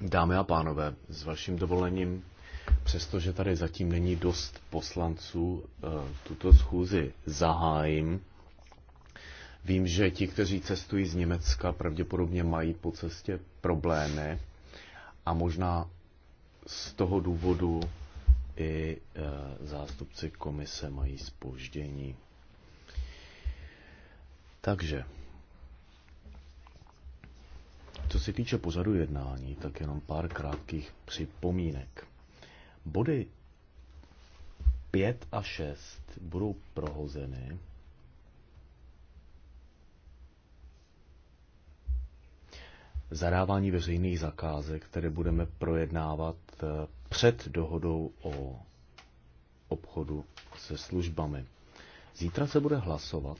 Dámy a pánové, s vaším dovolením, přestože tady zatím není dost poslanců, eh, tuto schůzi zahájím. Vím, že ti, kteří cestují z Německa, pravděpodobně mají po cestě problémy a možná z toho důvodu i eh, zástupci komise mají spoždění. Takže co se týče pořadu jednání, tak jenom pár krátkých připomínek. Body 5 a 6 budou prohozeny. Zadávání veřejných zakázek, které budeme projednávat eh, před dohodou o obchodu se službami. Zítra se bude hlasovat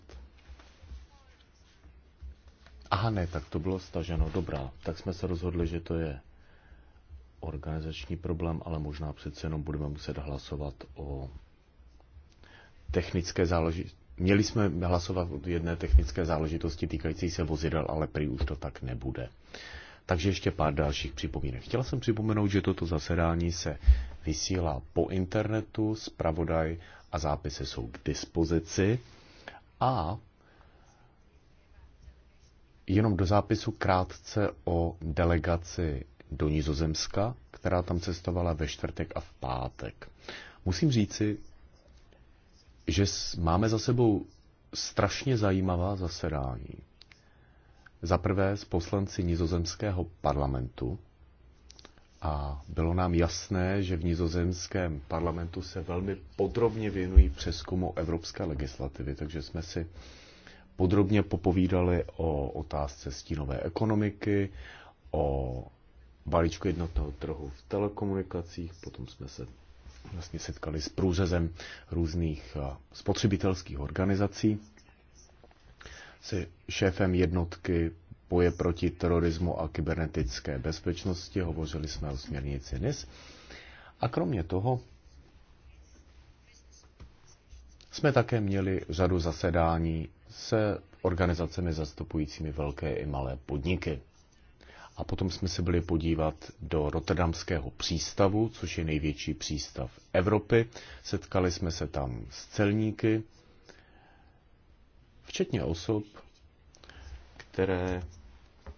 Aha, ne, tak to bylo staženo, dobrá. Tak jsme se rozhodli, že to je organizační problém, ale možná přece jenom budeme muset hlasovat o technické záležitosti. Měli jsme hlasovat o jedné technické záležitosti týkající se vozidel, ale prý už to tak nebude. Takže ještě pár dalších připomínek. Chtěla jsem připomenout, že toto zasedání se vysílá po internetu, zpravodaj a zápisy jsou k dispozici. A Jenom do zápisu krátce o delegaci do Nizozemska, která tam cestovala ve čtvrtek a v pátek. Musím říci, že máme za sebou strašně zajímavá zasedání. Za prvé z poslanci nizozemského parlamentu a bylo nám jasné, že v nizozemském parlamentu se velmi podrobně věnují přeskumu evropské legislativy, takže jsme si podrobně popovídali o otázce stínové ekonomiky, o balíčku jednotného trhu v telekomunikacích, potom jsme se vlastně setkali s průřezem různých eh, spotřebitelských organizací, se šéfem jednotky boje proti terorismu a kybernetické bezpečnosti, hovořili jsme o směrnici NIS. A kromě toho jsme také měli řadu zasedání se organizacemi zastupujícími velké i malé podniky. A potom jsme se byli podívat do Rotterdamského přístavu, což je největší přístav Evropy. Setkali jsme se tam s celníky, včetně osob, které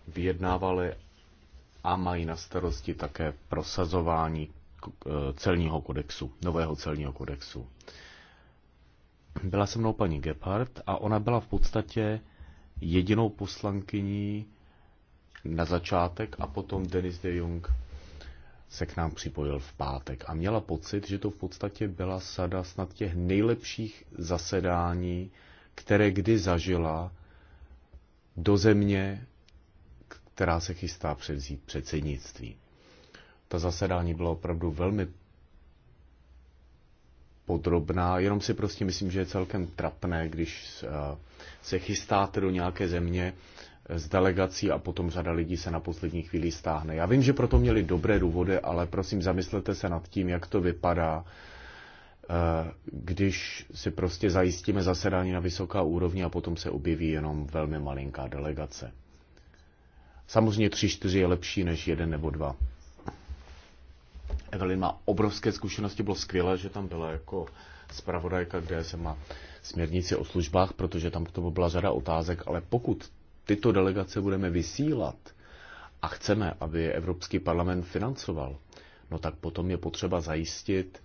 vyjednávaly a mají na starosti také prosazování e, celního kodexu, nového celního kodexu. Byla se mnou paní Gephardt a ona byla v podstatě jedinou poslankyní na začátek a potom Denis de Jong se k nám připojil v pátek a měla pocit, že to v podstatě byla sada snad těch nejlepších zasedání, které kdy zažila do země, která se chystá převzít předsednictví. Ta zasedání byla opravdu velmi podrobná, jenom si prostě myslím, že je celkem trapné, když eh, se chystáte do nějaké země eh, s delegací a potom řada lidí se na poslední chvíli stáhne. Já vím, že proto měli dobré důvody, ale prosím, zamyslete se nad tím, jak to vypadá, eh, když si prostě zajistíme zasedání na vysoká úrovni a potom se objeví jenom velmi malinká delegace. Samozřejmě tři, čtyři je lepší než jeden nebo dva. Evelyn má obrovské zkušenosti, bylo skvělé, že tam byla jako zpravodajka, kde se má směrnici o službách, protože tam k tomu byla řada otázek, ale pokud tyto delegace budeme vysílat a chceme, aby Evropský parlament financoval, no tak potom je potřeba zajistit,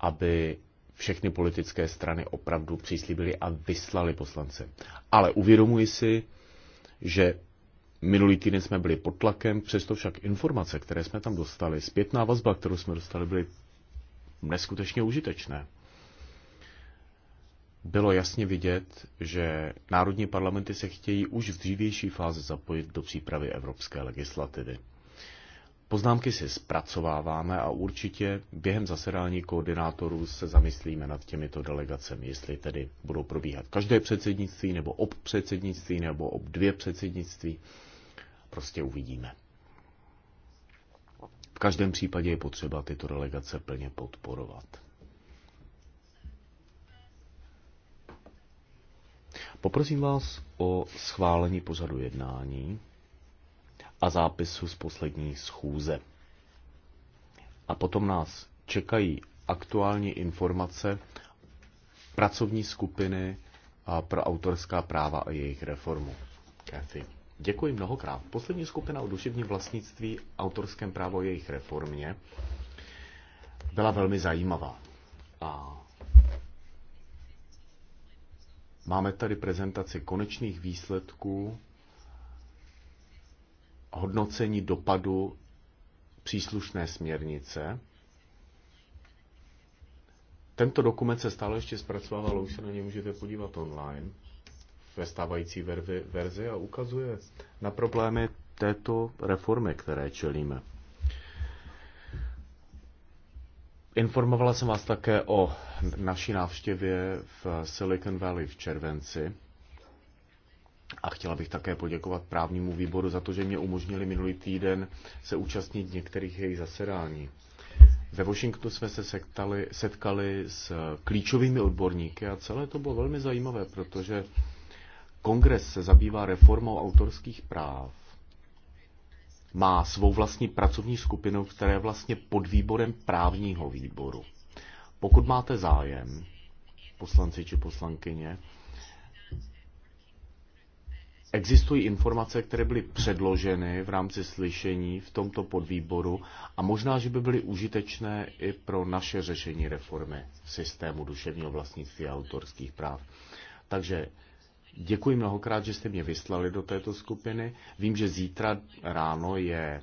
aby všechny politické strany opravdu příslíbily a vyslali poslance. Ale uvědomuji si, že Minulý týden jsme byli pod tlakem, přesto však informace, které jsme tam dostali, zpětná vazba, kterou jsme dostali, byly neskutečně užitečné. Bylo jasně vidět, že národní parlamenty se chtějí už v dřívější fázi zapojit do přípravy evropské legislativy. Poznámky si zpracováváme a určitě během zasedání koordinátorů se zamyslíme nad těmito delegacemi, jestli tedy budou probíhat každé předsednictví nebo ob předsednictví nebo ob dvě předsednictví prostě uvidíme. V každém případě je potřeba tyto delegace plně podporovat. Poprosím vás o schválení pořadu jednání a zápisu z poslední schůze. A potom nás čekají aktuální informace pracovní skupiny pro autorská práva a jejich reformu. Kathy. Děkuji mnohokrát. Poslední skupina o duševním vlastnictví, autorském právo jejich reformě byla velmi zajímavá. A máme tady prezentaci konečných výsledků hodnocení dopadu příslušné směrnice. Tento dokument se stále ještě zpracovával, už se na ně můžete podívat online ve stávající vervi, verzi a ukazuje na problémy této reformy, které čelíme. Informovala jsem vás také o naší návštěvě v Silicon Valley v červenci a chtěla bych také poděkovat právnímu výboru za to, že mě umožnili minulý týden se účastnit některých jejich zasedání. Ve Washingtonu jsme se setkali, setkali s klíčovými odborníky a celé to bylo velmi zajímavé, protože kongres se zabývá reformou autorských práv, má svou vlastní pracovní skupinu, která je vlastně pod výborem právního výboru. Pokud máte zájem, poslanci či poslankyně, Existují informace, které byly předloženy v rámci slyšení v tomto podvýboru a možná, že by byly užitečné i pro naše řešení reformy systému duševního vlastnictví a autorských práv. Takže Děkuji mnohokrát, že jste mě vyslali do této skupiny. Vím, že zítra ráno je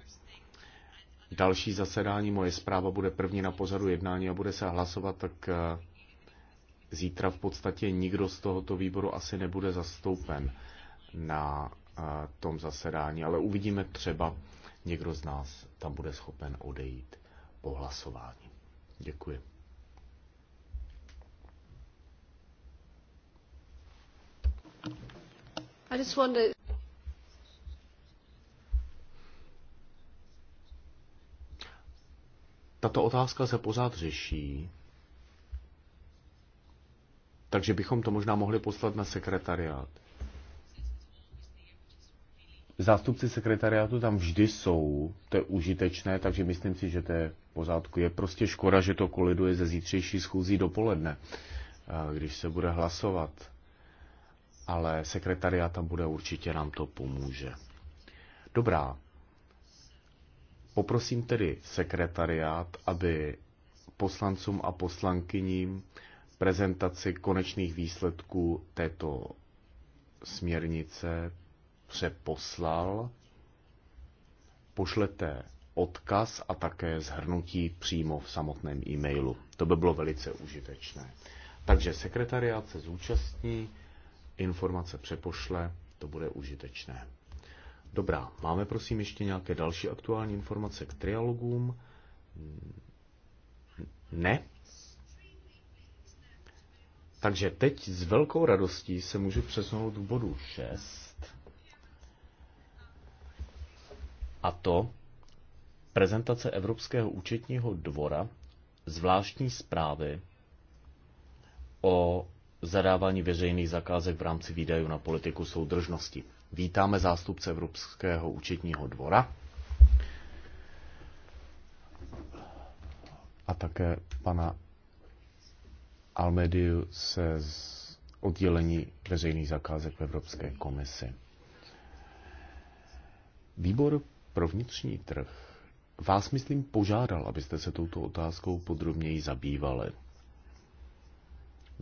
další zasedání. Moje zpráva bude první na pořadu jednání a bude se hlasovat, tak eh, zítra v podstatě nikdo z tohoto výboru asi nebude zastoupen na eh, tom zasedání, ale uvidíme třeba, někdo z nás tam bude schopen odejít po hlasování. Děkuji. I just wonder... Tato otázka se pořád řeší, takže bychom to možná mohli poslat na sekretariát. Zástupci sekretariátu tam vždy jsou, to je užitečné, takže myslím si, že to je v pořádku. Je prostě škoda, že to koliduje ze zítřejší schůzí dopoledne, když se bude hlasovat ale sekretariát tam bude určitě nám to pomůže. Dobrá. Poprosím tedy sekretariát, aby poslancům a poslankyním prezentaci konečných výsledků této směrnice přeposlal. Pošlete odkaz a také zhrnutí přímo v samotném e-mailu. To by bylo velice užitečné. Takže sekretariát se zúčastní informace přepošle, to bude užitečné. Dobrá, máme prosím ještě nějaké další aktuální informace k trialogům? Ne? Takže teď s velkou radostí se můžu přesunout k bodu 6. A to prezentace Evropského účetního dvora zvláštní zprávy o zadávání veřejných zakázek v rámci výdajů na politiku soudržnosti. Vítáme zástupce Evropského účetního dvora a také pana Almediu se z oddělení veřejných zakázek v Evropské komisi. Výbor pro vnitřní trh vás, myslím, požádal, abyste se touto otázkou podrobněji zabývali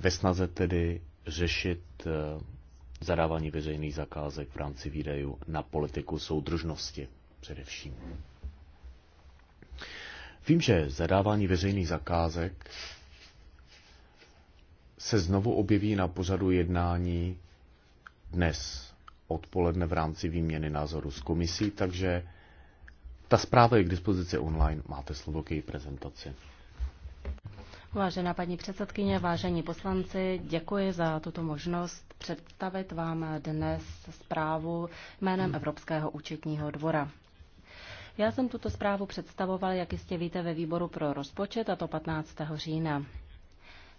ve snaze tedy řešit eh, zadávání veřejných zakázek v rámci výdajů na politiku soudržnosti především. Vím, že zadávání veřejných zakázek se znovu objeví na pořadu jednání dnes odpoledne v rámci výměny názoru s komisí, takže ta zpráva je k dispozici online, máte slovo k její prezentaci. Vážená paní předsedkyně, vážení poslanci, děkuji za tuto možnost představit vám dnes zprávu jménem hmm. Evropského účetního dvora. Já jsem tuto zprávu představoval, jak jistě víte, ve výboru pro rozpočet, a to 15. října.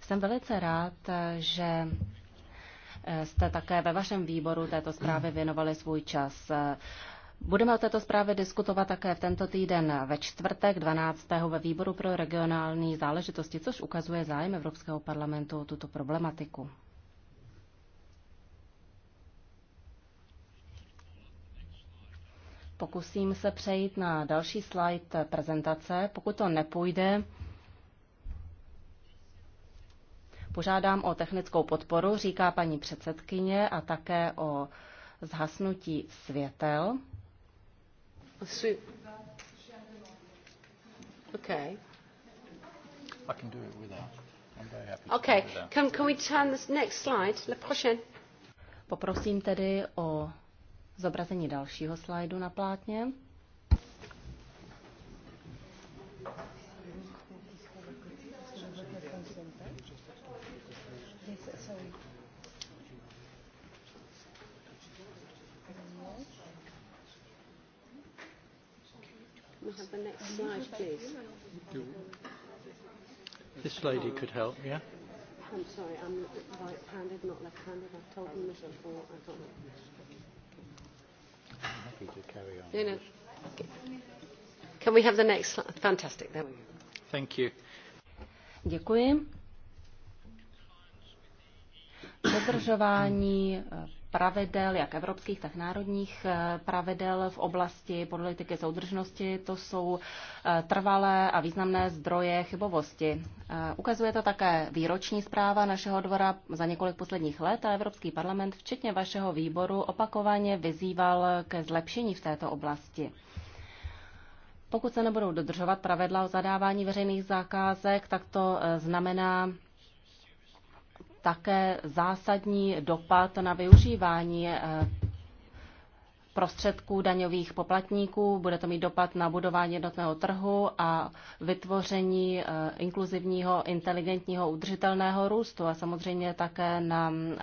Jsem velice rád, že eh, jste také ve vašem výboru této zprávy věnovali svůj čas. Budeme o této zprávě diskutovat také v tento týden ve čtvrtek 12. ve výboru pro regionální záležitosti, což ukazuje zájem Evropského parlamentu o tuto problematiku. Pokusím se přejít na další slide prezentace. Pokud to nepůjde, požádám o technickou podporu, říká paní předsedkyně, a také o zhasnutí světel. Su- okay. I can do it without. I'm very happy okay. Without. Can, can we turn this next slide? Le prochain. Poprosím tedy o zobrazení dalšího slajdu na plátně. the next slide, please? This lady could help, yeah? I'm sorry, I'm right-handed, not left-handed. I've told them this before. I don't know. I'm happy to carry on. You know. Can we have the next slide? Fantastic. There we go. Thank you. Děkuji. Dodržování eh, pravidel, jak evropských, tak národních eh, pravidel v oblasti politiky soudržnosti. To jsou eh, trvalé a významné zdroje chybovosti. Eh, ukazuje to také výroční zpráva našeho dvora za několik posledních let a Evropský parlament, včetně vašeho výboru, opakovaně vyzýval ke zlepšení v této oblasti. Pokud se nebudou dodržovat pravidla o zadávání veřejných zakázek, tak to znamená také zásadní dopad na využívání eh, prostředků daňových poplatníků, bude to mít dopad na budování jednotného trhu a vytvoření eh, inkluzivního, inteligentního, udržitelného růstu a samozřejmě také na eh,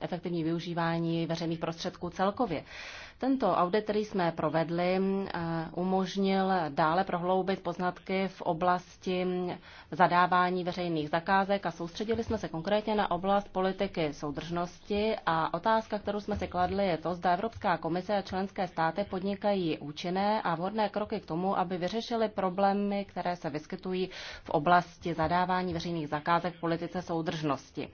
efektivní využívání veřejných prostředků celkově. Tento audit, který jsme provedli, eh, umožnil dále prohloubit poznatky v oblasti zadávání veřejných zakázek a soustředili jsme se konkrétně na oblast politiky soudržnosti a otázka, kterou jsme si kladli, je to, zda Evropská komise a členské státy podnikají účinné a vhodné kroky k tomu, aby vyřešili problémy, které se vyskytují v oblasti zadávání veřejných zakázek v politice soudržnosti.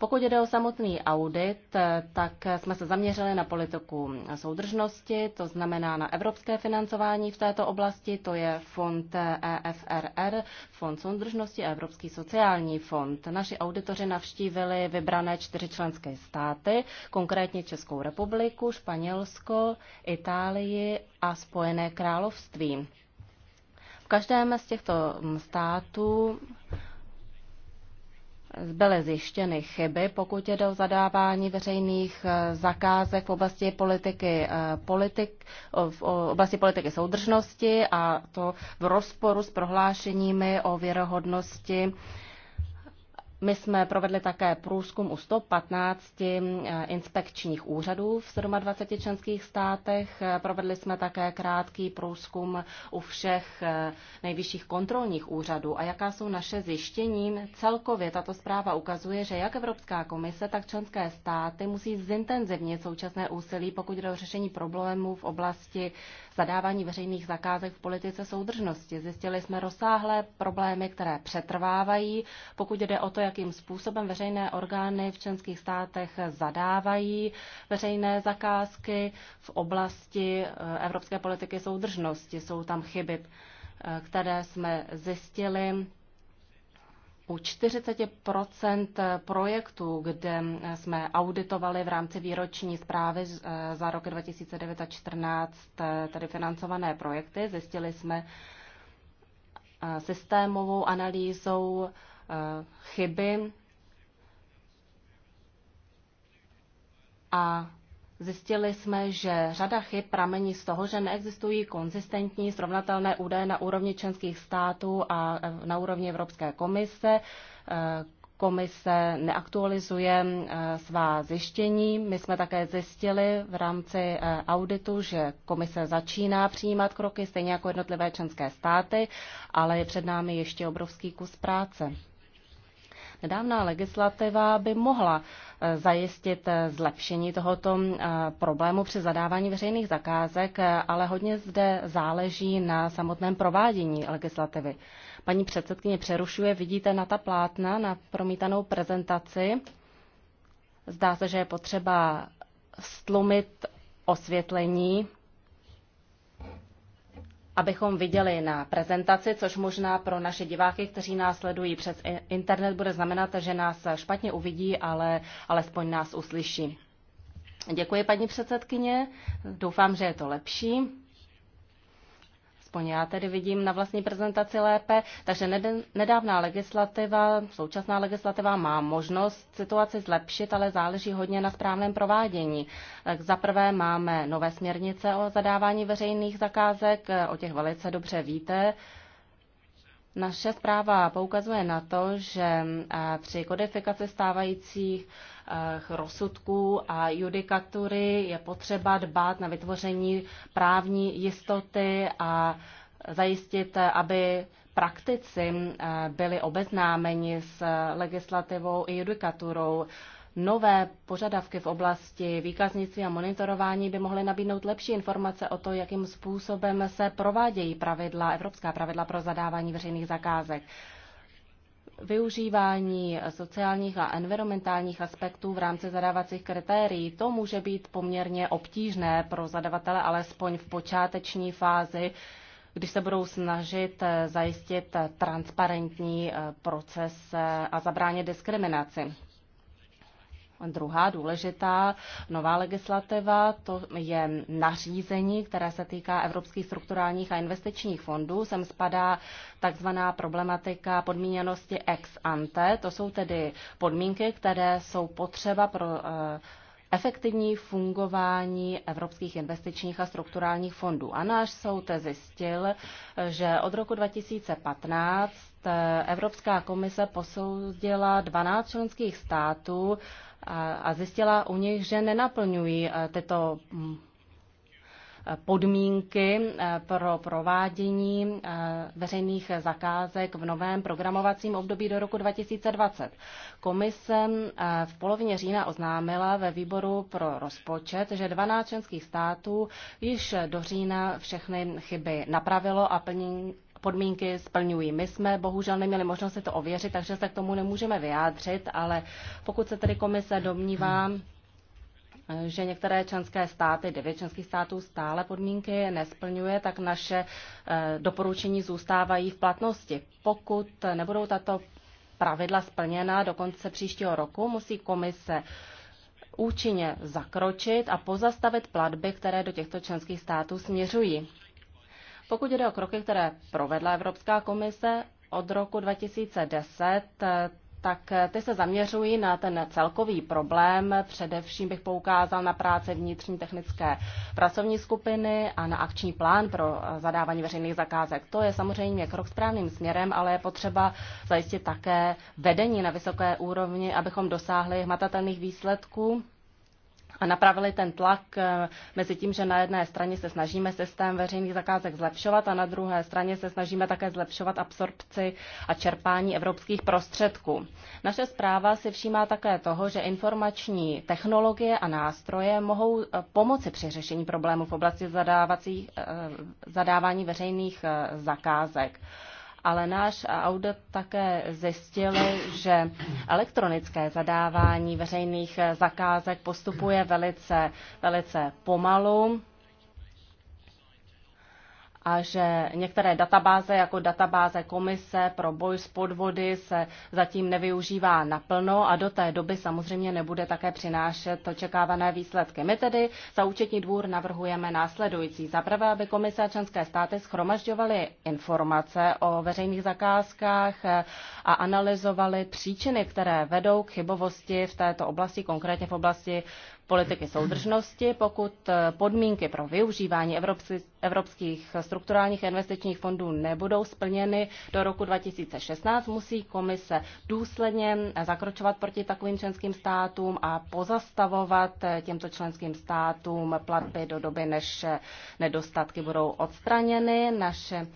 Pokud jde o samotný audit, eh, tak jsme se zaměřili na politiku soudržnosti, to znamená na evropské financování v této oblasti, to je fond EFRR, eh, e fond soudržnosti a Evropský sociální fond. Naši auditoři navštívili vybrané čtyři členské státy, konkrétně Českou republiku, Španělsko, Itálii a Spojené království. V každém z těchto států byly zjištěny chyby, pokud je do zadávání veřejných eh, zakázek v oblasti politiky, eh, politik, v oblasti politiky soudržnosti a to v rozporu s prohlášeními o věrohodnosti my jsme provedli také průzkum u 115 eh, inspekčních úřadů v 27 členských státech. Eh, provedli jsme také krátký průzkum u všech eh, nejvyšších kontrolních úřadů. A jaká jsou naše zjištění? Celkově tato zpráva ukazuje, že jak Evropská komise, tak členské státy musí zintenzivnit současné úsilí, pokud jde o řešení problémů v oblasti zadávání veřejných zakázek v politice soudržnosti. Zjistili jsme rozsáhlé problémy, které přetrvávají, pokud jde o to, jakým způsobem veřejné orgány v členských státech zadávají veřejné zakázky v oblasti eh, evropské politiky soudržnosti. Jsou tam chyby, eh, které jsme zjistili u 40 projektů, kde jsme auditovali v rámci výroční zprávy eh, za rok 2009 2014 eh, tedy financované projekty, zjistili jsme eh, systémovou analýzou chyby a Zjistili jsme, že řada chyb pramení z toho, že neexistují konzistentní srovnatelné údaje na úrovni členských států a eh, na úrovni Evropské komise. Eh, komise neaktualizuje eh, svá zjištění. My jsme také zjistili v rámci auditu, že komise začíná přijímat kroky, stejně jako jednotlivé členské státy, ale je před námi ještě obrovský kus práce. Nedávná legislativa by mohla eh, zajistit eh, zlepšení tohoto eh, problému při zadávání veřejných zakázek, ale hodně zde záleží na samotném provádění legislativy. Paní předsedkyně přerušuje, vidíte na ta plátna, na promítanou prezentaci. Zdá se, že je potřeba stlumit osvětlení abychom viděli na prezentaci, což možná pro naše diváky, kteří nás sledují přes internet, bude znamenat, že nás špatně uvidí, ale alespoň nás uslyší. Děkuji, paní předsedkyně. Doufám, že je to lepší. Aspoň já tedy vidím na vlastní prezentaci lépe. Takže nedávná legislativa, současná legislativa má možnost situaci zlepšit, ale záleží hodně na správném provádění. Za prvé máme nové směrnice o zadávání veřejných zakázek, o těch velice dobře víte. Naše zpráva poukazuje na to, že při kodifikaci stávajících rozsudků a judikatury je potřeba dbát na vytvoření právní jistoty a zajistit, aby praktici byli obeznámeni s legislativou i judikaturou nové požadavky v oblasti výkaznictví a monitorování by mohly nabídnout lepší informace o to, jakým způsobem se provádějí pravidla, evropská pravidla pro zadávání veřejných zakázek. Využívání sociálních a environmentálních aspektů v rámci zadávacích kritérií, to může být poměrně obtížné pro zadavatele, alespoň v počáteční fázi, když se budou snažit eh, zajistit eh, transparentní eh, proces a zabránit diskriminaci. Druhá důležitá nová legislativa, to je nařízení, které se týká evropských strukturálních a investičních fondů. Sem spadá takzvaná problematika podmíněnosti ex ante. To jsou tedy podmínky, které jsou potřeba pro eh, efektivní fungování evropských investičních a strukturálních fondů. A náš soud zjistil, že od roku 2015 Eh, Evropská komise posoudila 12 členských států a zjistila u nich, že nenaplňují eh, tyto mm, eh, podmínky pro provádění veřejných zakázek v novém programovacím období do roku 2020. Komise v polovině října oznámila ve výboru pro rozpočet, že 12 členských států již do října všechny chyby napravilo a plní podmínky splňují. My jsme bohužel neměli možnost si to ověřit, takže se k tomu nemůžeme vyjádřit, ale pokud se tedy komise domnívá, že některé členské státy, devět členských států stále podmínky nesplňuje, tak naše eh, doporučení zůstávají v platnosti. Pokud nebudou tato pravidla splněna do konce příštího roku, musí komise účinně zakročit a pozastavit platby, které do těchto členských států směřují. Pokud jde o kroky, které provedla Evropská komise od roku 2010, tak ty se zaměřují na ten celkový problém. Především bych poukázal na práce vnitřní technické pracovní skupiny a na akční plán pro zadávání veřejných zakázek. To je samozřejmě krok správným směrem, ale je potřeba zajistit také vedení na vysoké úrovni, abychom dosáhli hmatatelných výsledků a napravili ten tlak eh, mezi tím, že na jedné straně se snažíme systém veřejných zakázek zlepšovat a na druhé straně se snažíme také zlepšovat absorpci a čerpání evropských prostředků. Naše zpráva si všímá také toho, že informační technologie a nástroje mohou eh, pomoci při řešení problémů v oblasti eh, zadávání veřejných zakázek ale náš audit také zjistil, že elektronické zadávání veřejných zakázek postupuje velice, velice pomalu a že některé databáze, jako databáze Komise pro boj s podvody, se zatím nevyužívá naplno a do té doby samozřejmě nebude také přinášet očekávané výsledky. My tedy za účetní dvůr navrhujeme následující. Za prvé, aby Komise a členské státy schromažďovaly informace o veřejných zakázkách a analyzovaly příčiny, které vedou k chybovosti v této oblasti, konkrétně v oblasti politiky soudržnosti, pokud eh, podmínky pro využívání evropských strukturálních investičních fondů nebudou splněny do roku 2016, musí komise důsledně eh, zakročovat proti takovým členským státům a pozastavovat eh, těmto členským státům platby do doby, než nedostatky budou odstraněny. Naše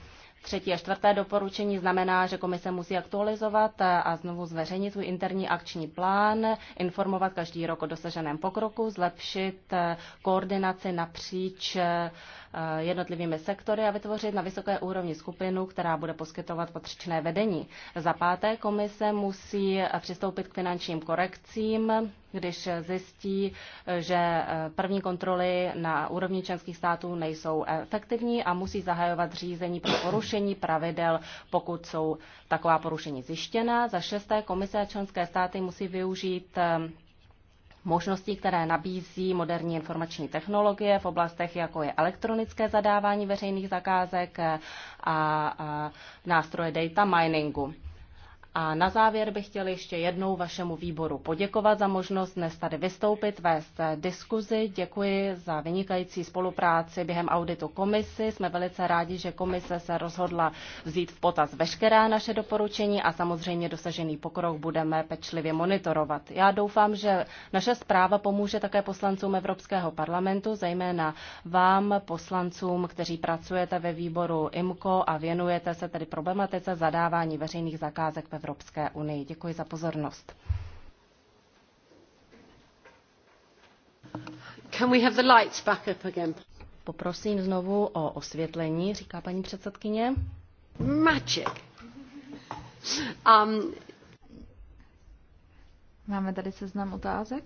Třetí a čtvrté doporučení znamená, že komise musí aktualizovat a znovu zveřejnit svůj interní akční plán, informovat každý rok o dosaženém pokroku, zlepšit eh, koordinaci napříč eh, Eh, jednotlivými sektory a vytvořit na vysoké úrovni skupinu, která bude poskytovat patřičné vedení. Za páté komise musí přistoupit k finančním korekcím, když zjistí, že eh, první kontroly na úrovni členských států nejsou efektivní a musí zahajovat řízení pro porušení pravidel, pokud jsou taková porušení zjištěna. Za šesté komise a členské státy musí využít eh, možností, které nabízí moderní informační technologie v oblastech, jako je elektronické zadávání veřejných zakázek a nástroje data miningu. A na závěr bych chtěl ještě jednou vašemu výboru poděkovat za možnost dnes tady vystoupit, vést diskuzi. Děkuji za vynikající spolupráci během auditu komisy. Jsme velice rádi, že komise se rozhodla vzít v potaz veškerá naše doporučení a samozřejmě dosažený pokrok budeme pečlivě monitorovat. Já doufám, že naše zpráva pomůže také poslancům Evropského parlamentu, zejména vám, poslancům, kteří pracujete ve výboru IMCO a věnujete se tedy problematice zadávání veřejných zakázek ve Evropské unii. Děkuji za pozornost. Can we have the lights back up again? Poprosím znovu o osvětlení, říká paní předsedkyně. Magic. Um, Máme tady seznam otázek.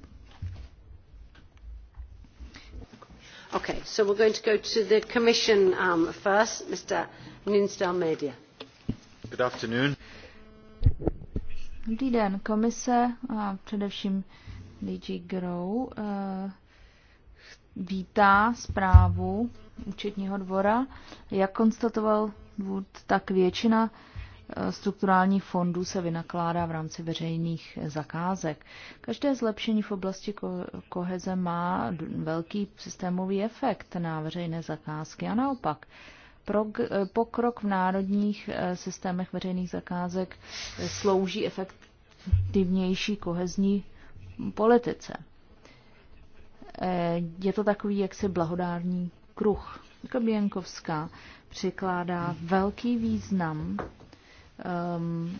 Okay, so we're going to go to the Commission um, first, Mr. Ninsdal Media. Good afternoon. Dobrý den, komise a především DG Grow eh, vítá zprávu účetního dvora. Jak konstatoval Wood, tak většina eh, strukturálních fondů se vynakládá v rámci veřejných zakázek. Každé zlepšení v oblasti koheze má velký systémový efekt na veřejné zakázky a naopak pokrok v národních eh, systémech veřejných zakázek eh, slouží efektivnější kohezní politice. Eh, je to takový jaksi blahodární kruh. Kobienkovská jako přikládá velký význam um,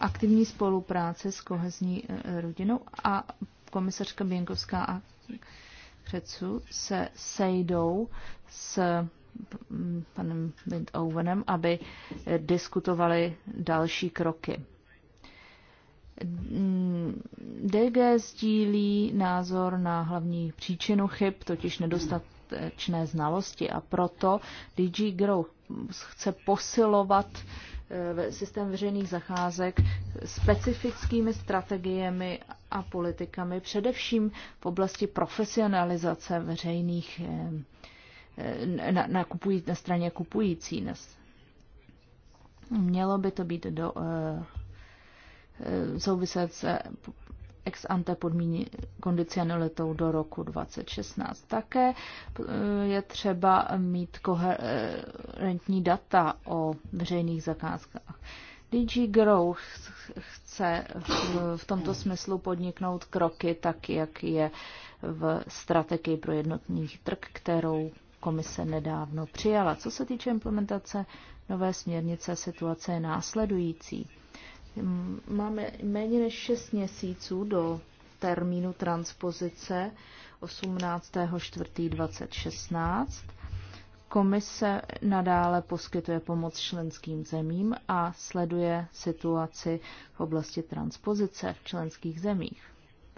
aktivní spolupráce s kohezní rodinou a komisařka Bienkovská a Křecu se sejdou s panem Lindowenem, aby diskutovali další kroky. DG sdílí názor na hlavní příčinu chyb, totiž nedostatečné znalosti a proto DG Grow chce posilovat eh, systém veřejných zacházek specifickými strategiemi a politikami, především v oblasti profesionalizace veřejných eh, Eh, na, na, kupují, na straně kupující. mělo by to být do, uh, souviset se ex ante podmíní kondicionalitou do roku 2016. Také je třeba mít koherentní data o veřejných zakázkách. DG Grow chce v tomto smyslu podniknout kroky tak, jak je v strategii pro jednotný trh, kterou komise nedávno přijala. Co se týče implementace nové směrnice, situace je následující. Máme méně než 6 měsíců do termínu transpozice 18.4.2016. Komise nadále poskytuje pomoc členským zemím a sleduje situaci v oblasti transpozice v členských zemích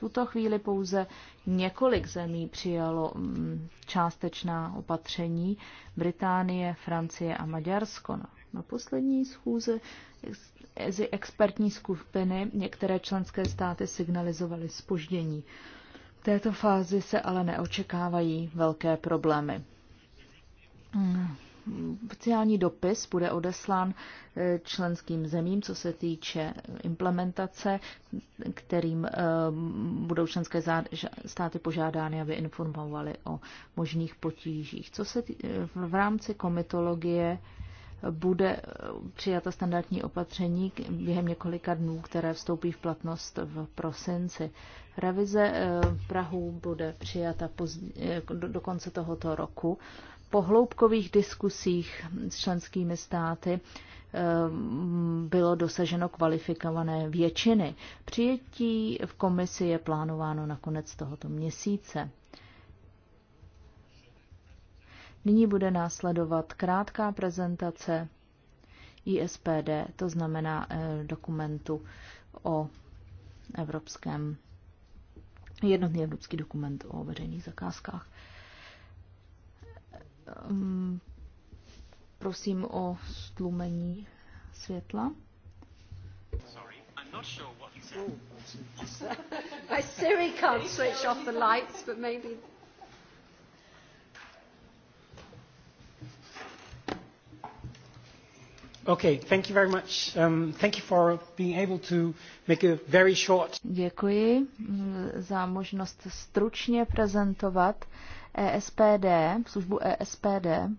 tuto chvíli pouze několik zemí přijalo mm, částečná opatření Británie, Francie a Maďarsko. Na poslední schůze z expertní skupiny některé členské státy signalizovaly spoždění. V této fázi se ale neočekávají velké problémy. Hmm. Oficiální dopis bude odeslán eh, členským zemím, co se týče eh, implementace, kterým eh, budou členské státy požádány, aby informovali o možných potížích. Co se tý, v rámci komitologie bude přijata standardní opatření během několika dnů, které vstoupí v platnost v prosinci. Revize Prahu bude přijata do konce tohoto roku pohloubkových diskusích s členskými státy eh, bylo dosaženo kvalifikované většiny. Přijetí v komisi je plánováno na konec tohoto měsíce. Nyní bude následovat krátká prezentace ISPD, to znamená eh, dokumentu o evropském, jednotný evropský dokument o veřejných zakázkách. Um, prosím o stlumení světla. My Siri can't switch off the lights, but maybe. Okay, thank you very much. Um, thank you for being able to make a very short. Děkuji mm, za možnost stručně prezentovat uh, ESPD, službu ESPD.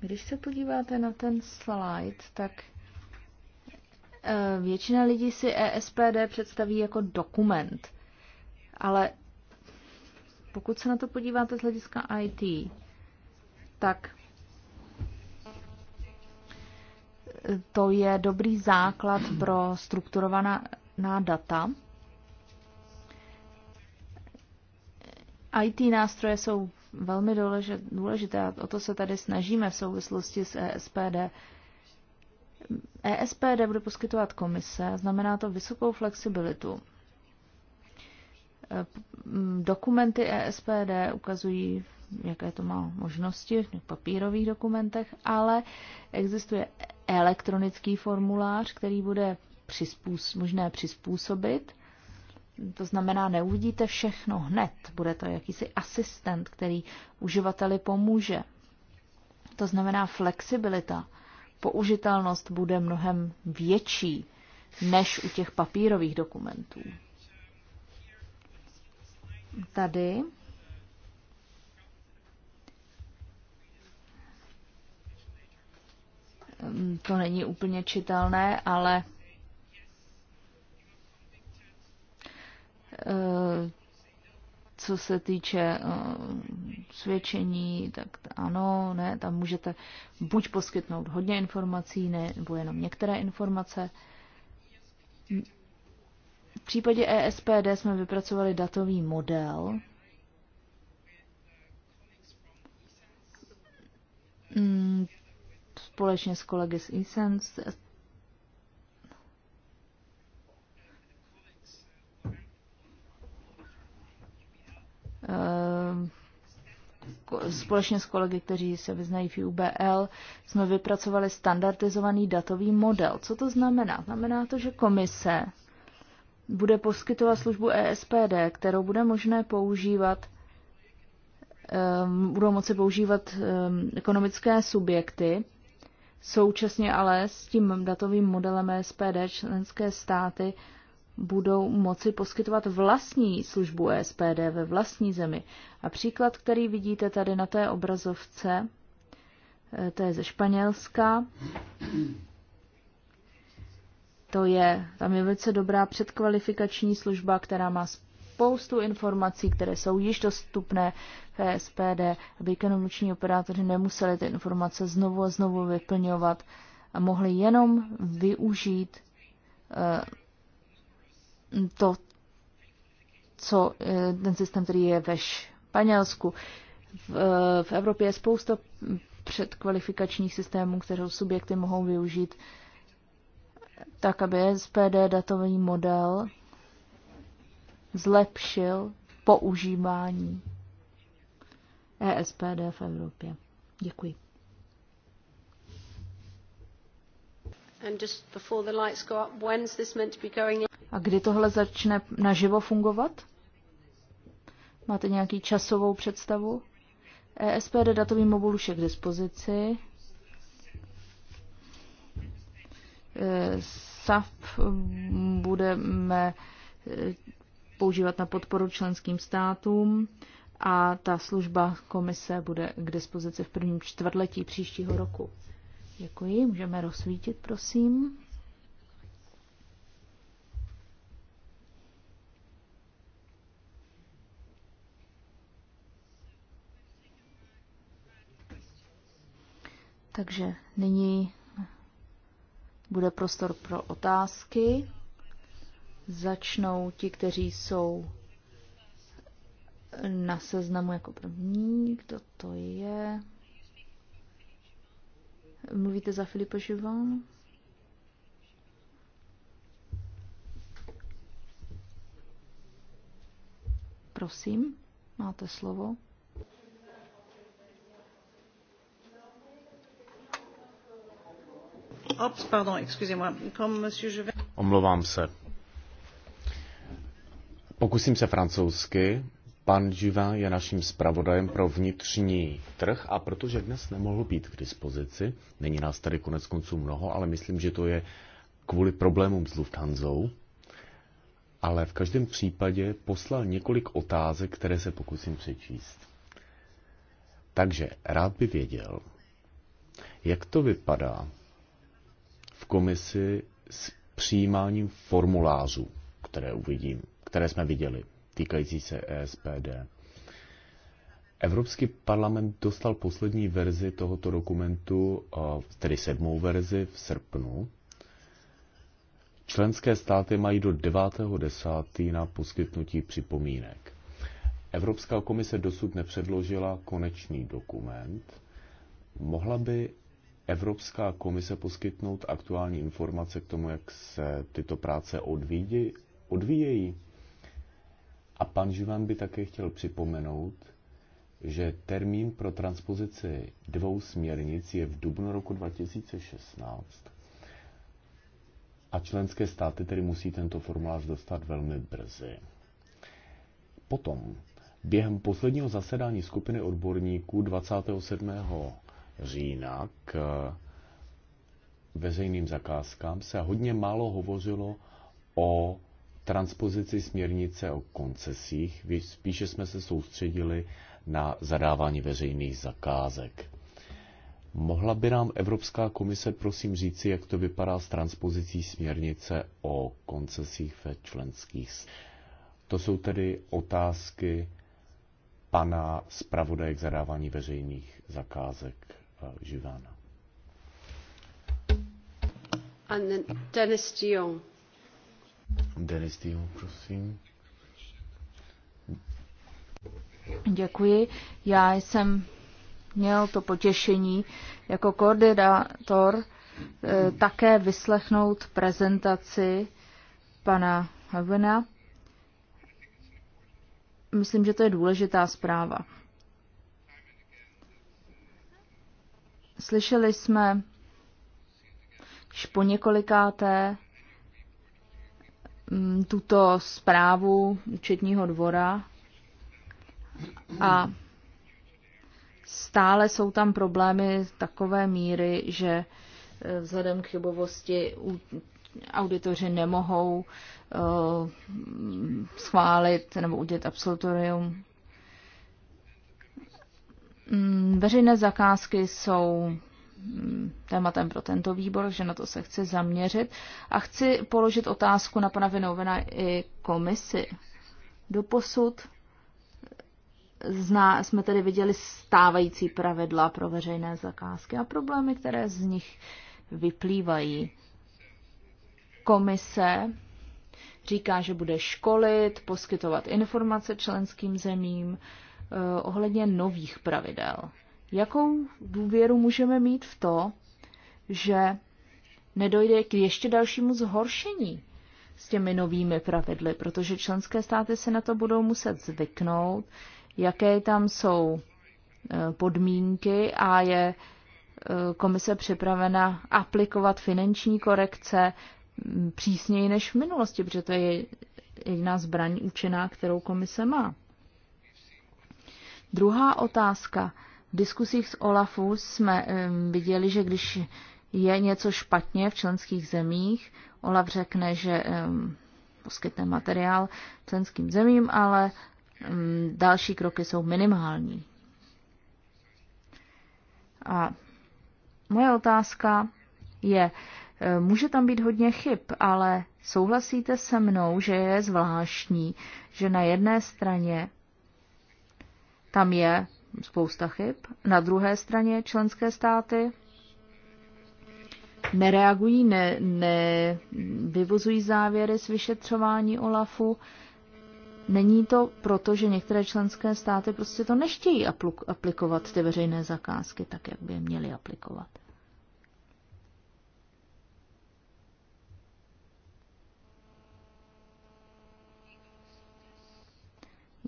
Když se podíváte na ten slide, tak e, většina lidí si ESPD představí jako dokument. Ale pokud se na to podíváte z hlediska IT, tak to je dobrý základ pro strukturovaná data. IT nástroje jsou velmi důležité a o to se tady snažíme v souvislosti s ESPD. ESPD bude poskytovat komise, znamená to vysokou flexibilitu. Dokumenty ESPD ukazují, jaké to má možnosti v papírových dokumentech, ale existuje elektronický formulář, který bude přizpůs- možné přizpůsobit. To znamená, neuvidíte všechno hned. Bude to jakýsi asistent, který uživateli pomůže. To znamená, flexibilita, použitelnost bude mnohem větší než u těch papírových dokumentů. Tady Mm, to není úplně čitelné, ale eh, co se týče eh, svědčení, tak ano, ne, tam můžete buď poskytnout hodně informací, ne, nebo jenom některé informace. V případě ESPD jsme vypracovali datový model. Mm, společně s kolegy z Essence. Eh, společně s kolegy, kteří se vyznají v UBL, jsme vypracovali standardizovaný datový model. Co to znamená? Znamená to, že komise bude poskytovat službu ESPD, kterou bude možné používat eh, budou moci používat eh, ekonomické subjekty Současně ale s tím datovým modelem SPD členské státy budou moci poskytovat vlastní službu SPD ve vlastní zemi. A příklad, který vidíte tady na té obrazovce, eh, to je ze Španělska. To je, tam je velice dobrá předkvalifikační služba, která má spoustu informací, které jsou již dostupné v SPD, aby ekonomiční operátoři nemuseli ty informace znovu a znovu vyplňovat a mohli jenom využít eh, to, co eh, ten systém, který je ve Španělsku. V, eh, v Evropě je spousta předkvalifikačních systémů, které subjekty mohou využít tak, aby SPD datový model zlepšil používání ESPD v Evropě. Děkuji. A kdy tohle začne naživo fungovat? Máte nějaký časovou představu? ESPD datový mobil už je k dispozici. E, SAP budeme používat na podporu členským státům a ta služba komise bude k dispozici v prvním čtvrtletí příštího roku. Děkuji, můžeme rozsvítit, prosím. Takže nyní bude prostor pro otázky začnou ti, kteří jsou na seznamu jako první. Kdo to je? Mluvíte za Filipa Živon? Prosím, máte slovo. Ops, pardon, excusez-moi. Omlouvám se Pokusím se francouzsky. Pan Živa je naším zpravodajem pro vnitřní trh a protože dnes nemohl být k dispozici, není nás tady konec konců mnoho, ale myslím, že to je kvůli problémům s Lufthansou, ale v každém případě poslal několik otázek, které se pokusím přečíst. Takže rád by věděl, jak to vypadá v komisi s přijímáním formulářů, které uvidím které jsme viděli, týkající se ESPD. Evropský parlament dostal poslední verzi tohoto dokumentu, eh, tedy sedmou verzi v srpnu. Členské státy mají do 9.10. na poskytnutí připomínek. Evropská komise dosud nepředložila konečný dokument. Mohla by Evropská komise poskytnout aktuální informace k tomu, jak se tyto práce odvíjí? odvíjejí? A pan Živan by také chtěl připomenout, že termín pro transpozici dvou směrnic je v dubnu roku 2016 a členské státy tedy musí tento formulář dostat velmi brzy. Potom, během posledního zasedání skupiny odborníků 27. října k eh, veřejným zakázkám se hodně málo hovořilo o transpozici směrnice o koncesích, spíše jsme se soustředili na zadávání veřejných zakázek. Mohla by nám Evropská komise prosím říci, jak to vypadá s transpozicí směrnice o koncesích ve členských? To jsou tedy otázky pana zpravodaje k zadávání veřejných zakázek eh, Živána. Dennis de Jong. Denis Týho, prosím. Děkuji. Já jsem měl to potěšení jako koordinátor eh, také vyslechnout prezentaci pana Havena. Myslím, že to je důležitá zpráva. Slyšeli jsme již po několikáté Mm, tuto zprávu účetního dvora a stále jsou tam problémy takové míry, že eh, vzhledem k chybovosti auditoři nemohou eh, schválit nebo udělat absolutorium. Mm, veřejné zakázky jsou tématem pro tento výbor, že na to se chci zaměřit. A chci položit otázku na pana Vinovena i komisi. Doposud zná, jsme tedy viděli stávající pravidla pro veřejné zakázky a problémy, které z nich vyplývají. Komise říká, že bude školit, poskytovat informace členským zemím eh, ohledně nových pravidel. Jakou důvěru můžeme mít v to, že nedojde k ještě dalšímu zhoršení s těmi novými pravidly, protože členské státy se na to budou muset zvyknout, jaké tam jsou e, podmínky a je e, komise připravena aplikovat finanční korekce přísněji než v minulosti, protože to je jediná zbraň účinná, kterou komise má. Druhá otázka diskusích s OLAFu jsme viděli, že když je něco špatně v členských zemích, OLAF řekne, že poskytne materiál členským zemím, ale další kroky jsou minimální. A moje otázka je, může tam být hodně chyb, ale souhlasíte se mnou, že je zvláštní, že na jedné straně tam je spousta chyb. Na druhé straně členské státy nereagují, ne, ne vyvozují závěry z vyšetřování OLAFu. Není to proto, že některé členské státy prostě to nechtějí aplikovat ty veřejné zakázky tak, jak by je měly aplikovat.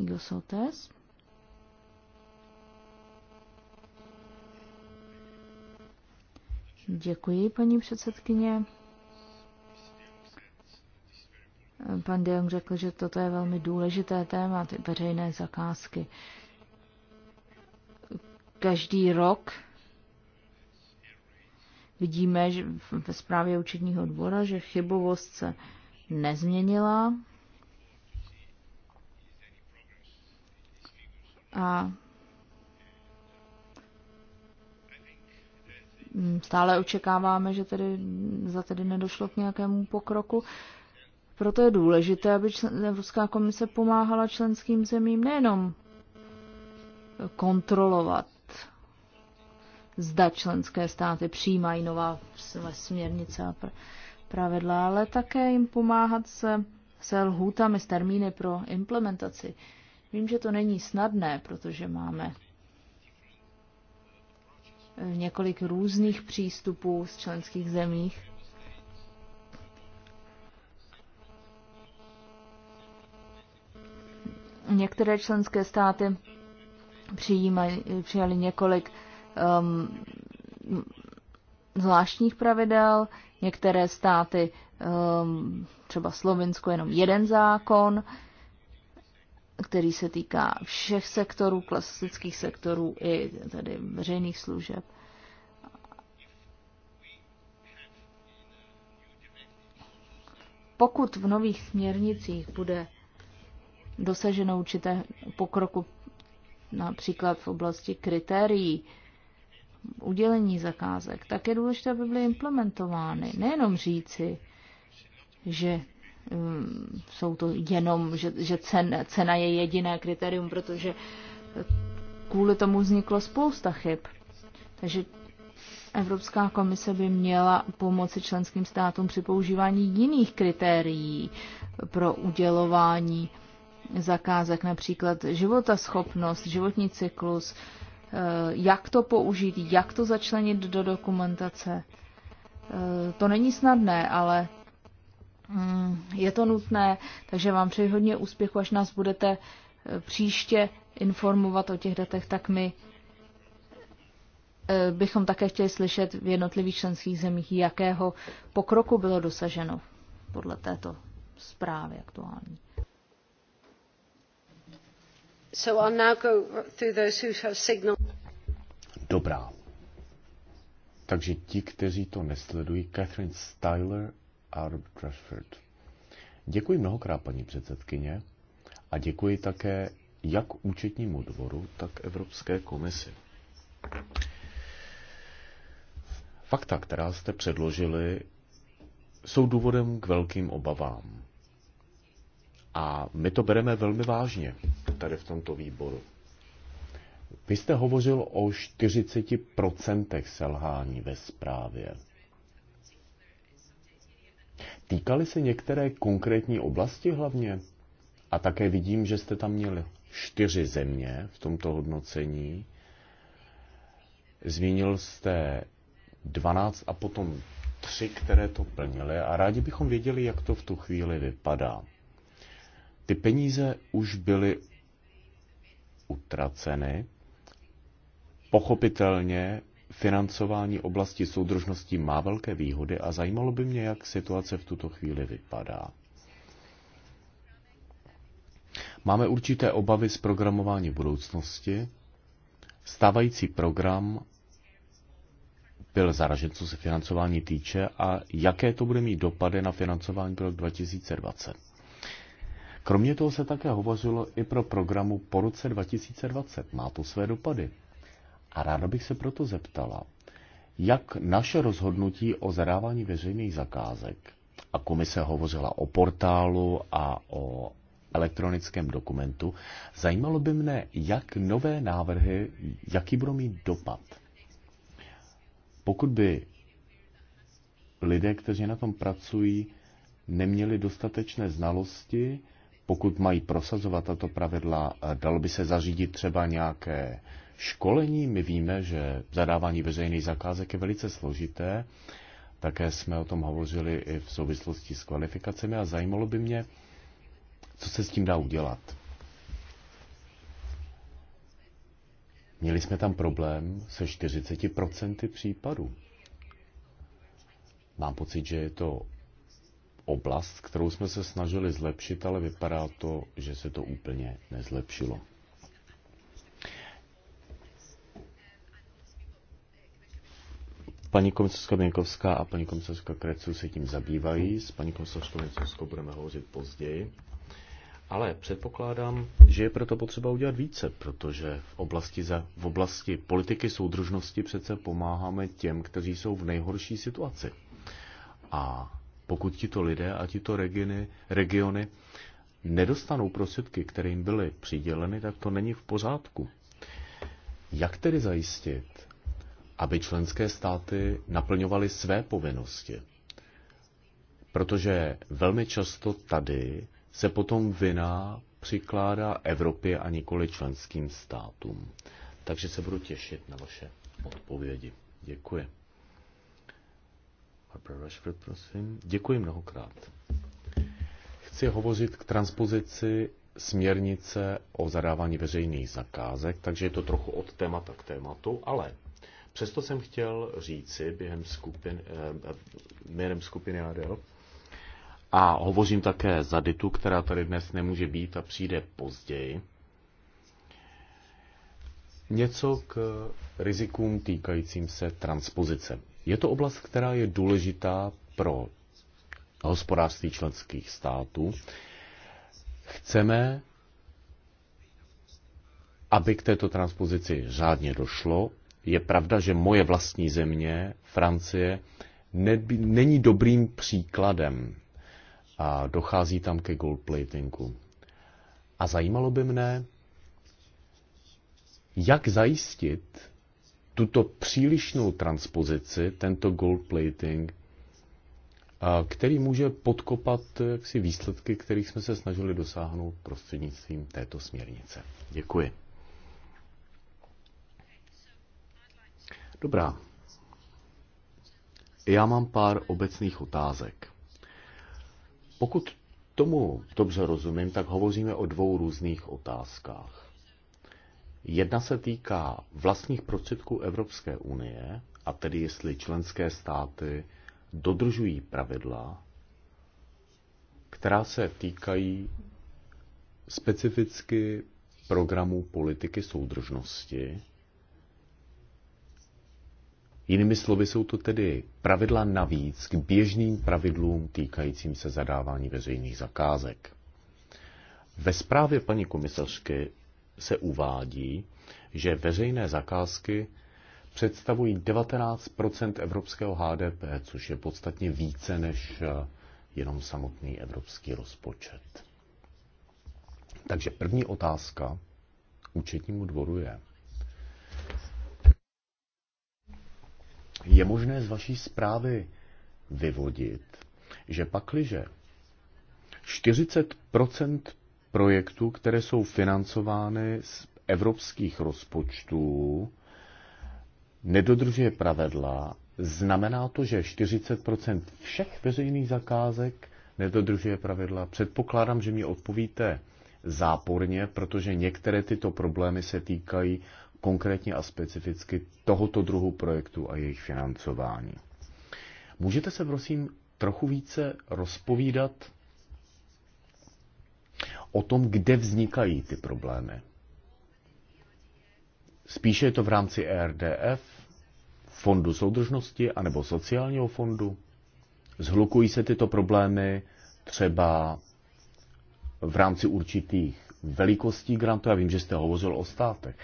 Igor Soltes. Děkuji, paní předsedkyně. Pan Deong řekl, že toto je velmi důležité téma, ty veřejné zakázky. Každý rok vidíme že ve zprávě účetního dvora, že chybovost se nezměnila. A Mm, stále očekáváme, že tedy za tedy nedošlo k nějakému pokroku. Proto je důležité, aby Evropská komise pomáhala členským zemím nejenom kontrolovat, zda členské státy přijímají nová směrnice a pravidla, ale také jim pomáhat se, se lhůtami, s termíny pro implementaci. Vím, že to není snadné, protože máme několik různých přístupů z členských zemích. Některé členské státy přijímají, přijali několik um, zvláštních pravidel, některé státy, um, třeba Slovinsko, jenom jeden zákon, uh, který se týká všech sektorů, klasických sektorů i tedy veřejných služeb. Pokud v nových směrnicích bude dosaženo určité pokroku například v oblasti kritérií udělení zakázek, tak je důležité, aby byly implementovány. Nejenom říci, že jsou to jenom, že, že cen, cena je jediné kritérium, protože kvůli tomu vzniklo spousta chyb. Takže Evropská komise by měla pomoci členským státům při používání jiných kritérií pro udělování zakázek, například schopnost, životní cyklus, eh, jak to použít, jak to začlenit do dokumentace. Eh, to není snadné, ale Mm, je to nutné, takže vám přeji hodně úspěchu, až nás budete e, příště informovat o těch datech, tak my e, bychom také chtěli slyšet v jednotlivých členských zemích, jakého pokroku bylo dosaženo podle této zprávy aktuální. So I'll now go through those who have signal. Dobrá. Takže ti, kteří to nesledují, Catherine Styler Trashford. Děkuji mnohokrát, paní předsedkyně, a děkuji také jak účetnímu dvoru, tak Evropské komisi. Fakta, která jste předložili, jsou důvodem k velkým obavám. A my to bereme velmi vážně tady v tomto výboru. Vy jste hovořil o 40% selhání ve zprávě. Týkaly se některé konkrétní oblasti hlavně? A také vidím, že jste tam měli čtyři země v tomto hodnocení. Zmínil jste 12 a potom tři, které to plnily a rádi bychom věděli, jak to v tu chvíli vypadá. Ty peníze už byly utraceny. Pochopitelně financování oblasti soudržnosti má velké výhody a zajímalo by mě, jak situace v tuto chvíli vypadá. Máme určité obavy z programování budoucnosti. Stávající program byl zaražen, co se financování týče a jaké to bude mít dopady na financování pro rok 2020. Kromě toho se také hovořilo i pro programu po roce 2020. Má to své dopady. A ráda bych se proto zeptala, jak naše rozhodnutí o zadávání veřejných zakázek, a komise hovořila o portálu a o elektronickém dokumentu, zajímalo by mne, jak nové návrhy, jaký budou mít dopad. Pokud by lidé, kteří na tom pracují, neměli dostatečné znalosti, pokud mají prosazovat tato pravidla, dalo by se zařídit třeba nějaké školení. My víme, že zadávání veřejných zakázek je velice složité. Také jsme o tom hovořili i v souvislosti s kvalifikacemi a zajímalo by mě, co se s tím dá udělat. Měli jsme tam problém se 40% případů. Mám pocit, že je to oblast, kterou jsme se snažili zlepšit, ale vypadá to, že se to úplně nezlepšilo. Paní komisařka Měnkovská a paní komisařka Krecu se tím zabývají. S paní komisařkou Měnkovskou budeme hovořit později. Ale předpokládám, že je proto potřeba udělat více, protože v oblasti, za, v oblasti politiky soudržnosti přece pomáháme těm, kteří jsou v nejhorší situaci. A pokud tito lidé a tito regiony, regiony nedostanou prostředky, které jim byly přiděleny, tak to není v pořádku. Jak tedy zajistit, aby členské státy naplňovaly své povinnosti. Protože velmi často tady se potom vina přikládá Evropě a nikoli členským státům. Takže se budu těšit na vaše odpovědi. Děkuji. Barbara prosím. Děkuji mnohokrát. Chci hovořit k transpozici směrnice o zadávání veřejných zakázek, takže je to trochu od témata k tématu, ale Přesto jsem chtěl říci během skupin, eh, měrem skupiny ADL, a hovořím také za Ditu, která tady dnes nemůže být a přijde později, něco k rizikům týkajícím se transpozice. Je to oblast, která je důležitá pro hospodářství členských států. Chceme, aby k této transpozici řádně došlo, je pravda, že moje vlastní země, Francie, ne, není dobrým příkladem a dochází tam ke goldplatingu. A zajímalo by mne, jak zajistit tuto přílišnou transpozici, tento goldplating, který může podkopat jaksi výsledky, kterých jsme se snažili dosáhnout prostřednictvím této směrnice. Děkuji. Dobrá. Já mám pár obecných otázek. Pokud tomu dobře rozumím, tak hovoříme o dvou různých otázkách. Jedna se týká vlastních prostředků Evropské unie, a tedy jestli členské státy dodržují pravidla, která se týkají specificky programů politiky soudržnosti Jinými slovy jsou to tedy pravidla navíc k běžným pravidlům týkajícím se zadávání veřejných zakázek. Ve zprávě paní komisařky se uvádí, že veřejné zakázky představují 19 evropského HDP, což je podstatně více než eh, jenom samotný evropský rozpočet. Takže první otázka účetnímu dvoru je, Je možné z vaší zprávy vyvodit, že pakliže 40 projektů, které jsou financovány z evropských rozpočtů, nedodržuje pravidla, znamená to, že 40 všech veřejných zakázek nedodržuje pravidla. Předpokládám, že mi odpovíte záporně, protože některé tyto problémy se týkají konkrétně a specificky tohoto druhu projektu a jejich financování. Můžete se prosím trochu více rozpovídat o tom, kde vznikají ty problémy? Spíše je to v rámci ERDF, Fondu soudržnosti anebo sociálního fondu? Zhlukují se tyto problémy třeba v rámci určitých velikostí grantu? Já vím, že jste hovořil o státech.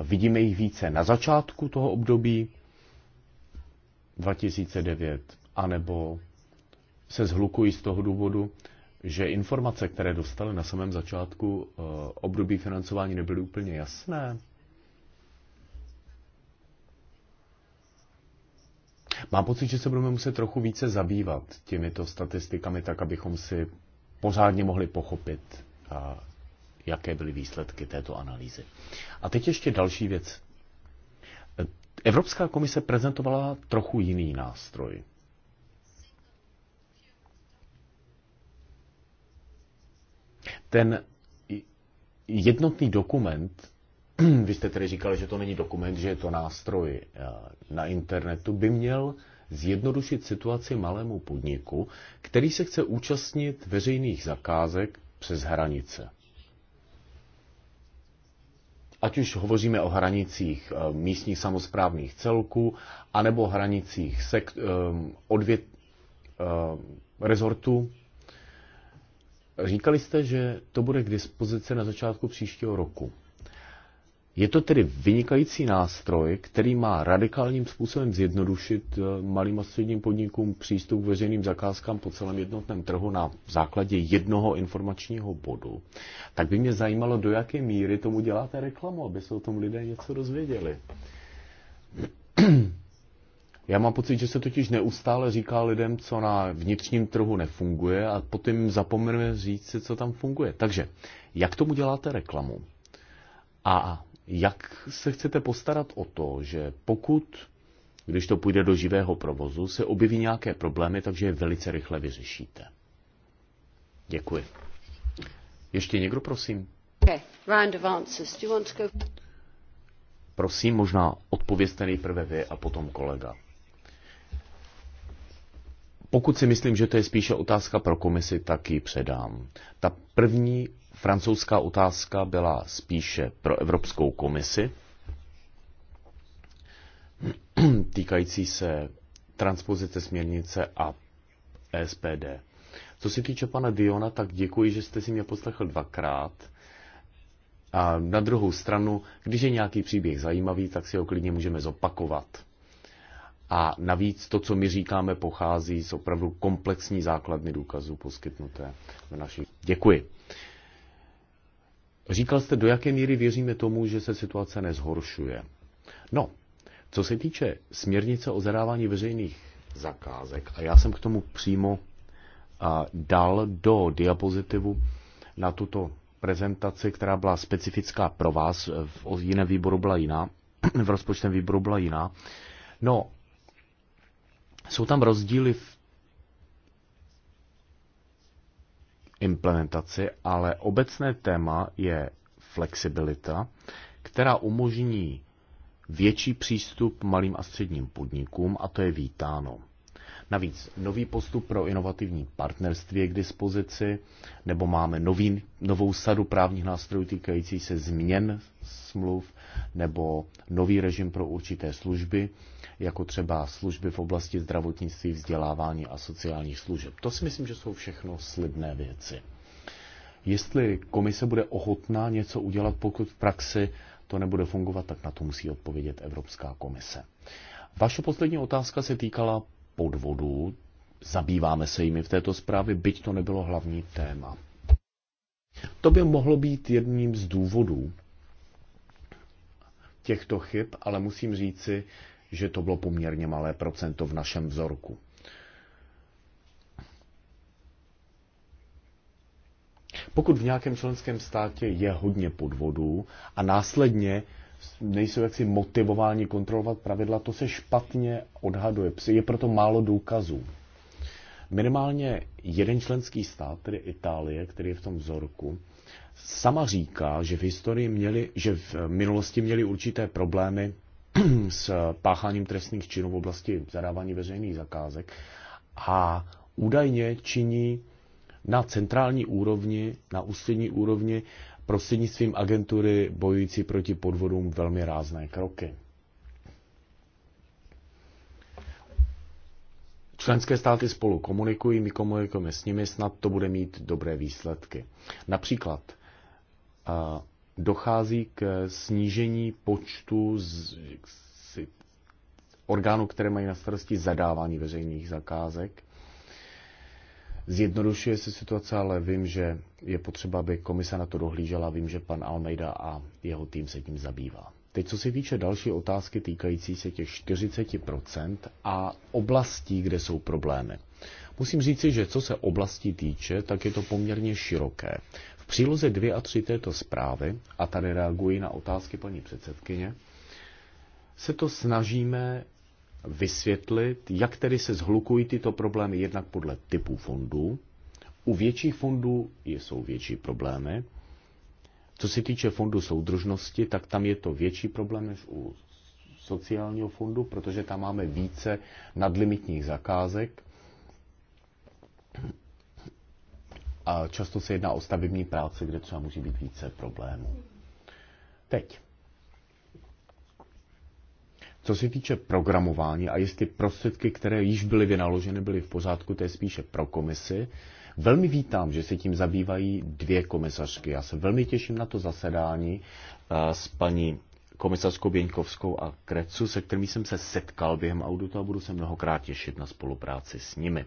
Vidíme jich více na začátku toho období 2009, anebo se zhlukují z toho důvodu, že informace, které dostali na samém začátku eh, období financování, nebyly úplně jasné. Mám pocit, že se budeme muset trochu více zabývat těmito statistikami, tak abychom si pořádně mohli pochopit eh, jaké byly výsledky této analýzy. A teď ještě další věc. Evropská komise prezentovala trochu jiný nástroj. Ten jednotný dokument, vy jste tedy říkali, že to není dokument, že je to nástroj eh, na internetu, by měl zjednodušit situaci malému podniku, který se chce účastnit veřejných zakázek přes hranice ať už hovoříme o hranicích eh, místních samozprávných celků, anebo hranicích sekt, eh, odvět, eh, rezortu. Říkali jste, že to bude k dispozici na začátku příštího roku. Je to tedy vynikající nástroj, který má radikálním způsobem zjednodušit eh, malým a středním podnikům přístup k veřejným zakázkám po celém jednotném trhu na základě jednoho informačního bodu. Tak by mě zajímalo, do jaké míry tomu děláte reklamu, aby se o tom lidé něco dozvěděli. Já mám pocit, že se totiž neustále říká lidem, co na vnitřním trhu nefunguje a potom zapomeneme říct si, co tam funguje. Takže, jak tomu děláte reklamu? A jak se chcete postarat o to, že pokud, když to půjde do živého provozu, se objeví nějaké problémy, takže je velice rychle vyřešíte? Děkuji. Ještě někdo, prosím? Okay, round of answers. Do you want to go... Prosím, možná odpovězte nejprve vy a potom kolega. Pokud si myslím, že to je spíše otázka pro komisi, tak ji předám. Ta první Francouzská otázka byla spíše pro Evropskou komisi, týkající se transpozice směrnice a SPD. Co se týče pana Diona, tak děkuji, že jste si mě poslechl dvakrát. A na druhou stranu, když je nějaký příběh zajímavý, tak si ho klidně můžeme zopakovat. A navíc to, co my říkáme, pochází z opravdu komplexní základny důkazů poskytnuté v našich. Děkuji. Říkal jste, do jaké míry věříme tomu, že se situace nezhoršuje. No, co se týče směrnice o zadávání veřejných zakázek, a já jsem k tomu přímo dal do diapozitivu na tuto prezentaci, která byla specifická pro vás, e, v jiném výboru byla jiná, v rozpočtem výboru byla jiná. No, jsou tam rozdíly v implementaci, ale obecné téma je flexibilita, která umožní větší přístup malým a středním podnikům a to je vítáno. Navíc nový postup pro inovativní partnerství je k dispozici, nebo máme nový, novou sadu právních nástrojů týkající se změn smluv, nebo nový režim pro určité služby, jako třeba služby v oblasti zdravotnictví, vzdělávání a sociálních služeb. To si myslím, že jsou všechno slibné věci. Jestli komise bude ochotná něco udělat, pokud v praxi to nebude fungovat, tak na to musí odpovědět Evropská komise. Vaše poslední otázka se týkala podvodů. Zabýváme se jimi v této zprávě, byť to nebylo hlavní téma. To by mohlo být jedním z důvodů, těchto chyb, ale musím říci, že to bylo poměrně malé procento v našem vzorku. Pokud v nějakém členském státě je hodně podvodů a následně nejsou jaksi motivováni kontrolovat pravidla, to se špatně odhaduje. Je proto málo důkazů. Minimálně jeden členský stát, tedy Itálie, který je v tom vzorku, sama říká, že v historii měli, že v minulosti měli určité problémy s pácháním trestných činů v oblasti zadávání veřejných zakázek a údajně činí na centrální úrovni, na ústřední úrovni prostřednictvím agentury bojující proti podvodům velmi rázné kroky. Členské státy spolu komunikují, my komunikujeme s nimi, snad to bude mít dobré výsledky. Například dochází k snížení počtu z, z, orgánů, které mají na starosti zadávání veřejných zakázek. Zjednodušuje se situace, ale vím, že je potřeba, aby komise na to dohlížela. Vím, že pan Almeida a jeho tým se tím zabývá. Teď, co se týče další otázky týkající se těch 40% a oblastí, kde jsou problémy. Musím říci, že co se oblasti týče, tak je to poměrně široké. V příloze 2 a 3 této zprávy, a tady reaguji na otázky paní předsedkyně, se to snažíme vysvětlit, jak tedy se zhlukují tyto problémy jednak podle typu fondů. U větších fondů jsou větší problémy. Co se týče fondu soudržnosti, tak tam je to větší problém než u sociálního fondu, protože tam máme více nadlimitních zakázek a často se jedná o stavební práce, kde třeba může být více problémů. Teď. Co se týče programování a jestli prostředky, které již byly vynaloženy, byly v pořádku, to je spíše pro komisi. Velmi vítám, že se tím zabývají dvě komisařky. Já se velmi těším na to zasedání eh, s paní komisařkou Běňkovskou a Krecu, se kterými jsem se setkal během auditu a budu se mnohokrát těšit na spolupráci s nimi.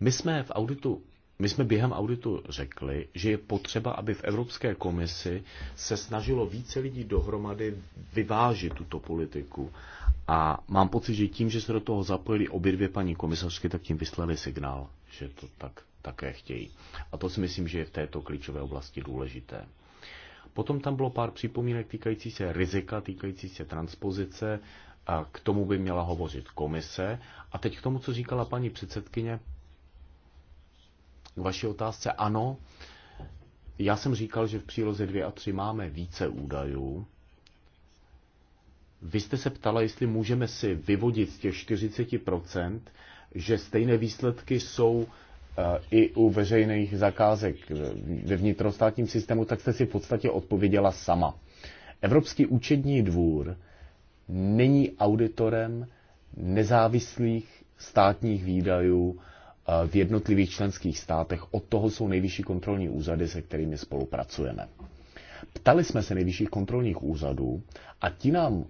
My jsme v auditu my jsme během auditu řekli, že je potřeba, aby v Evropské komisi se snažilo více lidí dohromady vyvážit tuto politiku. A mám pocit, že tím, že se do toho zapojili obě dvě paní komisařky, tak tím vyslali signál, že to tak také chtějí. A to si myslím, že je v této klíčové oblasti důležité. Potom tam bylo pár připomínek týkající se rizika, týkající se transpozice. A k tomu by měla hovořit komise. A teď k tomu, co říkala paní předsedkyně k vaší otázce ano. Já jsem říkal, že v příloze 2 a 3 máme více údajů. Vy jste se ptala, jestli můžeme si vyvodit z těch 40%, že stejné výsledky jsou eh, i u veřejných zakázek eh, ve vnitrostátním systému, tak jste si v podstatě odpověděla sama. Evropský účetní dvůr není auditorem nezávislých státních výdajů v jednotlivých členských státech. Od toho jsou nejvyšší kontrolní úřady, se kterými spolupracujeme. Ptali jsme se nejvyšších kontrolních úřadů a ti nám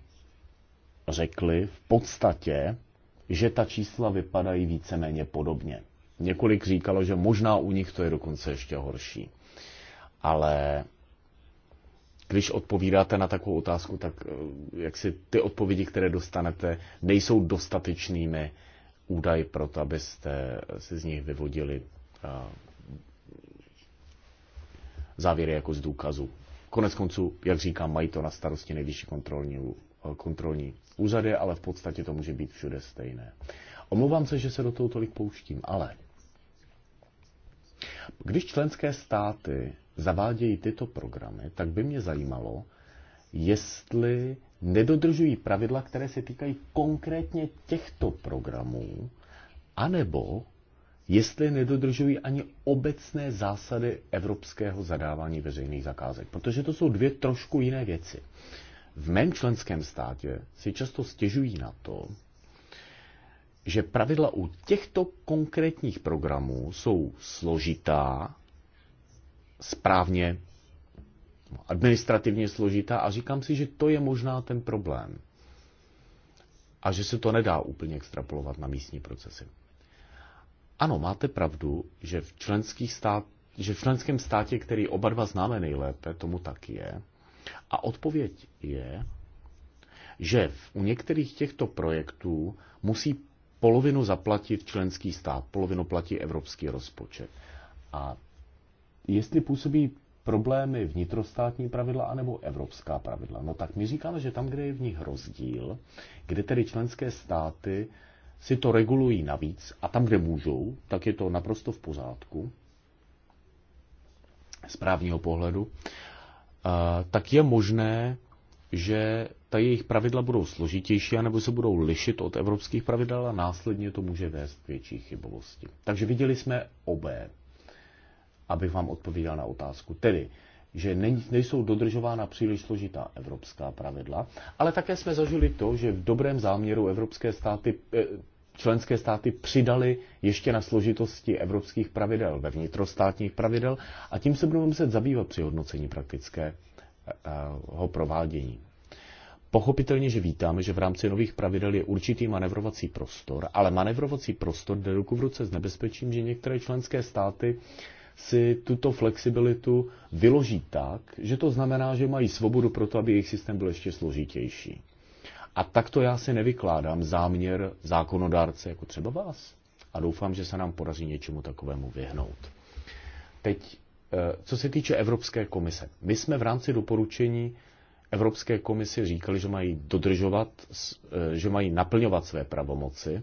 řekli v podstatě, že ta čísla vypadají víceméně podobně. Několik říkalo, že možná u nich to je dokonce ještě horší. Ale když odpovídáte na takovou otázku, tak eh, jak si ty odpovědi, které dostanete, nejsou dostatečnými údaj pro to, abyste si z nich vyvodili závěry jako z důkazu. Konec konců, jak říkám, mají to na starosti nejvyšší kontrolní, kontrolní úřady, ale v podstatě to může být všude stejné. Omlouvám se, že se do toho tolik pouštím, ale když členské státy zavádějí tyto programy, tak by mě zajímalo, jestli nedodržují pravidla, které se týkají konkrétně těchto programů, anebo jestli nedodržují ani obecné zásady evropského zadávání veřejných zakázek. Protože to jsou dvě trošku jiné věci. V mém členském státě si často stěžují na to, že pravidla u těchto konkrétních programů jsou složitá, správně administrativně složitá a říkám si, že to je možná ten problém. A že se to nedá úplně extrapolovat na místní procesy. Ano, máte pravdu, že v, členských stát, že v členském státě, který oba dva známe nejlépe, tomu tak je. A odpověď je, že v, u některých těchto projektů musí polovinu zaplatit členský stát, polovinu platí evropský rozpočet. A jestli působí problémy vnitrostátní pravidla anebo evropská pravidla. No tak my říkáme, že tam, kde je v nich rozdíl, kde tedy členské státy si to regulují navíc a tam, kde můžou, tak je to naprosto v pořádku z právního pohledu, tak je možné, že ta jejich pravidla budou složitější anebo se budou lišit od evropských pravidel a následně to může vést k větší chybovosti. Takže viděli jsme obé abych vám odpovídal na otázku. Tedy, že nejsou dodržována příliš složitá evropská pravidla, ale také jsme zažili to, že v dobrém záměru evropské státy, eh, členské státy přidali ještě na složitosti evropských pravidel ve vnitrostátních pravidel a tím se budeme muset zabývat při hodnocení praktického eh, eh, provádění. Pochopitelně, že vítáme, že v rámci nových pravidel je určitý manevrovací prostor, ale manevrovací prostor jde ruku v ruce s nebezpečím, že některé členské státy si tuto flexibilitu vyloží tak, že to znamená, že mají svobodu pro to, aby jejich systém byl ještě složitější. A takto já si nevykládám záměr zákonodárce jako třeba vás. A doufám, že se nám podaří něčemu takovému vyhnout. Teď, eh, co se týče Evropské komise. My jsme v rámci doporučení Evropské komise říkali, že mají dodržovat, eh, že mají naplňovat své pravomoci.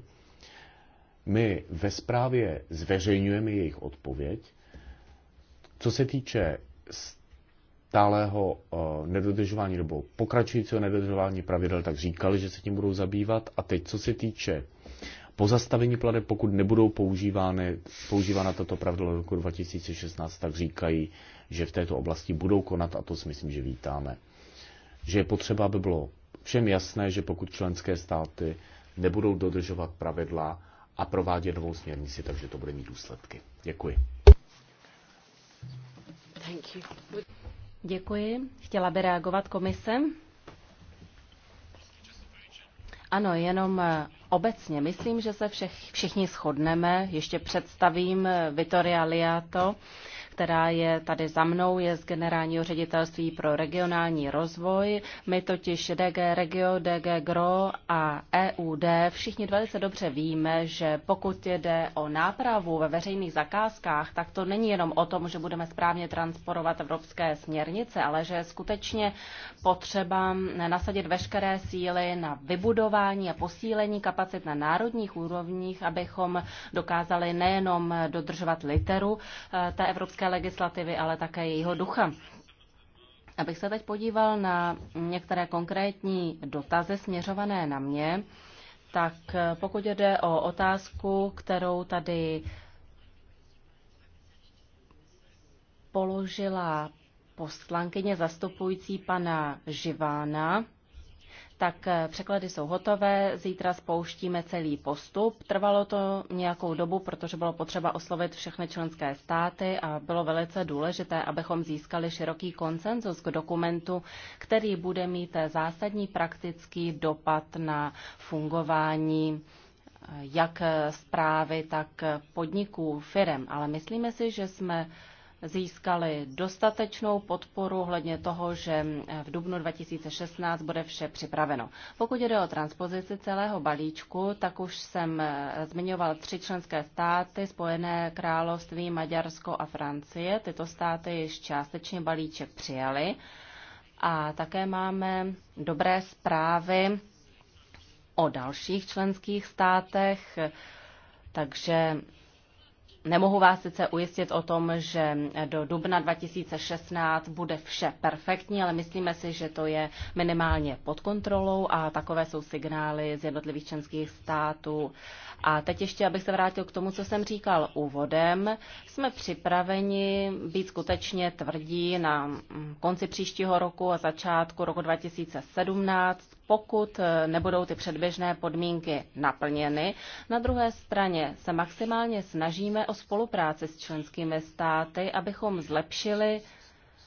My ve zprávě zveřejňujeme jejich odpověď co se týče stálého eh, nedodržování nebo pokračujícího nedodržování pravidel, tak říkali, že se tím budou zabývat. A teď, co se týče pozastavení plade, pokud nebudou používány, používána tato pravidla roku 2016, tak říkají, že v této oblasti budou konat a to si myslím, že vítáme. Že je potřeba, aby bylo všem jasné, že pokud členské státy nebudou dodržovat pravidla a provádět novou směrnici, takže to bude mít důsledky. Děkuji. Děkuji. Chtěla by reagovat komise? Ano, jenom eh, obecně. Myslím, že se všech, všichni shodneme. Ještě představím eh, Vittoria Liato, která je tady za mnou, je z Generálního ředitelství pro regionální rozvoj. My totiž DG Regio, DG GRO a EUD všichni velice dobře víme, že pokud jde o nápravu ve veřejných zakázkách, tak to není jenom o tom, že budeme správně transportovat evropské směrnice, ale že je skutečně potřeba nasadit veškeré síly na vybudování a posílení kapacit na národních úrovních, abychom dokázali nejenom dodržovat literu eh, té evropské evropské legislativy, ale také jejího ducha. Abych se teď podíval na některé konkrétní dotazy směřované na mě, tak pokud jde o otázku, kterou tady položila poslankyně zastupující pana Živána, tak eh, překlady jsou hotové, zítra spouštíme celý postup. Trvalo to nějakou dobu, protože bylo potřeba oslovit všechny členské státy a bylo velice důležité, abychom získali široký konsenzus k dokumentu, který bude mít zásadní praktický dopad na fungování eh, jak zprávy, eh, tak podniků, firem. Ale myslíme si, že jsme získali dostatečnou podporu hledně toho, že v dubnu 2016 bude vše připraveno. Pokud jde o transpozici celého balíčku, tak už jsem eh, zmiňoval tři členské státy, Spojené království, Maďarsko a Francie. Tyto státy již částečně balíček přijali. A také máme dobré zprávy o dalších členských státech, takže Nemohu vás sice ujistit o tom, že do dubna 2016 bude vše perfektní, ale myslíme si, že to je minimálně pod kontrolou a takové jsou signály z jednotlivých členských států. A teď ještě, abych se vrátil k tomu, co jsem říkal úvodem, jsme připraveni být skutečně tvrdí na konci příštího roku a začátku roku 2017 pokud eh, nebudou ty předběžné podmínky naplněny. Na druhé straně se maximálně snažíme o spolupráci s členskými státy, abychom zlepšili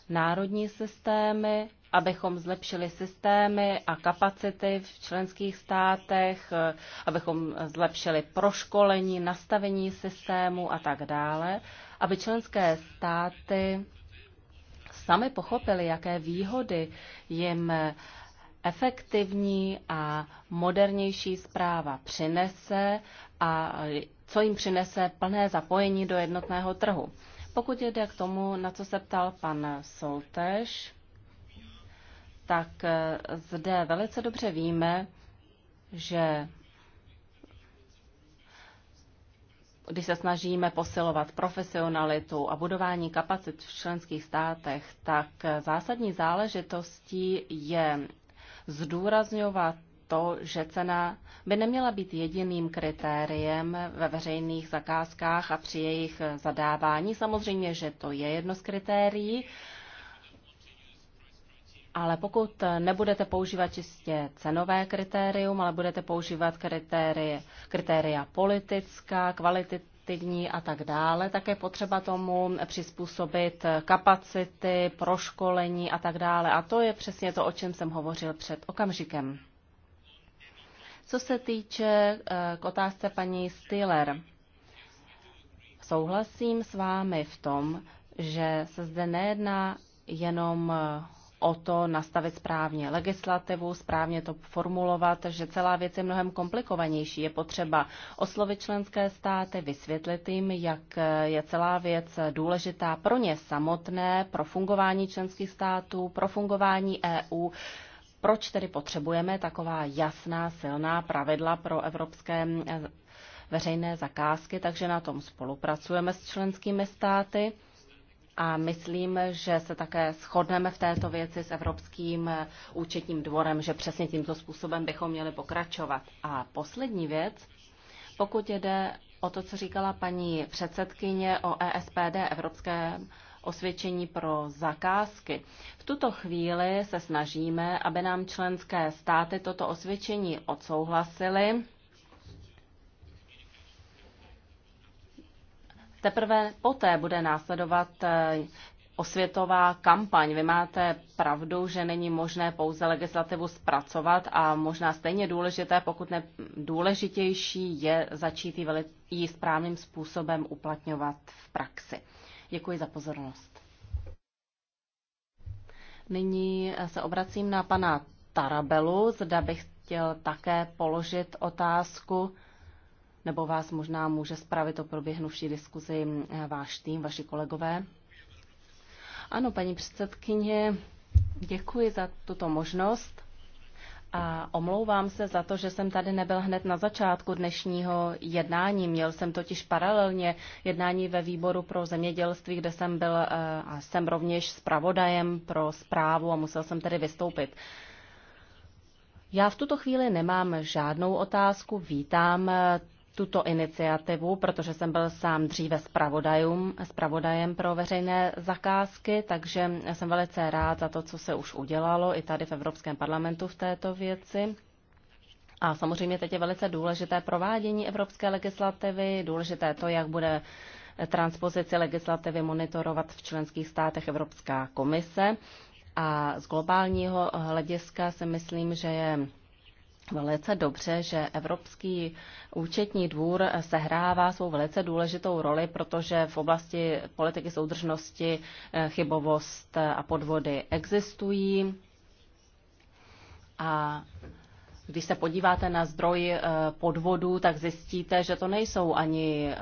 národní systémy, abychom zlepšili systémy a kapacity v členských státech, eh, abychom zlepšili proškolení, nastavení systému a tak dále, aby členské státy sami pochopili, jaké výhody jim efektivní a modernější zpráva přinese a co jim přinese plné zapojení do jednotného trhu. Pokud jde k tomu, na co se ptal pan Soltež, tak eh, zde velice dobře víme, že když se snažíme posilovat profesionalitu a budování kapacit v členských státech, tak eh, zásadní záležitostí je zdůrazňovat to, že cena by neměla být jediným kritériem ve veřejných zakázkách a při jejich zadávání. Samozřejmě, že to je jedno z kritérií, ale pokud nebudete používat čistě cenové kritérium, ale budete používat kritérie, kritéria politická, kvalitativní, aktivní a tak dále. Také potřeba tomu přizpůsobit kapacity, proškolení a tak dále. A to je přesně to, o čem jsem hovořil před okamžikem. Co se týče eh, k otázce paní Stiller, souhlasím s vámi v tom, že se zde nejedná jenom o to nastavit správně legislativu, správně to formulovat, že celá věc je mnohem komplikovanější. Je potřeba oslovit členské státy, vysvětlit jim, jak je celá věc důležitá pro ně samotné, pro fungování členských států, pro fungování EU. Proč tedy potřebujeme taková jasná, silná pravidla pro evropské eh, veřejné zakázky, takže na tom spolupracujeme s členskými státy a myslím, že se také shodneme v této věci s Evropským eh, účetním dvorem, že přesně tímto způsobem bychom měli pokračovat. A poslední věc, pokud jde o to, co říkala paní předsedkyně o ESPD, evropské osvědčení pro zakázky. V tuto chvíli se snažíme, aby nám členské státy toto osvědčení odsouhlasily Teprve poté bude následovat eh, osvětová kampaň. Vy máte pravdu, že není možné pouze legislativu zpracovat a možná stejně důležité, pokud ne důležitější, je začít ji správným způsobem uplatňovat v praxi. Děkuji za pozornost. Nyní eh, se obracím na pana Tarabelu, zda bych chtěl také položit otázku nebo vás možná může spravit o proběhnuvší diskuzi váš tým, vaši kolegové. Ano, paní předsedkyně, děkuji za tuto možnost a omlouvám se za to, že jsem tady nebyl hned na začátku dnešního jednání. Měl jsem totiž paralelně jednání ve výboru pro zemědělství, kde jsem byl e, a jsem rovněž zpravodajem pro zprávu a musel jsem tedy vystoupit. Já v tuto chvíli nemám žádnou otázku, vítám e, tuto iniciativu, protože jsem byl sám dříve zpravodajem pro veřejné zakázky, takže jsem velice rád za to, co se už udělalo i tady v Evropském parlamentu v této věci. A samozřejmě teď je velice důležité provádění evropské legislativy, důležité to, jak bude transpozici legislativy monitorovat v členských státech Evropská komise. A z globálního hlediska si myslím, že je velice dobře, že Evropský účetní dvůr sehrává svou velice důležitou roli, protože v oblasti politiky soudržnosti eh, chybovost a podvody existují. A když se podíváte na zdroj eh, podvodů, tak zjistíte, že to nejsou ani eh,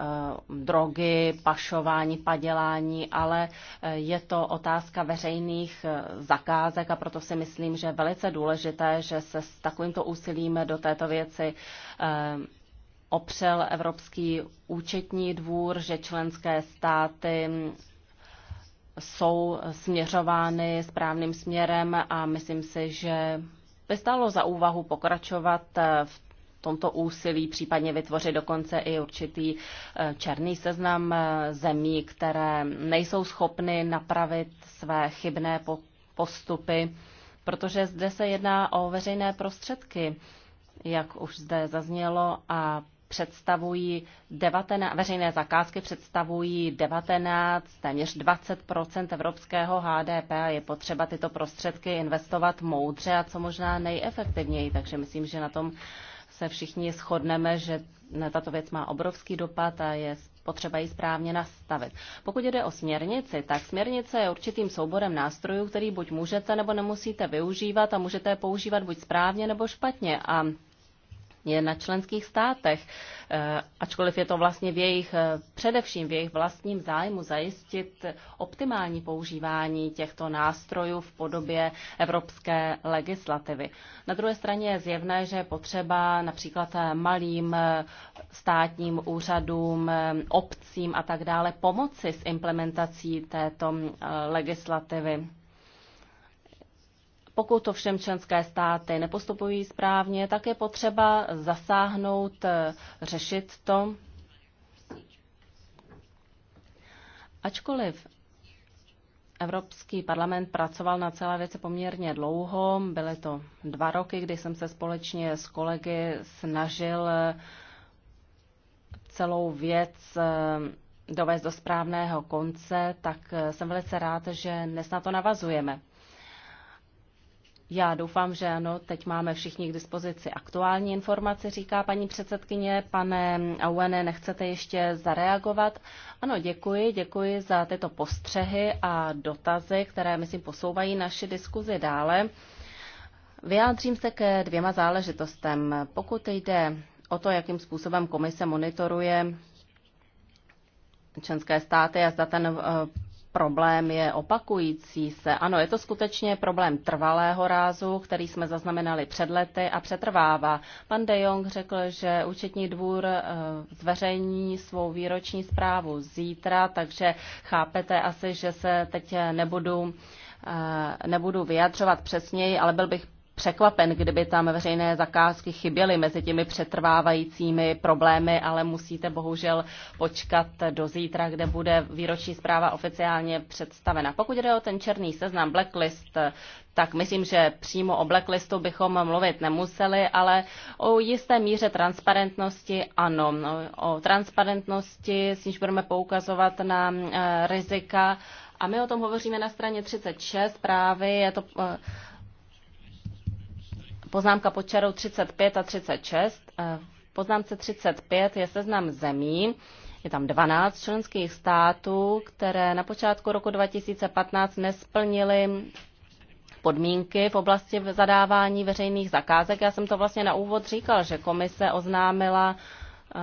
drogy, pašování, padělání, ale eh, je to otázka veřejných zakázek a proto si myslím, že je velice důležité, že se s takovýmto úsilím do této věci opřel Evropský účetní dvůr, že členské státy mm, jsou směřovány správným směrem a myslím si, že by stálo za úvahu pokračovat eh, v tomto úsilí, případně vytvořit dokonce i určitý eh, černý seznam eh, zemí, které nejsou schopny napravit své chybné postupy, protože zde se jedná o veřejné prostředky, jak už zde zaznělo, a představují 19, veřejné zakázky představují 19, téměř 20 evropského HDP a je potřeba tyto prostředky investovat moudře a co možná nejefektivněji. Takže myslím, že na tom se všichni shodneme, že tato věc má obrovský dopad a je potřeba ji správně nastavit. Pokud jde o směrnici, tak směrnice je určitým souborem nástrojů, který buď můžete nebo nemusíte využívat a můžete je používat buď správně nebo špatně. A je na členských státech, eh, ačkoliv je to vlastně v jejich, eh, především v jejich vlastním zájmu zajistit optimální používání těchto nástrojů v podobě evropské legislativy. Na druhé straně je zjevné, že je potřeba například malým eh, státním úřadům, obcím a tak dále pomoci s implementací této mm, legislativy. Pokud to všem členské státy nepostupují správně, tak je potřeba zasáhnout, eh, řešit to. Ačkoliv Evropský parlament pracoval na celé věci poměrně dlouho, byly to dva roky, kdy jsem se společně s kolegy snažil eh, celou věc eh, dovést do správného konce, tak jsem velice rád, že dnes na to navazujeme. Já doufám, že ano, teď máme všichni k dispozici aktuální informace, říká paní předsedkyně. Pane Auene, nechcete ještě zareagovat? Ano, děkuji, děkuji za tyto postřehy a dotazy, které, myslím, posouvají naši diskuzi dále. Vyjádřím se ke dvěma záležitostem. Pokud jde o to, jakým způsobem komise monitoruje členské státy a zda ten eh, problém je opakující se. Ano, je to skutečně problém trvalého rázu, který jsme zaznamenali před lety a přetrvává. Pan De Jong řekl, že účetní dvůr eh, zveřejní svou výroční zprávu zítra, takže chápete asi, že se teď nebudu eh, nebudu vyjadřovat přesněji, ale byl bych překvapen, kdyby tam veřejné zakázky chyběly mezi těmi přetrvávajícími problémy, ale musíte bohužel počkat do zítra, kde bude výroční zpráva oficiálně představena. Pokud jde o ten černý seznam blacklist, tak myslím, že přímo o blacklistu bychom mluvit nemuseli, ale o jisté míře transparentnosti ano. O transparentnosti, s níž budeme poukazovat na eh, rizika. A my o tom hovoříme na straně 36 právě, je to eh, poznámka pod čarou 35 a 36. Eh, v poznámce 35 je seznam zemí, je tam 12 členských států, které na počátku roku 2015 nesplnily podmínky v oblasti zadávání veřejných zakázek. Já jsem to vlastně na úvod říkal, že komise oznámila eh,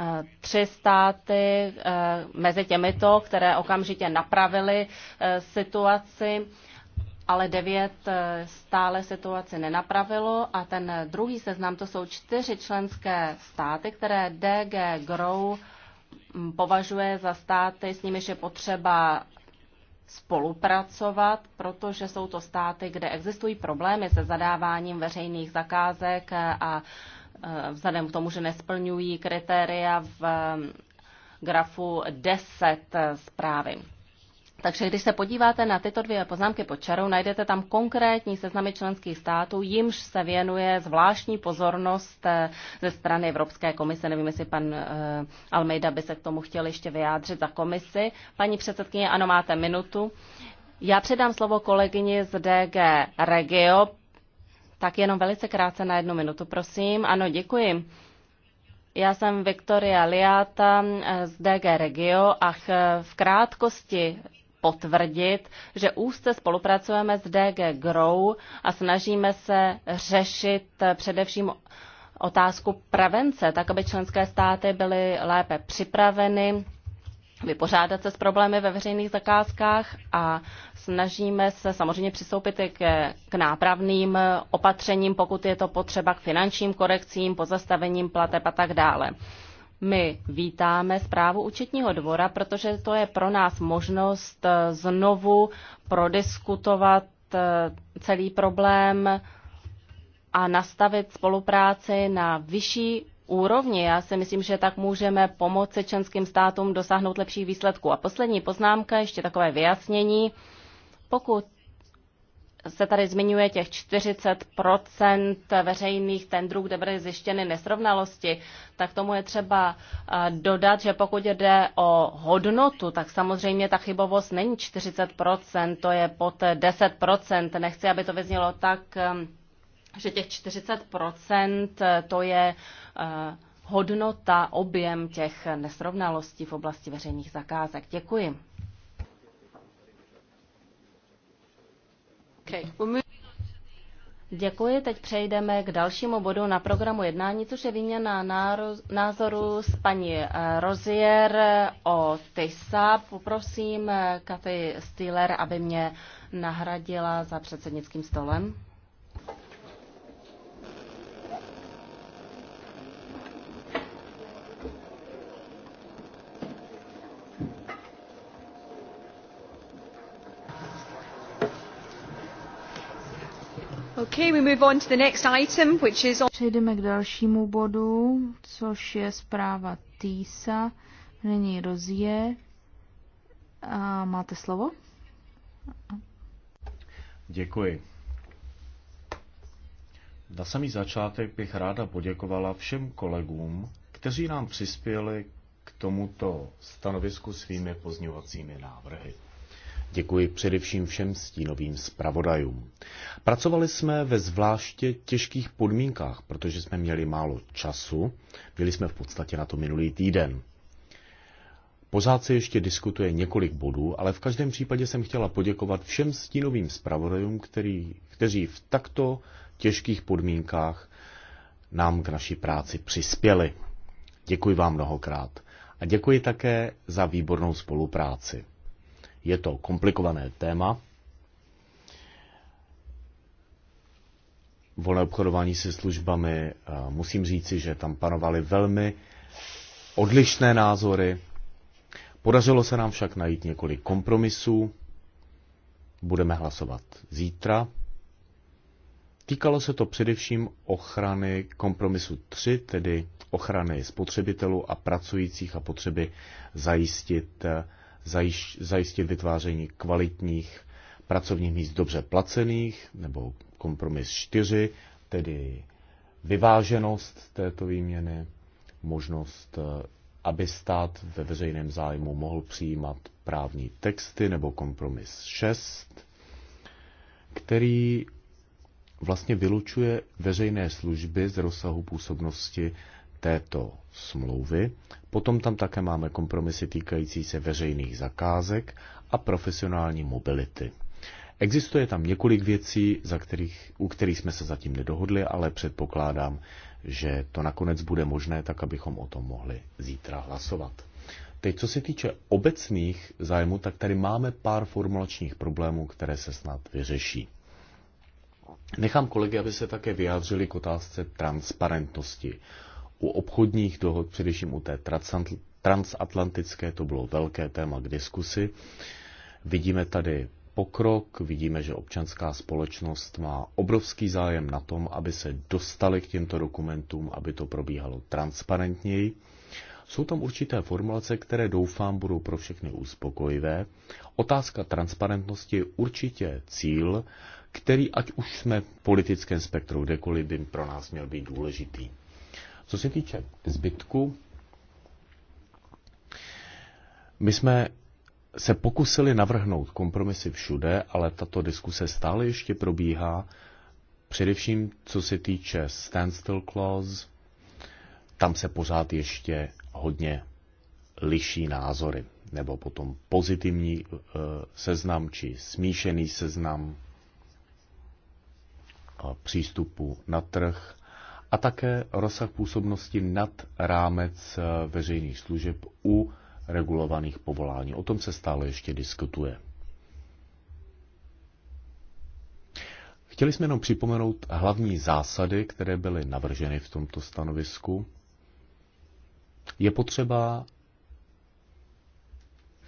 eh, tři státy mezi těmito, které okamžitě napravily situaci ale devět eh, stále situaci nenapravilo a ten druhý seznam to jsou čtyři členské státy, které DG Grow mm, považuje za státy, s nimiž je potřeba spolupracovat, protože jsou to státy, kde existují problémy se zadáváním veřejných zakázek a eh, vzhledem k tomu, že nesplňují kritéria v mm, grafu 10 eh, zprávy. Takže když se podíváte na tyto dvě poznámky pod čarou, najdete tam konkrétní seznamy členských států, jimž se věnuje zvláštní pozornost eh, ze strany Evropské komise. Nevím, jestli pan eh, Almeida by se k tomu chtěl ještě vyjádřit za komisi. Paní předsedkyně, ano, máte minutu. Já předám slovo kolegyni z DG Regio. Tak jenom velice krátce na jednu minutu, prosím. Ano, děkuji. Já jsem Viktoria Liáta eh, z DG Regio a v krátkosti potvrdit, že úzce spolupracujeme s DG Grow a snažíme se řešit především otázku prevence, tak aby členské státy byly lépe připraveny vypořádat se s problémy ve veřejných zakázkách a snažíme se samozřejmě přistoupit i k, k nápravným opatřením, pokud je to potřeba k finančním korekcím, pozastavením plateb a tak dále. My vítáme zprávu účetního dvora, protože to je pro nás možnost eh, znovu prodiskutovat eh, celý problém a nastavit spolupráci na vyšší úrovni. Já si myslím, že tak můžeme pomoci členským státům dosáhnout lepších výsledků. A poslední poznámka, ještě takové vyjasnění. Pokud se tady zmiňuje těch 40 veřejných tendrů, kde byly zjištěny nesrovnalosti, tak tomu je třeba eh, dodat, že pokud jde o hodnotu, tak samozřejmě ta chybovost není 40 to je pod 10 Nechci, aby to vyznělo tak, ehm, že těch 40 eh, to je eh, hodnota, objem těch nesrovnalostí v oblasti veřejných zakázek. Děkuji. Děkuji, teď přejdeme k dalšímu bodu na programu jednání, což je výměna názoru s paní eh, Rozier o TISA. Poprosím Kathy eh, Steeler, aby mě nahradila za předsednickým stolem. Okay, we move on to the next item, which is... Přejdeme k dalšímu bodu, což je zpráva TISA. Není rozje. A máte slovo? Děkuji. Na samý začátek bych ráda poděkovala všem kolegům, kteří nám přispěli k tomuto stanovisku svými pozňovacími návrhy. Děkuji především všem stínovým zpravodajům. Pracovali jsme ve zvláště těžkých podmínkách, protože jsme měli málo času. Byli jsme v podstatě na to minulý týden. Pořád se ještě diskutuje několik bodů, ale v každém případě jsem chtěla poděkovat všem stínovým zpravodajům, který, kteří v takto těžkých podmínkách nám k naší práci přispěli. Děkuji vám mnohokrát a děkuji také za výbornou spolupráci. Je to komplikované téma. Volné obchodování se službami, musím říci, že tam panovaly velmi odlišné názory. Podařilo se nám však najít několik kompromisů. Budeme hlasovat zítra. Týkalo se to především ochrany kompromisu 3, tedy ochrany spotřebitelů a pracujících a potřeby zajistit zajistit vytváření kvalitních pracovních míst dobře placených, nebo kompromis 4, tedy vyváženost této výměny, možnost, eh, aby stát ve veřejném zájmu mohl přijímat právní texty, nebo kompromis 6, který vlastně vylučuje veřejné služby z rozsahu působnosti této smlouvy. Potom tam také máme kompromisy týkající se veřejných zakázek a profesionální mobility. Existuje tam několik věcí, za kterých, u kterých jsme se zatím nedohodli, ale předpokládám, že to nakonec bude možné, tak abychom o tom mohli zítra hlasovat. Teď, co se týče obecných zájmů, tak tady máme pár formulačních problémů, které se snad vyřeší. Nechám kolegy, aby se také vyjádřili k otázce transparentnosti u obchodních dohod, především u té transatlantické, to bylo velké téma k diskusi. Vidíme tady pokrok, vidíme, že občanská společnost má obrovský zájem na tom, aby se dostali k těmto dokumentům, aby to probíhalo transparentněji. Jsou tam určité formulace, které doufám budou pro všechny uspokojivé. Otázka transparentnosti je určitě cíl, který ať už jsme v politickém spektru kdekoliv by pro nás měl být důležitý. Co se týče zbytku, my jsme se pokusili navrhnout kompromisy všude, ale tato diskuse stále ještě probíhá, především co se týče standstill clause, tam se pořád ještě hodně liší názory, nebo potom pozitivní eh, seznam či smíšený seznam eh, přístupu na trh a také rozsah působnosti nad rámec eh, veřejných služeb u regulovaných povolání. O tom se stále ještě diskutuje. Chtěli jsme jenom připomenout hlavní zásady, které byly navrženy v tomto stanovisku. Je potřeba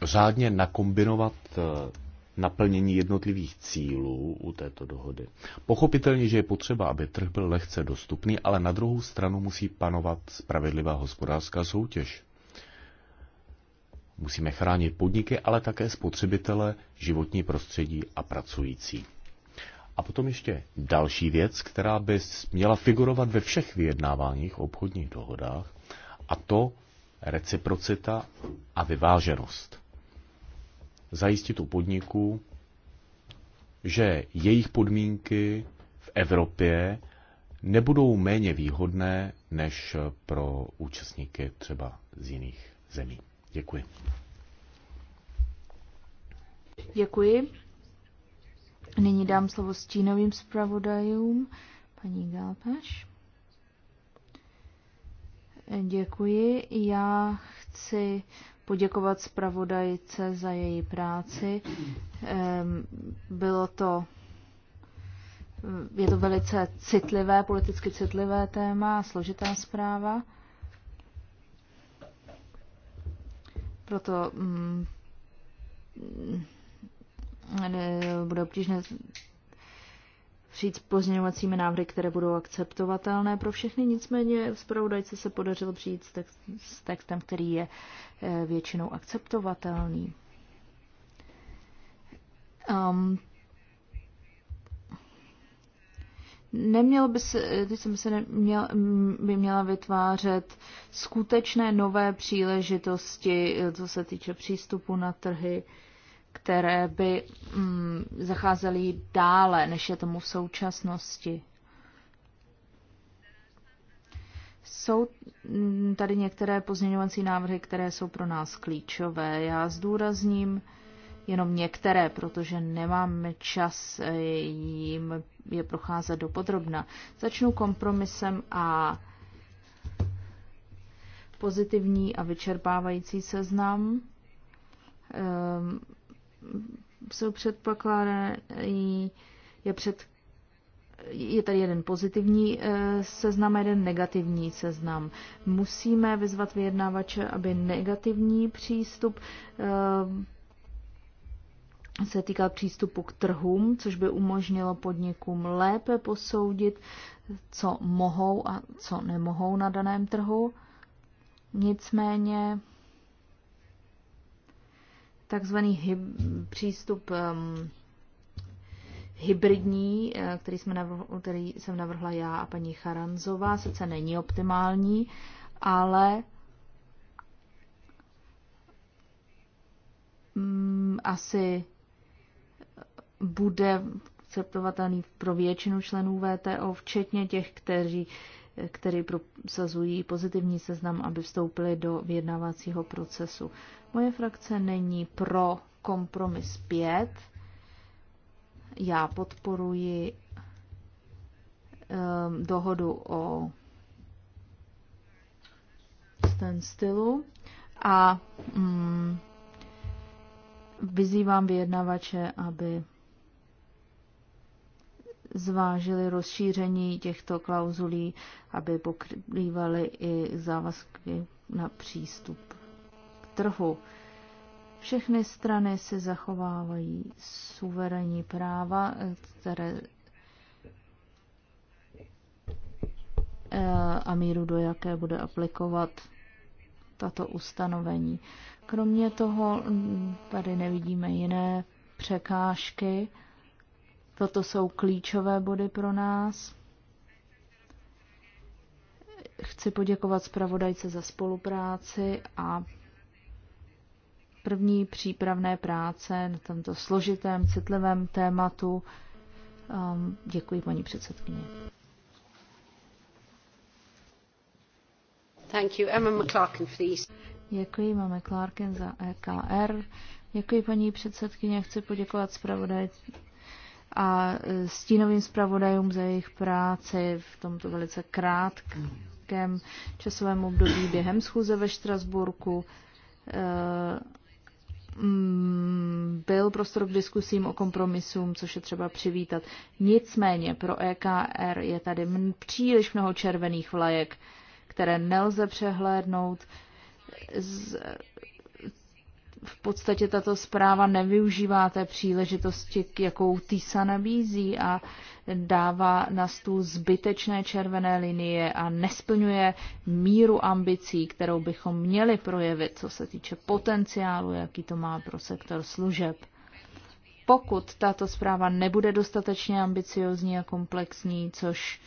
řádně nakombinovat eh, naplnění jednotlivých cílů u této dohody. Pochopitelně, že je potřeba, aby trh byl lehce dostupný, ale na druhou stranu musí panovat spravedlivá hospodářská soutěž. Musíme chránit podniky, ale také spotřebitele, životní prostředí a pracující. A potom ještě další věc, která by měla figurovat ve všech vyjednáváních obchodních dohodách, a to reciprocita a vyváženost zajistit u podniků, že jejich podmínky v Evropě nebudou méně výhodné než pro účastníky třeba z jiných zemí. Děkuji. Děkuji. Nyní dám slovo stínovým zpravodajům, paní Galpeš. Děkuji. Já chci poděkovat zpravodajce za její práci. Bylo to je to velice citlivé, politicky citlivé téma, složitá zpráva. Proto mm, bude obtížné přijít s pozměňovacími návrhy, které budou akceptovatelné pro všechny. Nicméně zpravodajce se podařilo přijít s, text, s textem, který je eh, většinou akceptovatelný. Um, Nemělo by se, teď jsem se neměl, by měla vytvářet skutečné nové příležitosti, eh, co se týče přístupu na trhy, uh, které by mm, zacházely dále, než je tomu v současnosti. Jsou mm, tady některé pozměňovací návrhy, které jsou pro nás klíčové. Já zdůrazním jenom některé, protože nemáme čas eh, jim je procházet do podrobna. Začnu kompromisem a pozitivní a vyčerpávající seznam. Ehm, jsou předpokládané, je, před, je tady jeden pozitivní eh, seznam a jeden negativní seznam. Musíme vyzvat vyjednávače, aby negativní přístup eh, se týká přístupu k trhům, což by umožnilo podnikům lépe posoudit, co mohou a co nemohou na daném trhu. Nicméně takzvaný přístup um, hybridní, eh, který, jsme navrhl, který jsem navrhla já a paní Charanzová, sice není optimální, ale mm, asi eh, bude akceptovatelný pro většinu členů VTO, včetně těch, kteří eh, kteří prosazují pozitivní seznam, aby vstoupili do vyjednávacího procesu. Moje frakce není pro kompromis 5. Já podporuji um, dohodu o stylu a um, vyzývám vyjednavače, aby zvážili rozšíření těchto klauzulí, aby pokrývaly i závazky na přístup trhu. Všechny strany si zachovávají suverénní práva, které eh, a míru, do jaké bude aplikovat tato ustanovení. Kromě toho hm, tady nevidíme jiné překážky. Toto jsou klíčové body pro nás. Chci poděkovat zpravodajce za spolupráci a první přípravné práce na tomto složitém, citlivém tématu. Um, děkuji, paní předsedkyně. Thank you. Emma McClarkin, please. Děkuji, máme McClarkin za EKR. Děkuji, paní předsedkyně. Chci poděkovat zpravodaj a e, stínovým zpravodajům za jejich práci v tomto velice krátkém časovém období během schůze ve Štrasburku. E, Mm, byl prostor k diskusím o kompromisům, což je třeba přivítat. Nicméně pro EKR je tady příliš mnoho červených vlajek, které nelze přehlédnout. Z, v podstatě tato zpráva nevyužívá té příležitosti, jakou TISA nabízí a dává na stůl zbytečné červené linie a nesplňuje míru ambicí, kterou bychom měli projevit, co se týče potenciálu, jaký to má pro sektor služeb. Pokud tato zpráva nebude dostatečně ambiciozní a komplexní, což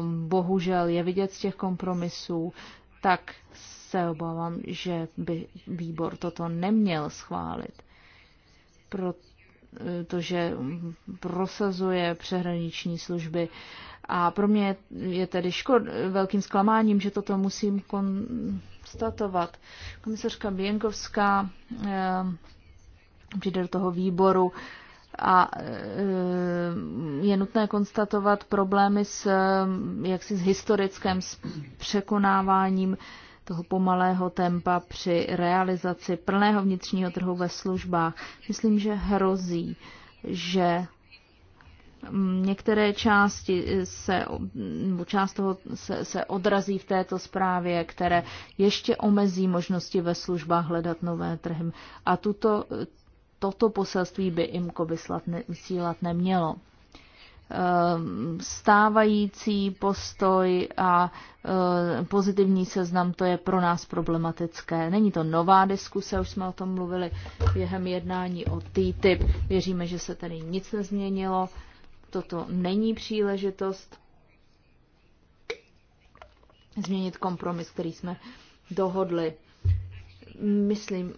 um, bohužel je vidět z těch kompromisů, tak se obávám, že by výbor toto neměl schválit, protože prosazuje přehraniční služby. A pro mě je tedy škod, velkým zklamáním, že toto musím konstatovat. Komisařka Běnkovská eh, přijde do toho výboru a eh, je nutné konstatovat problémy s, eh, jaksi s historickým překonáváním toho pomalého tempa při realizaci plného vnitřního trhu ve službách. Myslím, že hrozí, že mm, některé části se, část toho se, se odrazí v této zprávě, které ještě omezí možnosti ve službách hledat nové trhy. A tuto, toto poselství by IMCO vyslat, vysílat nemělo stávající postoj a e, pozitivní seznam, to je pro nás problematické. Není to nová diskuse, už jsme o tom mluvili během jednání o TTIP. Věříme, že se tady nic nezměnilo. Toto není příležitost změnit kompromis, který jsme dohodli. Myslím,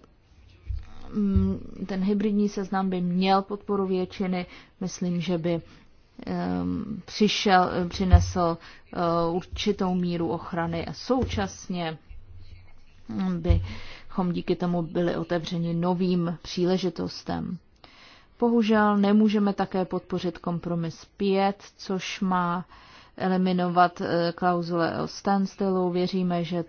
mm, ten hybridní seznam by měl podporu většiny. Myslím, že by Um, přišel, přinesl uh, určitou míru ochrany a současně bychom díky tomu byli otevřeni novým příležitostem. Bohužel nemůžeme také podpořit kompromis 5, což má eliminovat uh, klauzule o standstillu. Věříme, že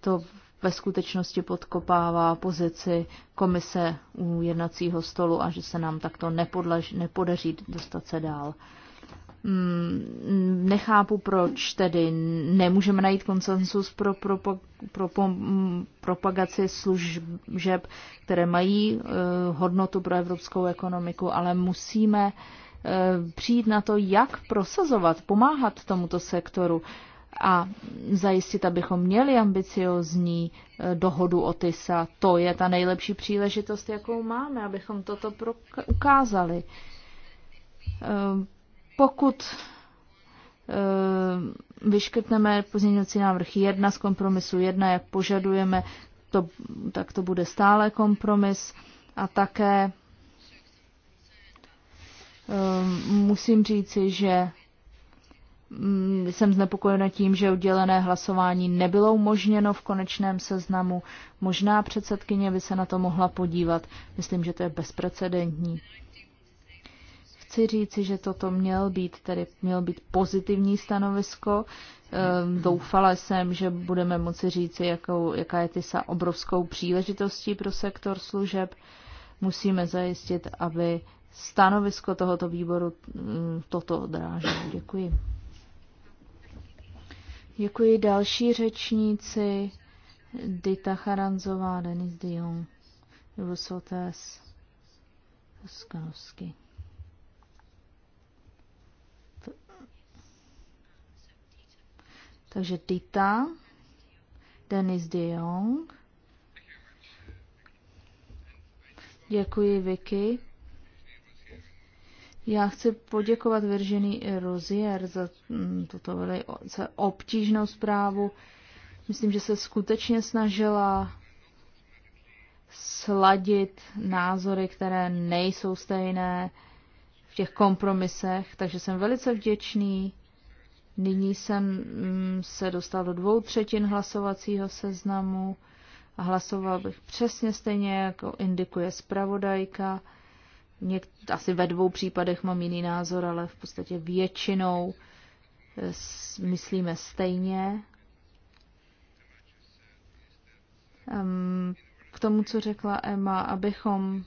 to ve skutečnosti podkopává pozici komise u jednacího stolu a že se nám takto nepodlaž, nepodaří dostat se dál. Mm, nechápu, proč tedy nemůžeme najít konsensus pro, pro, pro, pro propagaci služeb, které mají uh, hodnotu pro evropskou ekonomiku, ale musíme uh, přijít na to, jak prosazovat, pomáhat tomuto sektoru. Uh, a zajistit, abychom měli ambiciozní eh, dohodu o TISA. To je ta nejlepší příležitost, jakou máme, abychom toto ukázali. Ehm, pokud ehm, vyškrtneme pozměňovací návrh jedna z kompromisu jedna jak požadujeme, to, tak to bude stále kompromis a také ehm, musím říci, že Mm, jsem znepokojena tím, že oddělené hlasování nebylo umožněno v konečném seznamu. Možná předsedkyně by se na to mohla podívat. Myslím, že to je bezprecedentní. Chci říci, že toto měl být, tedy měl být pozitivní stanovisko. Ehm, doufala jsem, že budeme moci říci, jakou, jaká je TISA obrovskou příležitostí pro sektor služeb. Musíme zajistit, aby stanovisko tohoto výboru mm, toto odráželo. Děkuji. Děkuji další řečníci. Dita Charanzová, Denis Dion, Vosotes, Skanovsky. Takže Dita, Denis de Jong. Děkuji, Vicky. Já chci poděkovat Viržený Rozier za mm, tuto velice obtížnou zprávu. Myslím, že se skutečně snažila sladit názory, které nejsou stejné v těch kompromisech, takže jsem velice vděčný. Nyní jsem mm, se dostal do dvou třetin hlasovacího seznamu a hlasoval bych přesně stejně, jako indikuje zpravodajka. Něk, asi ve dvou případech mám jiný názor, ale v podstatě většinou eh, myslíme stejně. K tomu, co řekla Emma, abychom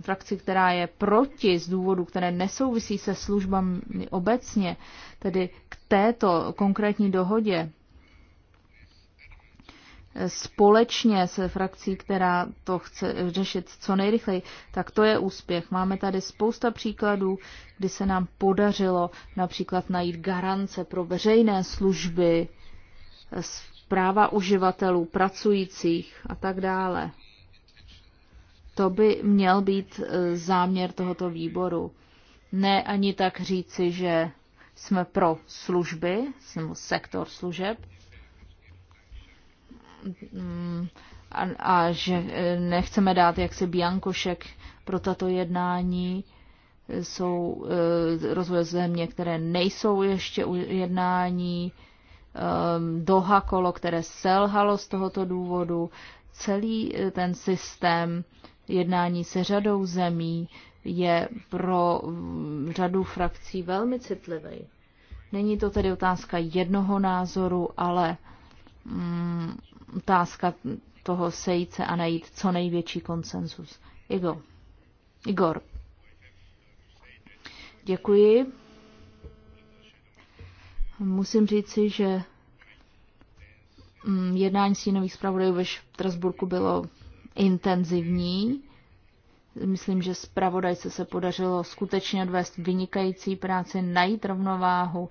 frakci, která je proti z důvodu, které nesouvisí se službami obecně, tedy k této konkrétní dohodě, společně se frakcí, která to chce řešit co nejrychleji, tak to je úspěch. Máme tady spousta příkladů, kdy se nám podařilo například najít garance pro veřejné služby, práva uživatelů, pracujících a tak dále. To by měl být e, záměr tohoto výboru. Ne ani tak říci, že jsme pro služby, jsme sektor služeb, a, a že eh, nechceme dát jaksi biankošek pro tato jednání. Jsou eh, rozvoje země, které nejsou ještě u jednání, ehm, doha kolo, které selhalo z tohoto důvodu. Celý eh, ten systém jednání se řadou zemí je pro mm, řadu frakcí velmi citlivý. Není to tedy otázka jednoho názoru, ale mm, otázka toho sejít se a najít co největší konsenzus. Igor. Igor. Děkuji. Musím říci, že mm, jednání stínových zpravodajů ve Štrasburku bylo intenzivní. Myslím, že zpravodajce se podařilo skutečně odvést vynikající práci, najít rovnováhu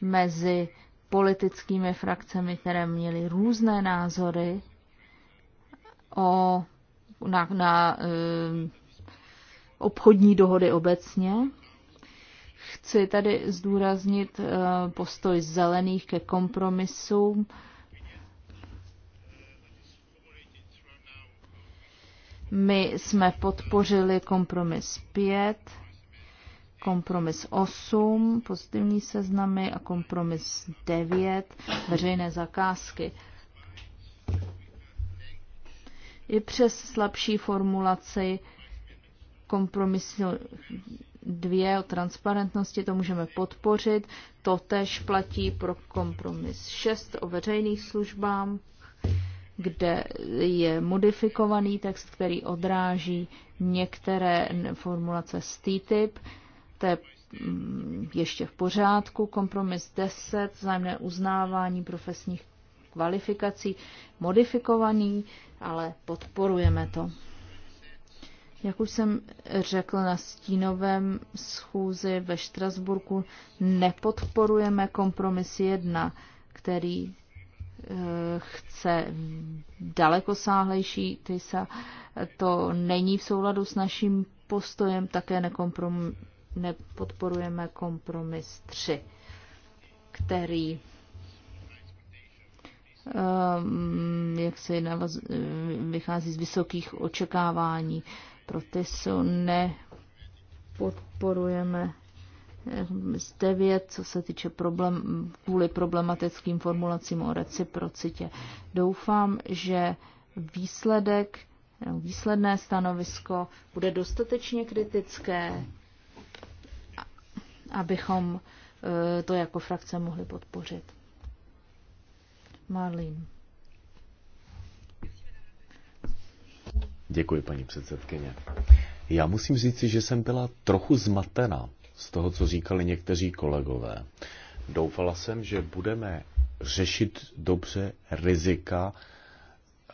mezi politickými frakcemi, které měly různé názory o, na, na e, obchodní dohody obecně. Chci tady zdůraznit e, postoj zelených ke kompromisům. My jsme podpořili kompromis 5 kompromis 8, pozitivní seznamy a kompromis 9, veřejné zakázky. I přes slabší formulaci kompromisu 2 o transparentnosti to můžeme podpořit. To tež platí pro kompromis 6 o veřejných službám, kde je modifikovaný text, který odráží některé formulace z TTIP to je mm, ještě v pořádku. Kompromis 10, vzájemné uznávání profesních kvalifikací, modifikovaný, ale podporujeme to. Jak už jsem řekl na stínovém schůzi ve Štrasburku, nepodporujeme kompromis 1, který eh, chce daleko sáhlejší TISA. To není v souladu s naším postojem, také nekomprom- nepodporujeme kompromis 3, který ehm, jak se navaz, vychází z vysokých očekávání. pro Protestu nepodporujeme ehm, z 9, co se týče problém, kvůli problematickým formulacím o reciprocitě. Doufám, že výsledek, výsledné stanovisko bude dostatečně kritické, abychom eh, to jako frakce mohli podpořit. Marlín. Děkuji, paní předsedkyně. Já musím říci, že jsem byla trochu zmatena z toho, co říkali někteří kolegové. Doufala jsem, že budeme řešit dobře rizika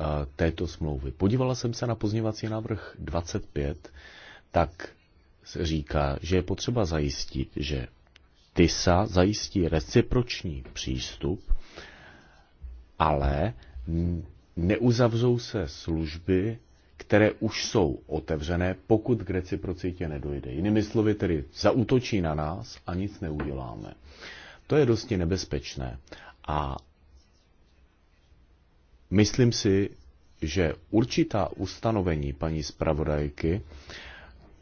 eh, této smlouvy. Podívala jsem se na pozněvací návrh 25, tak říká, že je potřeba zajistit, že TISA zajistí reciproční přístup, ale neuzavřou se služby, které už jsou otevřené, pokud k reciprocitě nedojde. Jinými slovy tedy zautočí na nás a nic neuděláme. To je dosti nebezpečné. A myslím si, že určitá ustanovení paní zpravodajky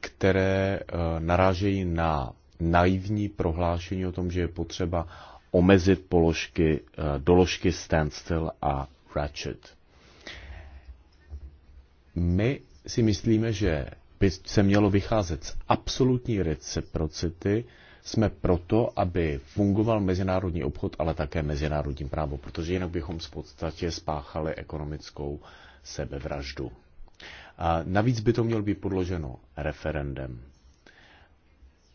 které eh, narážejí na naivní prohlášení o tom, že je potřeba omezit položky, eh, doložky standstill a ratchet. My si myslíme, že by se mělo vycházet z absolutní reciprocity, jsme proto, aby fungoval mezinárodní obchod, ale také mezinárodní právo, protože jinak bychom v podstatě spáchali ekonomickou sebevraždu. A navíc by to mělo být podloženo referendem.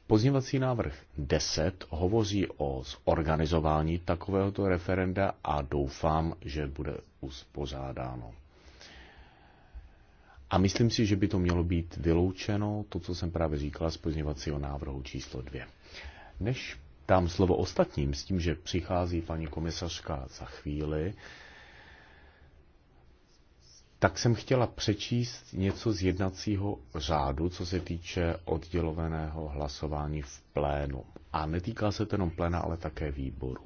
Pozněvací návrh 10 hovoří o zorganizování takovéhoto referenda a doufám, že bude uspořádáno. A myslím si, že by to mělo být vyloučeno, to, co jsem právě říkala z pozněvacího návrhu číslo 2. Než dám slovo ostatním s tím, že přichází paní komisařka za chvíli, tak jsem chtěla přečíst něco z jednacího řádu, co se týče odděloveného hlasování v plénu. A netýká se to jenom pléna, ale také výboru.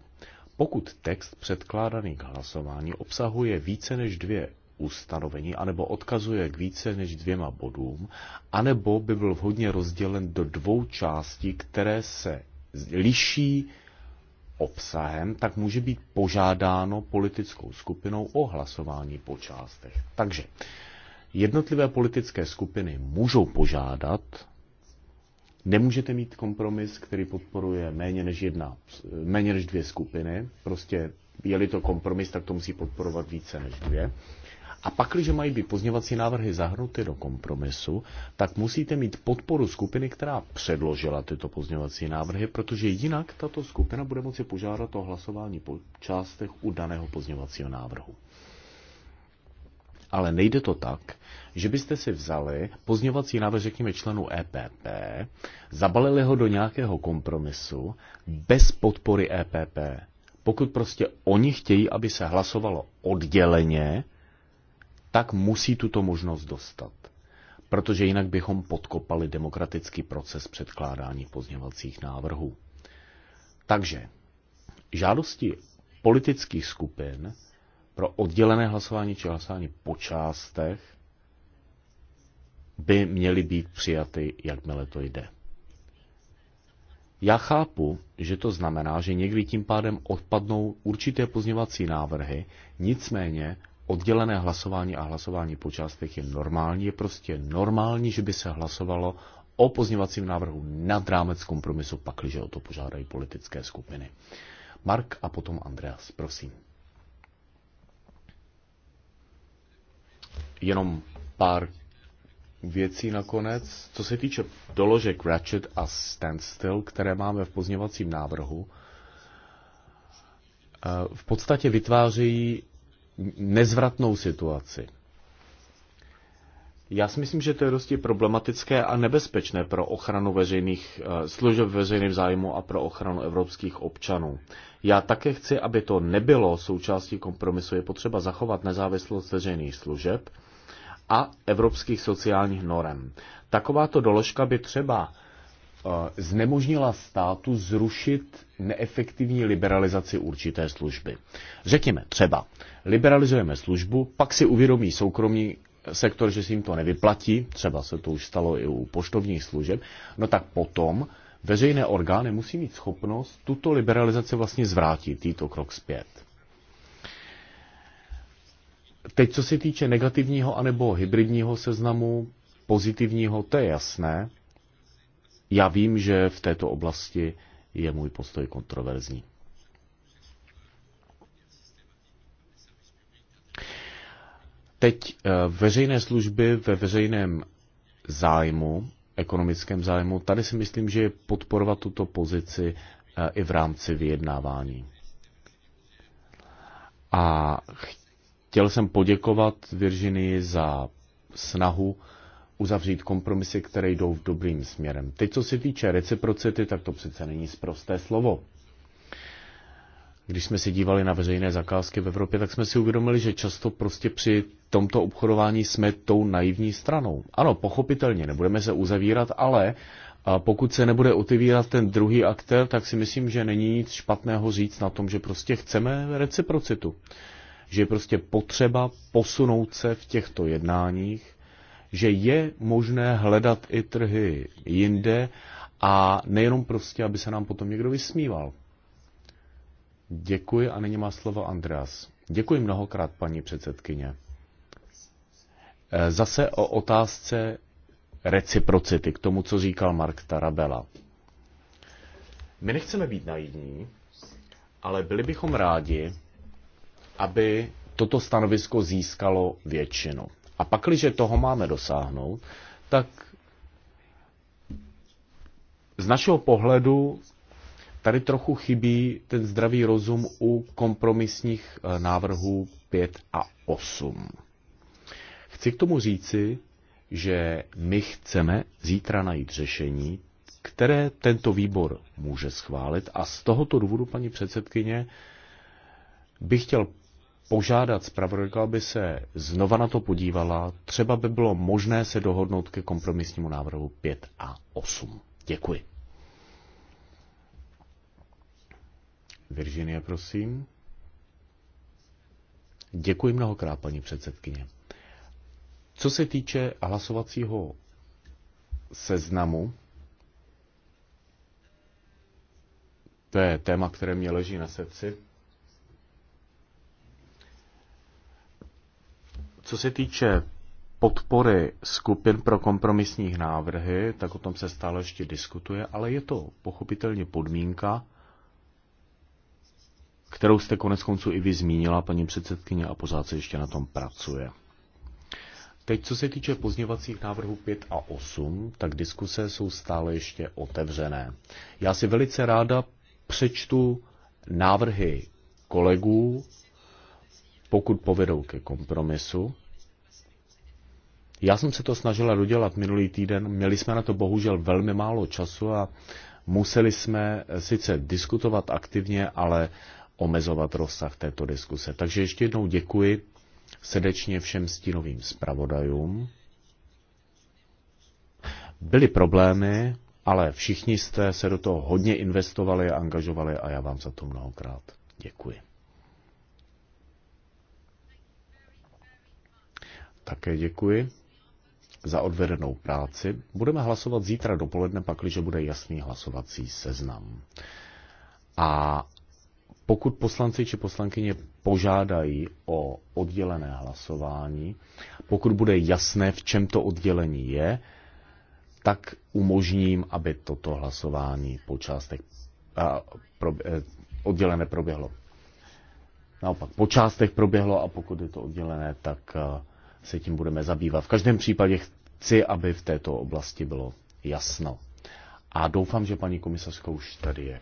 Pokud text předkládaný k hlasování obsahuje více než dvě ustanovení, anebo odkazuje k více než dvěma bodům, anebo by byl vhodně rozdělen do dvou částí, které se liší obsahem, tak může být požádáno politickou skupinou o hlasování po částech. Takže jednotlivé politické skupiny můžou požádat, nemůžete mít kompromis, který podporuje méně než, jedna, méně než dvě skupiny, prostě je-li to kompromis, tak to musí podporovat více než dvě. A pak, když mají být pozněvací návrhy zahrnuty do kompromisu, tak musíte mít podporu skupiny, která předložila tyto pozněvací návrhy, protože jinak tato skupina bude moci požádat o hlasování po částech u daného pozněvacího návrhu. Ale nejde to tak, že byste si vzali pozněvací návrh, řekněme, členů EPP, zabalili ho do nějakého kompromisu bez podpory EPP. Pokud prostě oni chtějí, aby se hlasovalo odděleně, tak musí tuto možnost dostat. Protože jinak bychom podkopali demokratický proces předkládání pozněvacích návrhů. Takže žádosti politických skupin pro oddělené hlasování či hlasování po částech by měly být přijaty, jakmile to jde. Já chápu, že to znamená, že někdy tím pádem odpadnou určité pozněvací návrhy, nicméně oddělené hlasování a hlasování po částech je normální. Je prostě normální, že by se hlasovalo o pozněvacím návrhu nad rámec kompromisu, pakliže o to požádají politické skupiny. Mark a potom Andreas, prosím. Jenom pár věcí nakonec. Co se týče doložek Ratchet a Standstill, které máme v pozněvacím návrhu, eh, v podstatě vytvářejí nezvratnou situaci. Já si myslím, že to je dosti problematické a nebezpečné pro ochranu veřejných eh, služeb veřejným zájmu a pro ochranu evropských občanů. Já také chci, aby to nebylo součástí kompromisu. Je potřeba zachovat nezávislost veřejných služeb a evropských sociálních norem. Takováto doložka by třeba znemožnila státu zrušit neefektivní liberalizaci určité služby. Řekněme třeba, liberalizujeme službu, pak si uvědomí soukromý sektor, že si jim to nevyplatí, třeba se to už stalo i u poštovních služeb, no tak potom veřejné orgány musí mít schopnost tuto liberalizaci vlastně zvrátit, týto krok zpět. Teď, co se týče negativního anebo hybridního seznamu, pozitivního, to je jasné. Já vím, že v této oblasti je můj postoj kontroverzní. Teď eh, veřejné služby ve veřejném zájmu, ekonomickém zájmu, tady si myslím, že je podporovat tuto pozici eh, i v rámci vyjednávání. A chtěl jsem poděkovat Virginii za snahu uzavřít kompromisy, které jdou v dobrým směrem. Teď, co se týče reciprocity, tak to přece není zprosté slovo. Když jsme se dívali na veřejné zakázky v Evropě, tak jsme si uvědomili, že často prostě při tomto obchodování jsme tou naivní stranou. Ano, pochopitelně, nebudeme se uzavírat, ale pokud se nebude otevírat ten druhý aktér, tak si myslím, že není nic špatného říct na tom, že prostě chceme reciprocitu. Že je prostě potřeba posunout se v těchto jednáních že je možné hledat i trhy jinde a nejenom prostě, aby se nám potom někdo vysmíval. Děkuji a nyní má slovo Andreas. Děkuji mnohokrát, paní předsedkyně. E, zase o otázce reciprocity k tomu, co říkal Mark Tarabella. My nechceme být naivní, ale byli bychom rádi, aby toto stanovisko získalo většinu. A pak, když toho máme dosáhnout, tak z našeho pohledu tady trochu chybí ten zdravý rozum u kompromisních eh, návrhů 5 a 8. Chci k tomu říci, že my chceme zítra najít řešení, které tento výbor může schválit a z tohoto důvodu, paní předsedkyně, bych chtěl požádat zpravodajku, aby se znova na to podívala. Třeba by bylo možné se dohodnout ke kompromisnímu návrhu 5 a 8. Děkuji. Virginie, prosím. Děkuji mnohokrát, paní předsedkyně. Co se týče hlasovacího seznamu, to je téma, které mě leží na srdci. Co se týče podpory skupin pro kompromisních návrhy, tak o tom se stále ještě diskutuje, ale je to pochopitelně podmínka, kterou jste konec konců i vy zmínila, paní předsedkyně, a pořád se ještě na tom pracuje. Teď, co se týče pozněvacích návrhů 5 a 8, tak diskuse jsou stále ještě otevřené. Já si velice ráda přečtu návrhy kolegů, pokud povedou ke kompromisu, já jsem se to snažila dodělat minulý týden, měli jsme na to bohužel velmi málo času a museli jsme sice diskutovat aktivně, ale omezovat rozsah této diskuse. Takže ještě jednou děkuji srdečně všem stínovým zpravodajům. Byly problémy, ale všichni jste se do toho hodně investovali a angažovali a já vám za to mnohokrát děkuji. Také děkuji za odvedenou práci. Budeme hlasovat zítra dopoledne, pakliže bude jasný hlasovací seznam. A pokud poslanci či poslankyně požádají o oddělené hlasování, pokud bude jasné, v čem to oddělení je, tak umožním, aby toto hlasování po částech a, pro, eh, oddělené proběhlo. Naopak, po částech proběhlo a pokud je to oddělené, tak Eh, se tím budeme zabývat. V každém případě chci, aby v této oblasti bylo jasno. A doufám, že paní komisařka už tady je.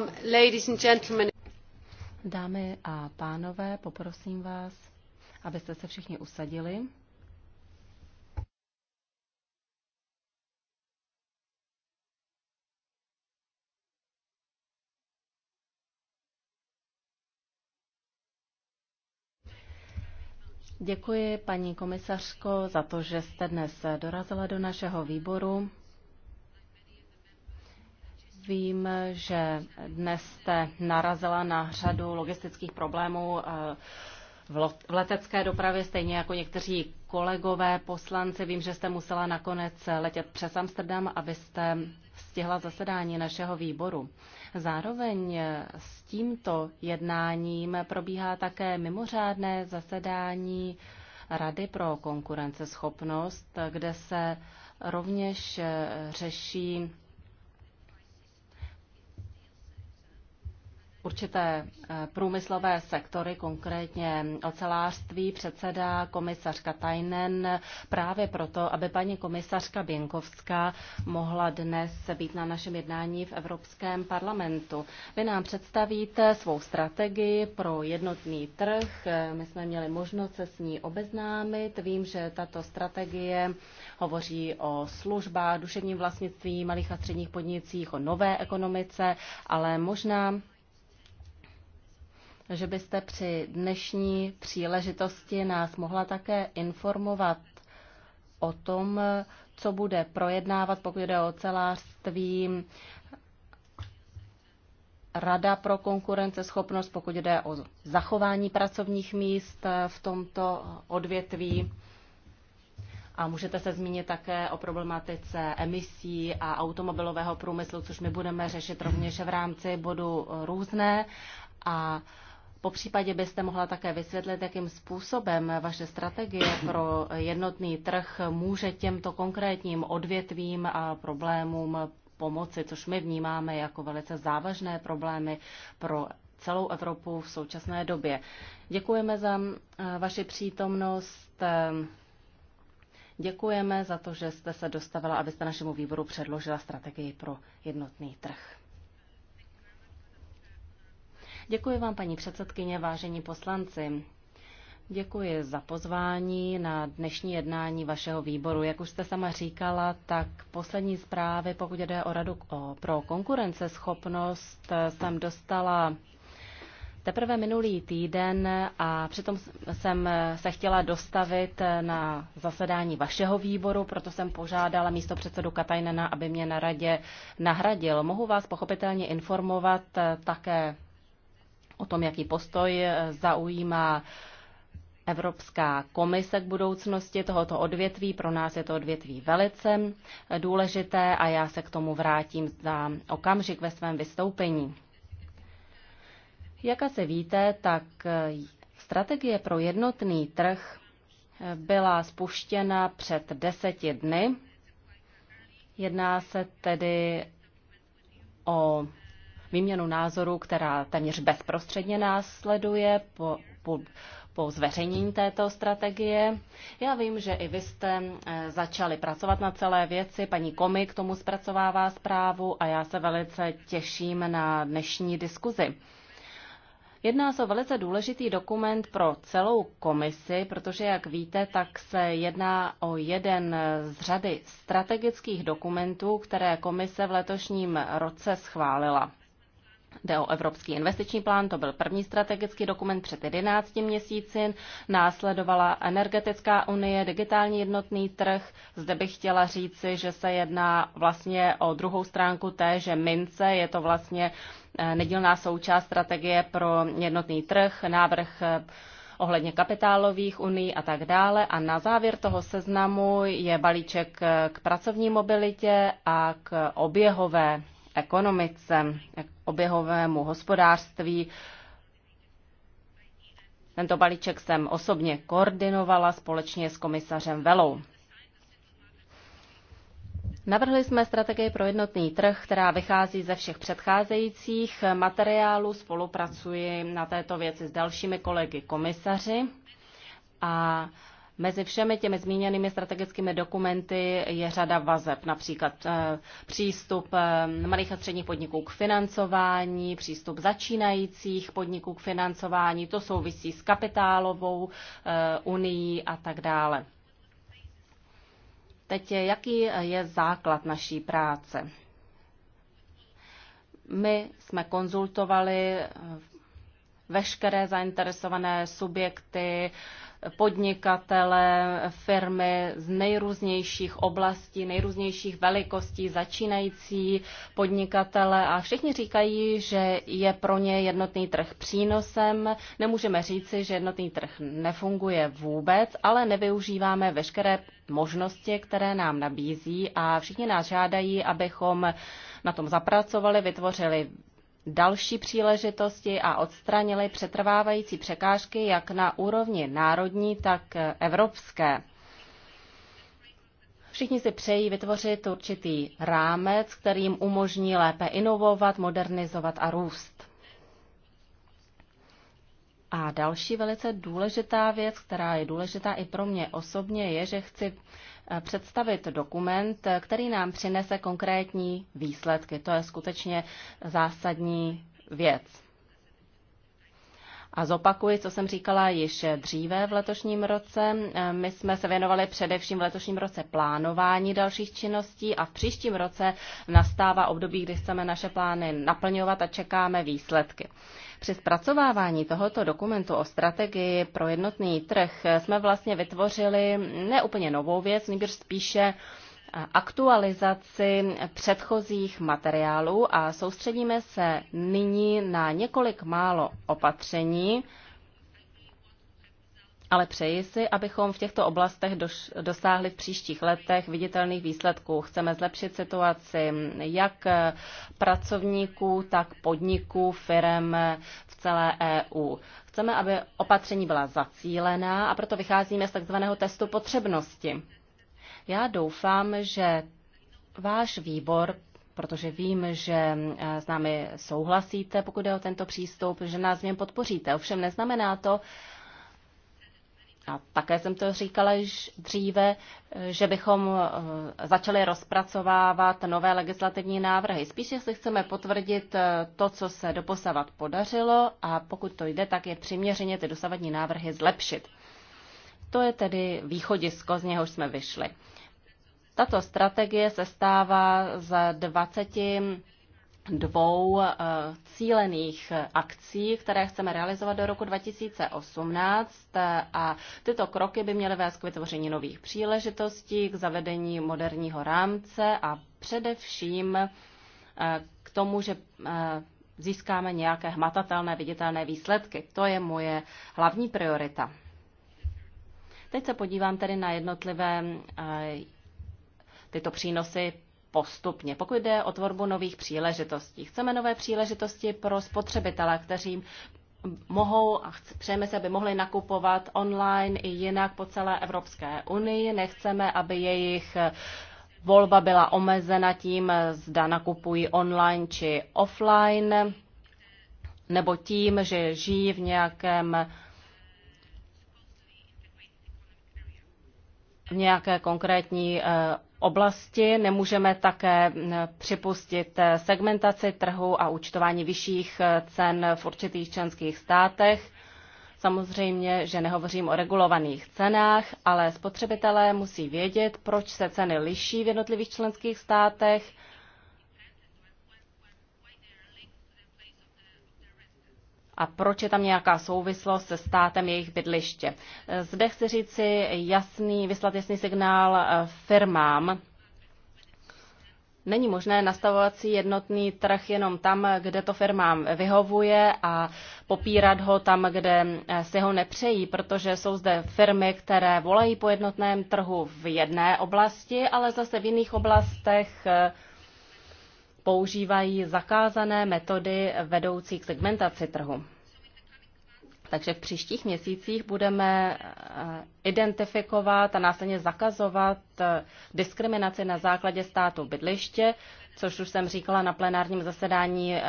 Um, Dámy a pánové, poprosím vás, abyste se všichni usadili. Děkuji, paní komisařko, za to, že jste dnes dorazila do našeho výboru. že dnes jste narazila na řadu logistických problémů eh, v letecké dopravě, stejně jako někteří kolegové poslanci. Vím, že jste musela nakonec letět přes Amsterdam, abyste stihla zasedání našeho výboru. Zároveň eh, s tímto jednáním probíhá také mimořádné zasedání Rady pro konkurenceschopnost, eh, kde se rovněž řeší určité eh, průmyslové sektory, konkrétně ocelářství, předseda komisařka Tajnen právě proto, aby paní komisařka Běnkovská mohla dnes být na našem jednání v Evropském parlamentu. Vy nám představíte svou strategii pro jednotný trh. My jsme měli možnost se s ní obeznámit. Vím, že tato strategie hovoří o službách, duševním vlastnictví, malých a středních podnicích, o nové ekonomice, ale možná že byste při dnešní příležitosti nás mohla také informovat o tom, co bude projednávat, pokud jde o celářství, Rada pro konkurenceschopnost, pokud jde o zachování pracovních míst v tomto odvětví. A můžete se zmínit také o problematice emisí a automobilového průmyslu, což my budeme řešit rovněž v rámci bodu různé. A po případě byste mohla také vysvětlit, jakým způsobem vaše strategie pro jednotný trh může těmto konkrétním odvětvím a problémům pomoci, což my vnímáme jako velice závažné problémy pro celou Evropu v současné době. Děkujeme za eh, vaši přítomnost. Děkujeme za to, že jste se dostavila, abyste našemu výboru předložila strategii pro jednotný trh. Děkuji vám, paní předsedkyně, vážení poslanci. Děkuji za pozvání na dnešní jednání vašeho výboru. Jak už jste sama říkala, tak poslední zprávy, pokud jde o radu pro konkurenceschopnost, jsem dostala teprve minulý týden a přitom jsem se chtěla dostavit na zasedání vašeho výboru, proto jsem požádala místo předsedu Katajnena, aby mě na radě nahradil. Mohu vás pochopitelně informovat také o tom, jaký postoj eh, zaujímá Evropská komise k budoucnosti tohoto odvětví. Pro nás je to odvětví velice eh, důležité a já se k tomu vrátím za okamžik ve svém vystoupení. Jak asi víte, tak eh, strategie pro jednotný trh byla spuštěna před deseti dny. Jedná se tedy o výměnu názorů, která téměř bezprostředně následuje po, po, po zveřejnění této strategie. Já vím, že i vy jste eh, začali pracovat na celé věci, paní Komi k tomu zpracovává zprávu a já se velice těším na dnešní diskuzi. Jedná se o velice důležitý dokument pro celou komisi, protože, jak víte, tak se jedná o jeden z řady strategických dokumentů, které komise v letošním roce schválila. Jde o Evropský investiční plán, to byl první strategický dokument před 11 měsíci, následovala energetická unie, digitální jednotný trh. Zde bych chtěla říci, že se jedná vlastně o druhou stránku té, že mince je to vlastně eh, nedílná součást strategie pro jednotný trh, návrh eh, ohledně kapitálových uní a tak dále. A na závěr toho seznamu je balíček eh, k pracovní mobilitě a k oběhové ekonomice, oběhovému hospodářství. Tento balíček jsem osobně koordinovala společně s komisařem Velou. Navrhli jsme strategii pro jednotný trh, která vychází ze všech předcházejících materiálů. Spolupracuji na této věci s dalšími kolegy komisaři a Mezi všemi těmi zmíněnými strategickými dokumenty je řada vazeb, například eh, přístup eh, malých a středních podniků k financování, přístup začínajících podniků k financování, to souvisí s kapitálovou eh, unii a tak dále. Teď jaký je základ naší práce? My jsme konzultovali veškeré zainteresované subjekty, podnikatele, firmy z nejrůznějších oblastí, nejrůznějších velikostí, začínající podnikatele a všichni říkají, že je pro ně jednotný trh přínosem. Nemůžeme říci, že jednotný trh nefunguje vůbec, ale nevyužíváme veškeré možnosti, které nám nabízí a všichni nás žádají, abychom na tom zapracovali, vytvořili další příležitosti a odstranili přetrvávající překážky jak na úrovni národní, tak evropské. Všichni si přejí vytvořit určitý rámec, kterým umožní lépe inovovat, modernizovat a růst. A další velice důležitá věc, která je důležitá i pro mě osobně, je, že chci představit dokument, který nám přinese konkrétní výsledky. To je skutečně zásadní věc. A zopakuji, co jsem říkala již dříve v letošním roce. Eh, my jsme se věnovali především v letošním roce plánování dalších činností a v příštím roce nastává období, kdy chceme naše plány naplňovat a čekáme výsledky. Při zpracovávání tohoto dokumentu o strategii pro jednotný trh eh, jsme vlastně vytvořili neúplně novou věc, nebo spíše uh, aktualizaci předchozích materiálů a soustředíme se nyní na několik málo opatření, ale přeji si, abychom v těchto oblastech dosáhli v příštích letech viditelných výsledků. Chceme zlepšit situaci jak pracovníků, tak podniků, firm v celé EU. Chceme, aby opatření byla zacílená a proto vycházíme z takzvaného testu potřebnosti. Já doufám, že váš výbor protože vím, že eh, s námi souhlasíte, pokud je o tento přístup, že nás v něm podpoříte. Ovšem neznamená to, a také jsem to říkala již dříve, eh, že bychom eh, začali rozpracovávat nové legislativní návrhy. Spíše si chceme potvrdit to, co se doposavat podařilo a pokud to jde, tak je přiměřeně ty dosavadní návrhy zlepšit. To je tedy východisko, z něhož jsme vyšli. Tato strategie se stává z 20 dvou eh, cílených akcí, které chceme realizovat do roku 2018 eh, a tyto kroky by měly vést k vytvoření nových příležitostí, k zavedení moderního rámce a především eh, k tomu, že získáme nějaké hmatatelné, viditelné výsledky. To je moje hlavní priorita. Teď se podívám tedy na jednotlivé eh, tyto přínosy postupně. Pokud jde o tvorbu nových příležitostí, chceme nové příležitosti pro spotřebitele, kteří mohou a přejeme se, aby mohli nakupovat online i jinak po celé Evropské unii. Nechceme, aby jejich eh, volba byla omezena tím, zda nakupují online či offline, nebo tím, že žijí v nějakém v nějaké konkrétní eh, oblasti. Nemůžeme také eh, připustit eh, segmentaci trhu a účtování vyšších cen v určitých členských státech. Samozřejmě, že nehovořím o regulovaných cenách, ale spotřebitelé musí vědět, proč se ceny liší v jednotlivých členských státech a proč je tam nějaká souvislost se státem jejich bydliště. Zde chci říci jasný, vyslat jasný signál eh, firmám, Není možné nastavovat si jednotný trh jenom tam, kde to firmám vyhovuje a popírat ho tam, kde eh, si ho nepřejí, protože jsou zde firmy, které volají po jednotném trhu v jedné oblasti, ale zase v jiných oblastech eh, používají zakázané metody vedoucí k segmentaci trhu. Takže v příštích měsících budeme eh, identifikovat a následně zakazovat eh, diskriminaci na základě státu bydliště, což už jsem říkala na plenárním zasedání eh,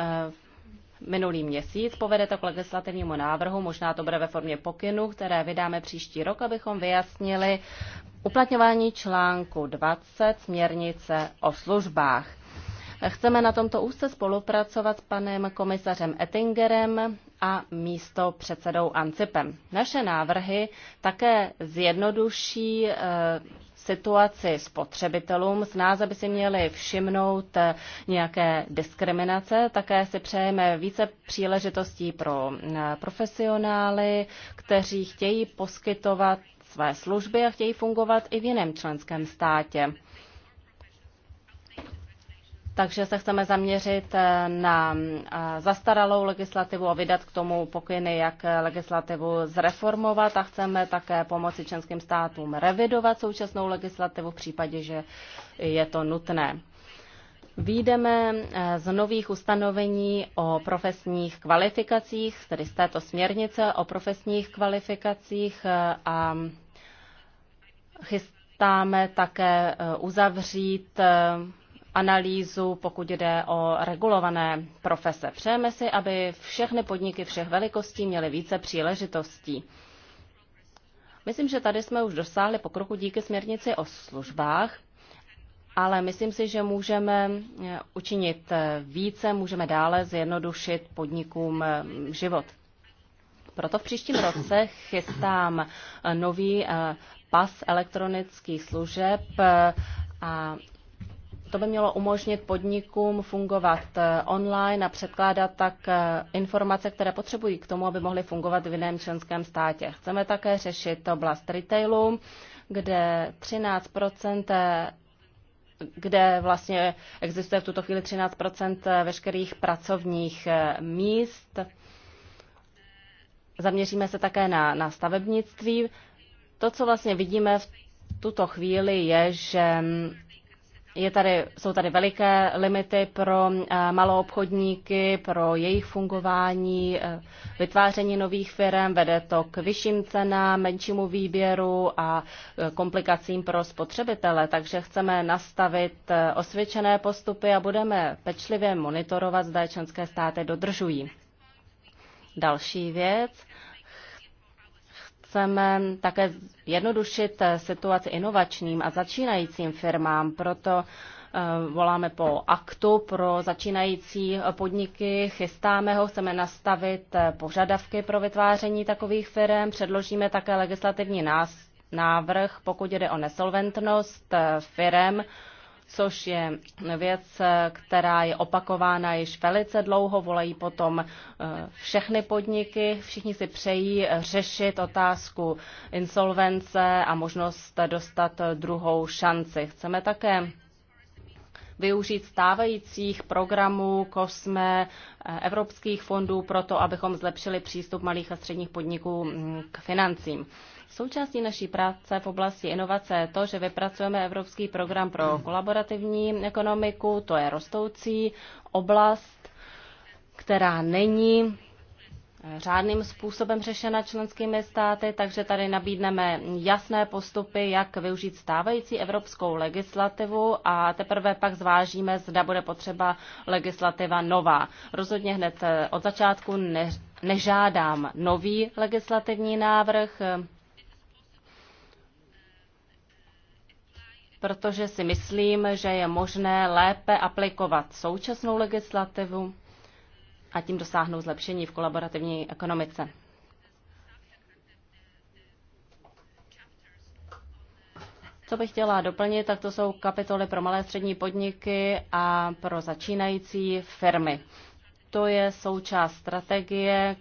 minulý měsíc. Povede to k legislativnímu návrhu, možná to bude ve formě pokynu, které vydáme příští rok, abychom vyjasnili uplatňování článku 20 směrnice o službách. Chceme na tomto úzce spolupracovat s panem komisařem Ettingerem a místo předsedou Ancipem. Naše návrhy také zjednoduší eh, situaci spotřebitelům. Z nás, aby si měli všimnout eh, nějaké diskriminace, také si přejeme více příležitostí pro eh, profesionály, kteří chtějí poskytovat své služby a chtějí fungovat i v jiném členském státě takže se chceme zaměřit eh, na eh, zastaralou legislativu a vydat k tomu pokyny, jak eh, legislativu zreformovat a chceme také pomoci členským státům revidovat současnou legislativu v případě, že je to nutné. Výjdeme z nových ustanovení o profesních kvalifikacích, tedy z této směrnice o profesních kvalifikacích a chystáme také uzavřít analýzu, pokud jde o regulované profese. Přejeme si, aby všechny podniky všech velikostí měly více příležitostí. Myslím, že tady jsme už dosáhli pokroku díky směrnici o službách, ale myslím si, že můžeme eh, učinit eh, více, můžeme dále zjednodušit podnikům eh, život. Proto v příštím roce chystám nový pas elektronických služeb a to by mělo umožnit podnikům fungovat eh, online a předkládat tak eh, informace, které potřebují k tomu, aby mohly fungovat v jiném členském státě. Chceme také řešit oblast retailu, kde 13 eh, kde vlastně existuje v tuto chvíli 13 veškerých pracovních míst. Zaměříme se také na, na stavebnictví. To, co vlastně vidíme v tuto chvíli, je, že mm, je tady, jsou tady veliké limity pro eh, malou obchodníky, pro jejich fungování, eh, vytváření nových firm, vede to k vyšším cenám, menšímu výběru a eh, komplikacím pro spotřebitele. Takže chceme nastavit osvědčené postupy a budeme pečlivě monitorovat, zda je členské státy dodržují. Další věc chceme také jednodušit eh, situaci inovačním a začínajícím firmám. Proto eh, voláme po aktu pro začínající podniky, chystáme ho, chceme nastavit eh, požadavky pro vytváření takových firm, předložíme také legislativní nás návrh, pokud jde o nesolventnost firm což je věc, která je opakována již velice dlouho, volají potom eh, všechny podniky, všichni si přejí řešit otázku insolvence a možnost dostat druhou šanci. Chceme také využít stávajících programů COSME, eh, evropských fondů pro to, abychom zlepšili přístup malých a středních podniků mm, k financím. Součástí naší práce v oblasti inovace je to, že vypracujeme Evropský program pro kolaborativní ekonomiku, to je rostoucí oblast, která není eh, řádným způsobem řešena členskými státy, takže tady nabídneme jasné postupy, jak využít stávající evropskou legislativu a teprve pak zvážíme, zda bude potřeba legislativa nová. Rozhodně hned eh, od začátku ne, nežádám nový legislativní návrh, protože si myslím, že je možné lépe aplikovat současnou legislativu a tím dosáhnout zlepšení v kolaborativní ekonomice. Co bych chtěla doplnit, tak to jsou kapitoly pro malé střední podniky a pro začínající firmy. To je součást strategie,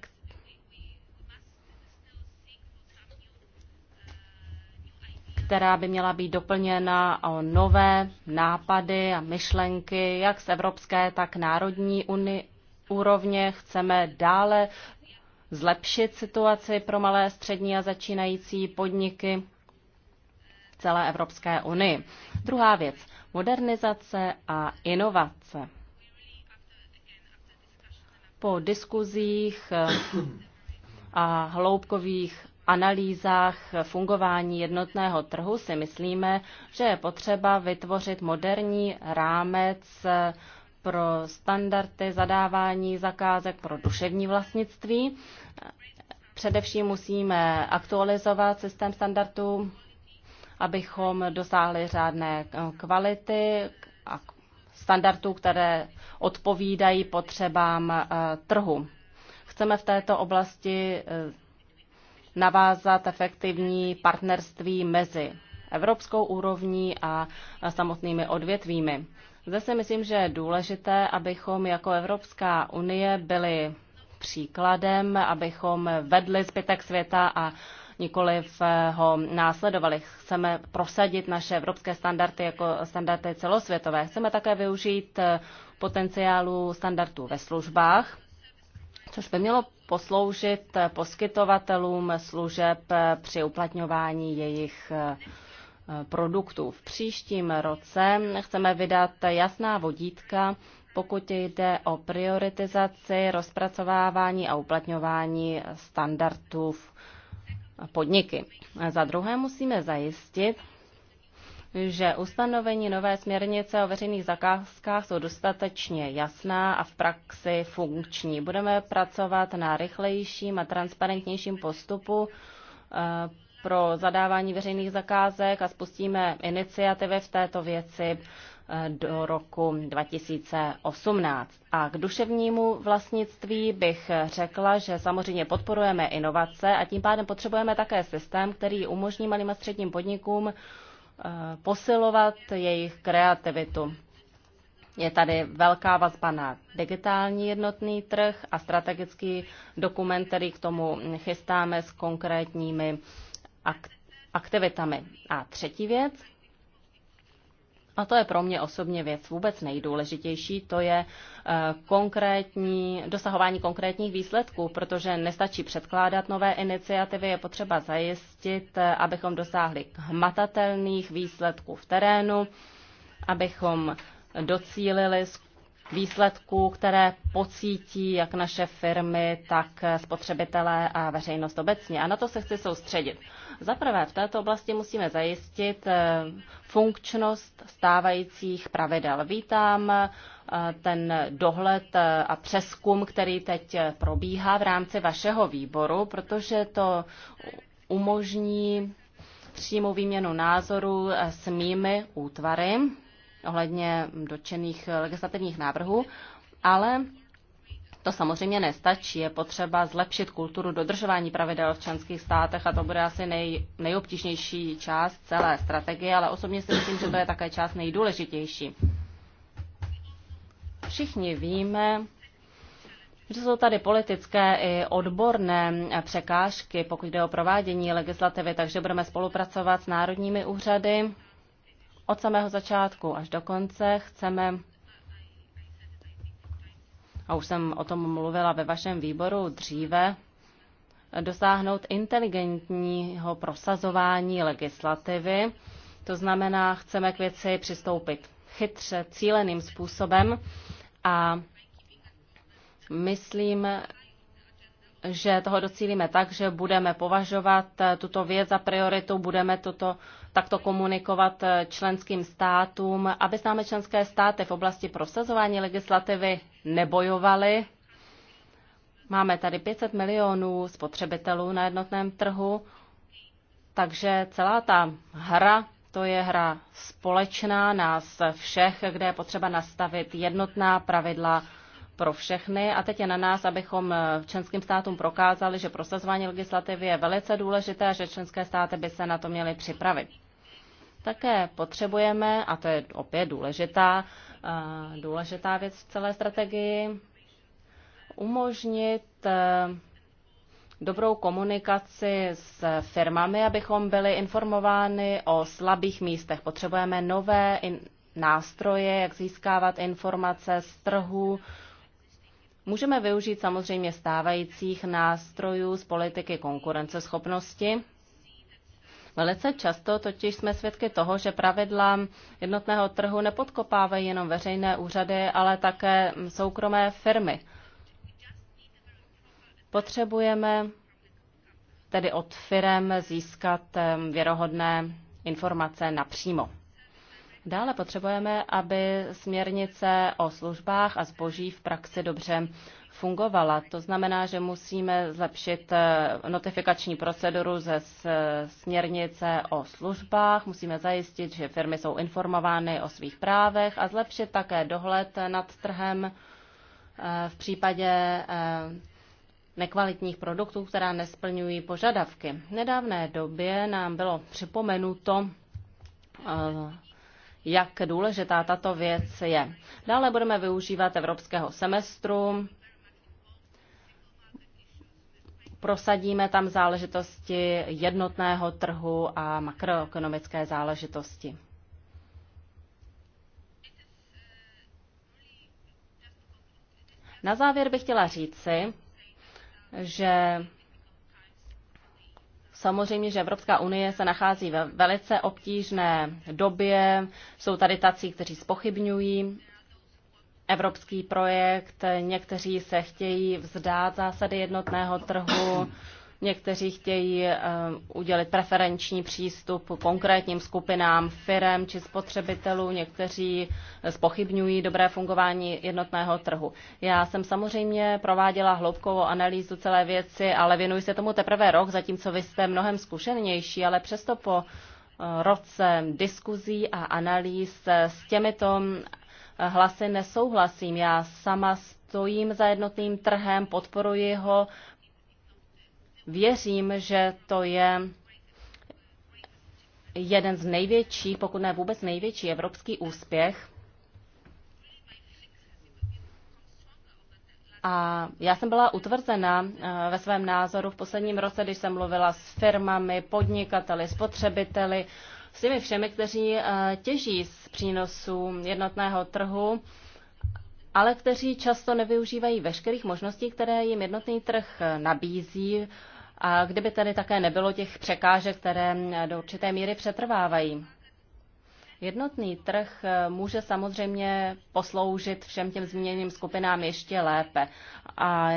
která by měla být doplněna o nové nápady a myšlenky, jak z evropské, tak národní uni- úrovně. Chceme dále zlepšit situaci pro malé, střední a začínající podniky v celé Evropské unii. Druhá věc, modernizace a inovace. Po diskuzích a hloubkových analýzách fungování jednotného trhu si myslíme, že je potřeba vytvořit moderní rámec pro standardy zadávání zakázek pro duševní vlastnictví. Především musíme aktualizovat systém standardů, abychom dosáhli řádné kvality a standardů, které odpovídají potřebám eh, trhu. Chceme v této oblasti eh, navázat efektivní partnerství mezi evropskou úrovní a samotnými odvětvími. Zde si myslím, že je důležité, abychom jako Evropská unie byli příkladem, abychom vedli zbytek světa a nikoli ho následovali. Chceme prosadit naše evropské standardy jako standardy celosvětové. Chceme také využít potenciálu standardů ve službách, což by mělo posloužit poskytovatelům služeb při uplatňování jejich eh, produktů. V příštím roce chceme vydat jasná vodítka, pokud jde o prioritizaci, rozpracovávání a uplatňování standardů podniky. Za druhé musíme zajistit, že ustanovení nové směrnice o veřejných zakázkách jsou dostatečně jasná a v praxi funkční. Budeme pracovat na rychlejším a transparentnějším postupu eh, pro zadávání veřejných zakázek a spustíme iniciativy v této věci eh, do roku 2018. A k duševnímu vlastnictví bych řekla, že samozřejmě podporujeme inovace a tím pádem potřebujeme také systém, který umožní malým a středním podnikům Eh, posilovat jejich kreativitu. Je tady velká vazba na digitální jednotný trh a strategický dokument, který k tomu chystáme s konkrétními aktivitami. A třetí věc, a to je pro mě osobně věc vůbec nejdůležitější, to je eh, konkrétní, dosahování konkrétních výsledků, protože nestačí předkládat nové iniciativy, je potřeba zajistit, eh, abychom dosáhli hmatatelných výsledků v terénu, abychom docílili výsledků, které pocítí jak naše firmy, tak spotřebitelé a veřejnost obecně. A na to se chci soustředit. Za prvé, v této oblasti musíme zajistit eh, funkčnost stávajících pravidel. Vítám eh, ten dohled eh, a přeskum, který teď probíhá v rámci vašeho výboru, protože to umožní přímou výměnu názoru s mými útvary ohledně dotčených legislativních návrhů, ale to samozřejmě nestačí. Je potřeba zlepšit kulturu dodržování pravidel v členských státech a to bude asi nej, nejobtížnější část celé strategie, ale osobně si myslím, že to je také část nejdůležitější. Všichni víme, že jsou tady politické i odborné překážky, pokud jde o provádění legislativy, takže budeme spolupracovat s národními úřady od samého začátku až do konce chceme, a už jsem o tom mluvila ve vašem výboru dříve, dosáhnout inteligentního prosazování legislativy. To znamená, chceme k věci přistoupit chytře, cíleným způsobem a myslím, že toho docílíme tak, že budeme považovat eh, tuto věc za prioritu, budeme toto takto komunikovat eh, členským státům, aby s námi členské státy v oblasti prosazování legislativy nebojovaly. Máme tady 500 milionů spotřebitelů na jednotném trhu, takže celá ta hra, to je hra společná nás všech, kde je potřeba nastavit jednotná pravidla pro všechny a teď je na nás, abychom eh, členským státům prokázali, že prosazování legislativy je velice důležité a že členské státy by se na to měly připravit. Také potřebujeme, a to je opět důležitá, eh, důležitá věc v celé strategii, umožnit eh, dobrou komunikaci s firmami, abychom byli informováni o slabých místech. Potřebujeme nové in- nástroje, jak získávat informace z trhu, Můžeme využít samozřejmě stávajících nástrojů z politiky konkurenceschopnosti. Velice často totiž jsme svědky toho, že pravidla jednotného trhu nepodkopávají jenom veřejné úřady, ale také soukromé firmy. Potřebujeme tedy od firm získat eh, věrohodné informace napřímo. Dále potřebujeme, aby směrnice o službách a zboží v praxi dobře fungovala. To znamená, že musíme zlepšit eh, notifikační proceduru ze eh, směrnice o službách, musíme zajistit, že firmy jsou informovány o svých právech a zlepšit také dohled nad trhem eh, v případě nekvalitních produktů, která nesplňují požadavky. V nedávné době nám bylo připomenuto jak důležitá tato věc je. Dále budeme využívat evropského semestru. Prosadíme tam záležitosti jednotného trhu a makroekonomické záležitosti. Na závěr bych chtěla říci, že Samozřejmě, že Evropská unie se nachází ve velice obtížné době. Jsou tady tací, kteří spochybňují evropský projekt, někteří se chtějí vzdát zásady jednotného trhu, Někteří chtějí eh, udělit preferenční přístup konkrétním skupinám firem či spotřebitelů, někteří spochybňují dobré fungování jednotného trhu. Já jsem samozřejmě prováděla hloubkovou analýzu celé věci, ale věnuji se tomu teprve rok, zatímco vy jste mnohem zkušenější, ale přesto po eh, roce diskuzí a analýz s těmito eh, hlasy nesouhlasím. Já sama stojím za jednotným trhem, podporuji ho, Věřím, že to je jeden z největších, pokud ne vůbec největší evropský úspěch. A já jsem byla utvrzena eh, ve svém názoru v posledním roce, když jsem mluvila s firmami, podnikateli, spotřebiteli, s těmi všemi, kteří eh, těží z přínosů jednotného trhu, ale kteří často nevyužívají veškerých možností, které jim jednotný trh nabízí, a kdyby tady také nebylo těch překážek, které eh, do určité míry přetrvávají. Jednotný trh eh, může samozřejmě posloužit všem těm zmíněným skupinám ještě lépe. A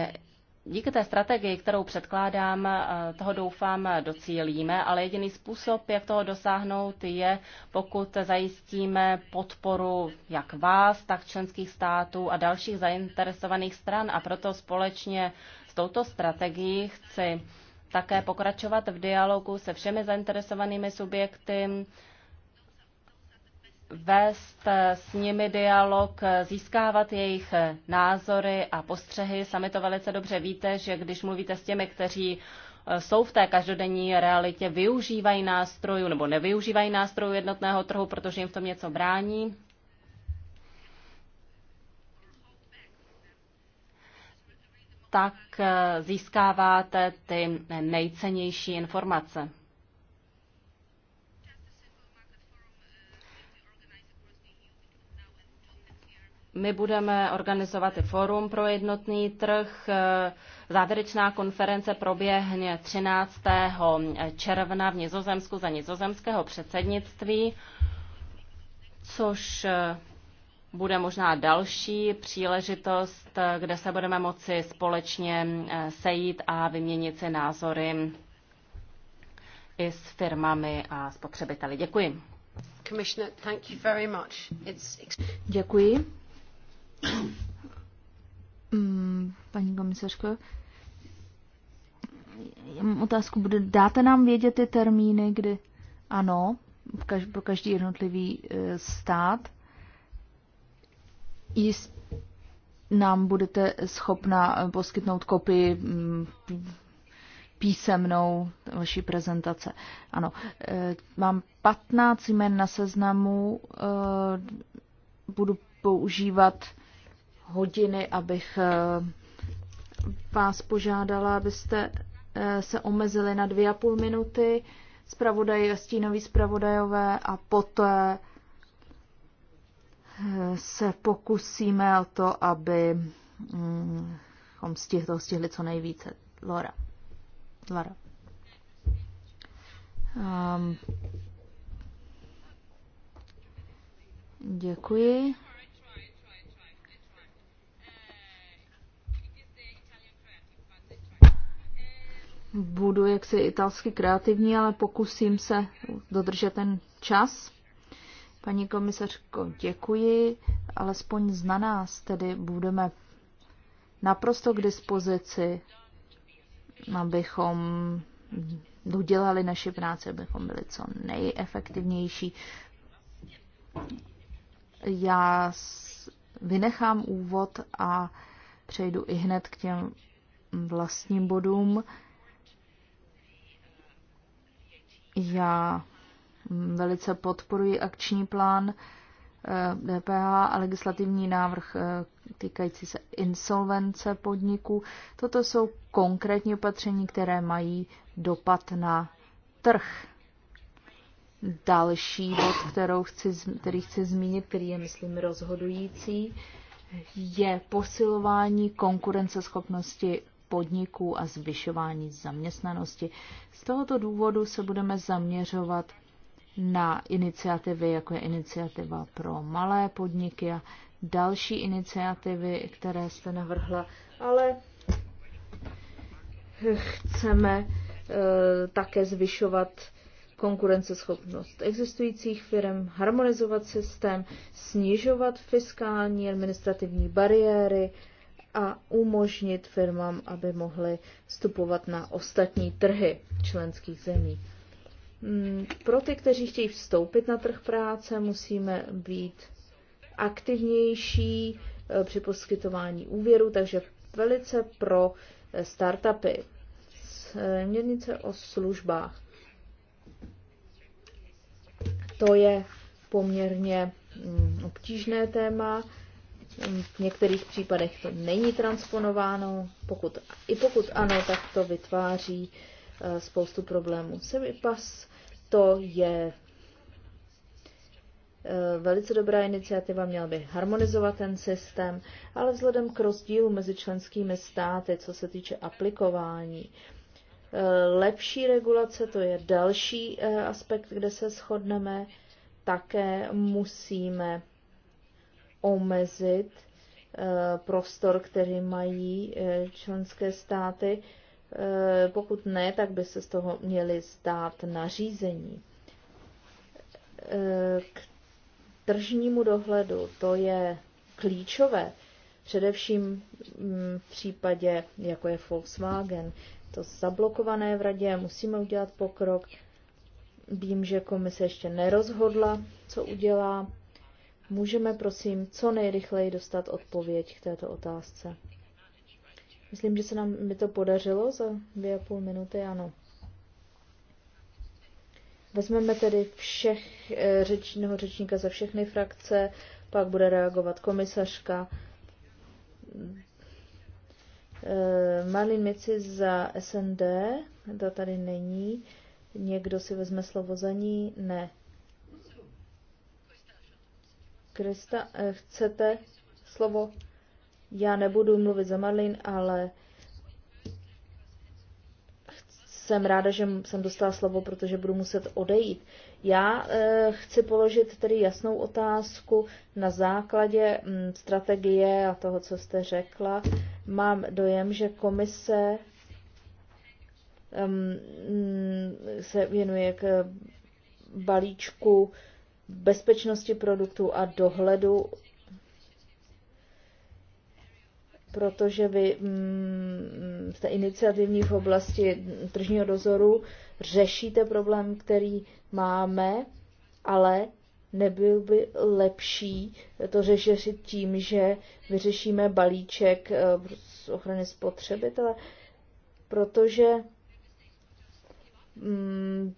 díky té strategii, kterou předkládám, eh, toho doufám docílíme, ale jediný způsob, jak toho dosáhnout, je, pokud zajistíme podporu jak vás, tak členských států a dalších zainteresovaných stran. A proto společně s touto strategií chci také pokračovat v dialogu se všemi zainteresovanými subjekty, vést s nimi dialog, získávat jejich názory a postřehy. Sami to velice dobře víte, že když mluvíte s těmi, kteří eh, jsou v té každodenní realitě, využívají nástrojů nebo nevyužívají nástrojů jednotného trhu, protože jim v tom něco brání, tak eh, získáváte ty nejcennější informace. My budeme organizovat i fórum pro jednotný trh. Eh, Závěrečná konference proběhne 13. června v Nizozemsku za nizozemského předsednictví, což eh, bude možná další příležitost, kde se budeme moci společně eh, sejít a vyměnit si názory i s firmami a spotřebiteli. Děkuji. Děkuji. Mm, paní komisařko, otázku bude, dáte nám vědět ty termíny, kdy ano, pro každý jednotlivý eh, stát? jist, nám budete schopna eh, poskytnout kopii mm, písemnou vaší prezentace. Ano, eh, mám 15 jmen na seznamu, eh, budu používat hodiny, abych vás požádala, abyste se omezili na dvě a půl minuty, zpravodaj a stínový zpravodajové a poté se pokusíme o to, aby um, z toho stihli co nejvíce. Laura. Laura. Um, děkuji. Budu jaksi italsky kreativní, ale pokusím se dodržet ten čas. Paní komisařko, děkuji, alespoň zna nás, tedy budeme naprosto k dispozici, abychom dodělali naši práci, abychom byli co nejefektivnější. Já vynechám úvod a přejdu i hned k těm vlastním bodům. Já Velice podporuji akční plán DPH eh, a legislativní návrh eh, týkající se insolvence podniků. Toto jsou konkrétní opatření, které mají dopad na trh. Další bod, kterou chci, který chci zmínit, který je, myslím, rozhodující, je posilování konkurenceschopnosti podniků a zvyšování zaměstnanosti. Z tohoto důvodu se budeme zaměřovat na iniciativy, jako je iniciativa pro malé podniky a další iniciativy, které jste navrhla, ale chceme eh, také zvyšovat konkurenceschopnost existujících firm, harmonizovat systém, snižovat fiskální administrativní bariéry a umožnit firmám, aby mohly vstupovat na ostatní trhy členských zemí. Mm, pro ty, kteří chtějí vstoupit na trh práce, musíme být aktivnější eh, při poskytování úvěru, takže velice pro eh, startupy. Směrnice o službách. To je poměrně mm, obtížné téma. V některých případech to není transponováno. Pokud, I pokud ano, tak to vytváří eh, spoustu problémů. Semipas to je eh, velice dobrá iniciativa, měla by harmonizovat ten systém, ale vzhledem k rozdílu mezi členskými státy, co se týče aplikování, eh, lepší regulace, to je další eh, aspekt, kde se shodneme, také musíme omezit prostor, který mají členské státy Eh, pokud ne, tak by se z toho měly stát nařízení. Eh, k tržnímu dohledu to je klíčové, především mm, v případě, jako je Volkswagen, to zablokované v radě, musíme udělat pokrok. Vím, že komise ještě nerozhodla, co udělá. Můžeme, prosím, co nejrychleji dostat odpověď k této otázce. Myslím, že se nám by to podařilo za dvě a půl minuty, ano. Vezmeme tedy všech eh, řečního řečníka ze všechny frakce, pak bude reagovat komisařka. Eh, Marlin Mici za SND, ta tady není. Někdo si vezme slovo za ní? Ne. Krista, eh, chcete slovo? Já nebudu mluvit za Marlin, ale jsem ráda, že jsem dostala slovo, protože budu muset odejít. Já e, chci položit tedy jasnou otázku na základě m, mm, strategie a toho, co jste řekla. Mám dojem, že komise mm, se věnuje k balíčku bezpečnosti produktů a dohledu protože vy mm, té iniciativní v oblasti tržního dozoru, řešíte problém, který máme, ale nebyl by lepší to řešit tím, že vyřešíme balíček eh, z ochrany spotřebitele, protože mm,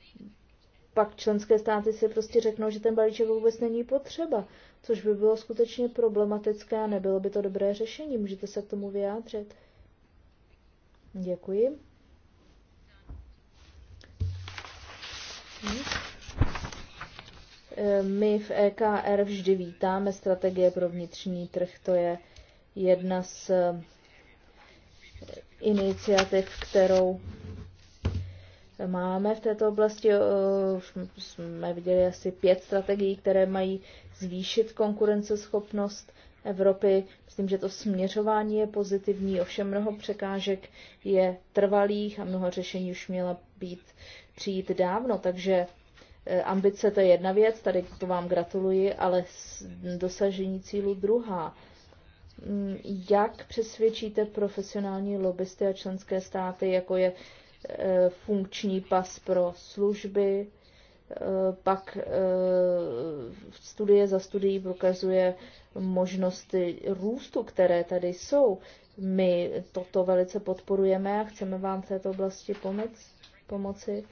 pak členské státy si prostě řeknou, že ten balíček vůbec není potřeba, což by bylo skutečně problematické a nebylo by to dobré řešení. Můžete se k tomu vyjádřit? Děkuji. My v EKR vždy vítáme strategie pro vnitřní trh. To je jedna z iniciativ, kterou máme v této oblasti. Eh, jsme viděli asi pět strategií, které mají zvýšit konkurenceschopnost Evropy. Myslím, že to směřování je pozitivní, ovšem mnoho překážek je trvalých a mnoho řešení už měla být přijít dávno, takže eh, ambice to je jedna věc, tady to vám gratuluji, ale dosažení cílu druhá. Mm, jak přesvědčíte profesionální lobbysty a členské státy, jako je funkční pas pro služby, eh, pak eh, studie za studií prokazuje možnosti růstu, které tady jsou. My toto velice podporujeme a chceme vám v této oblasti pomoc, pomoci.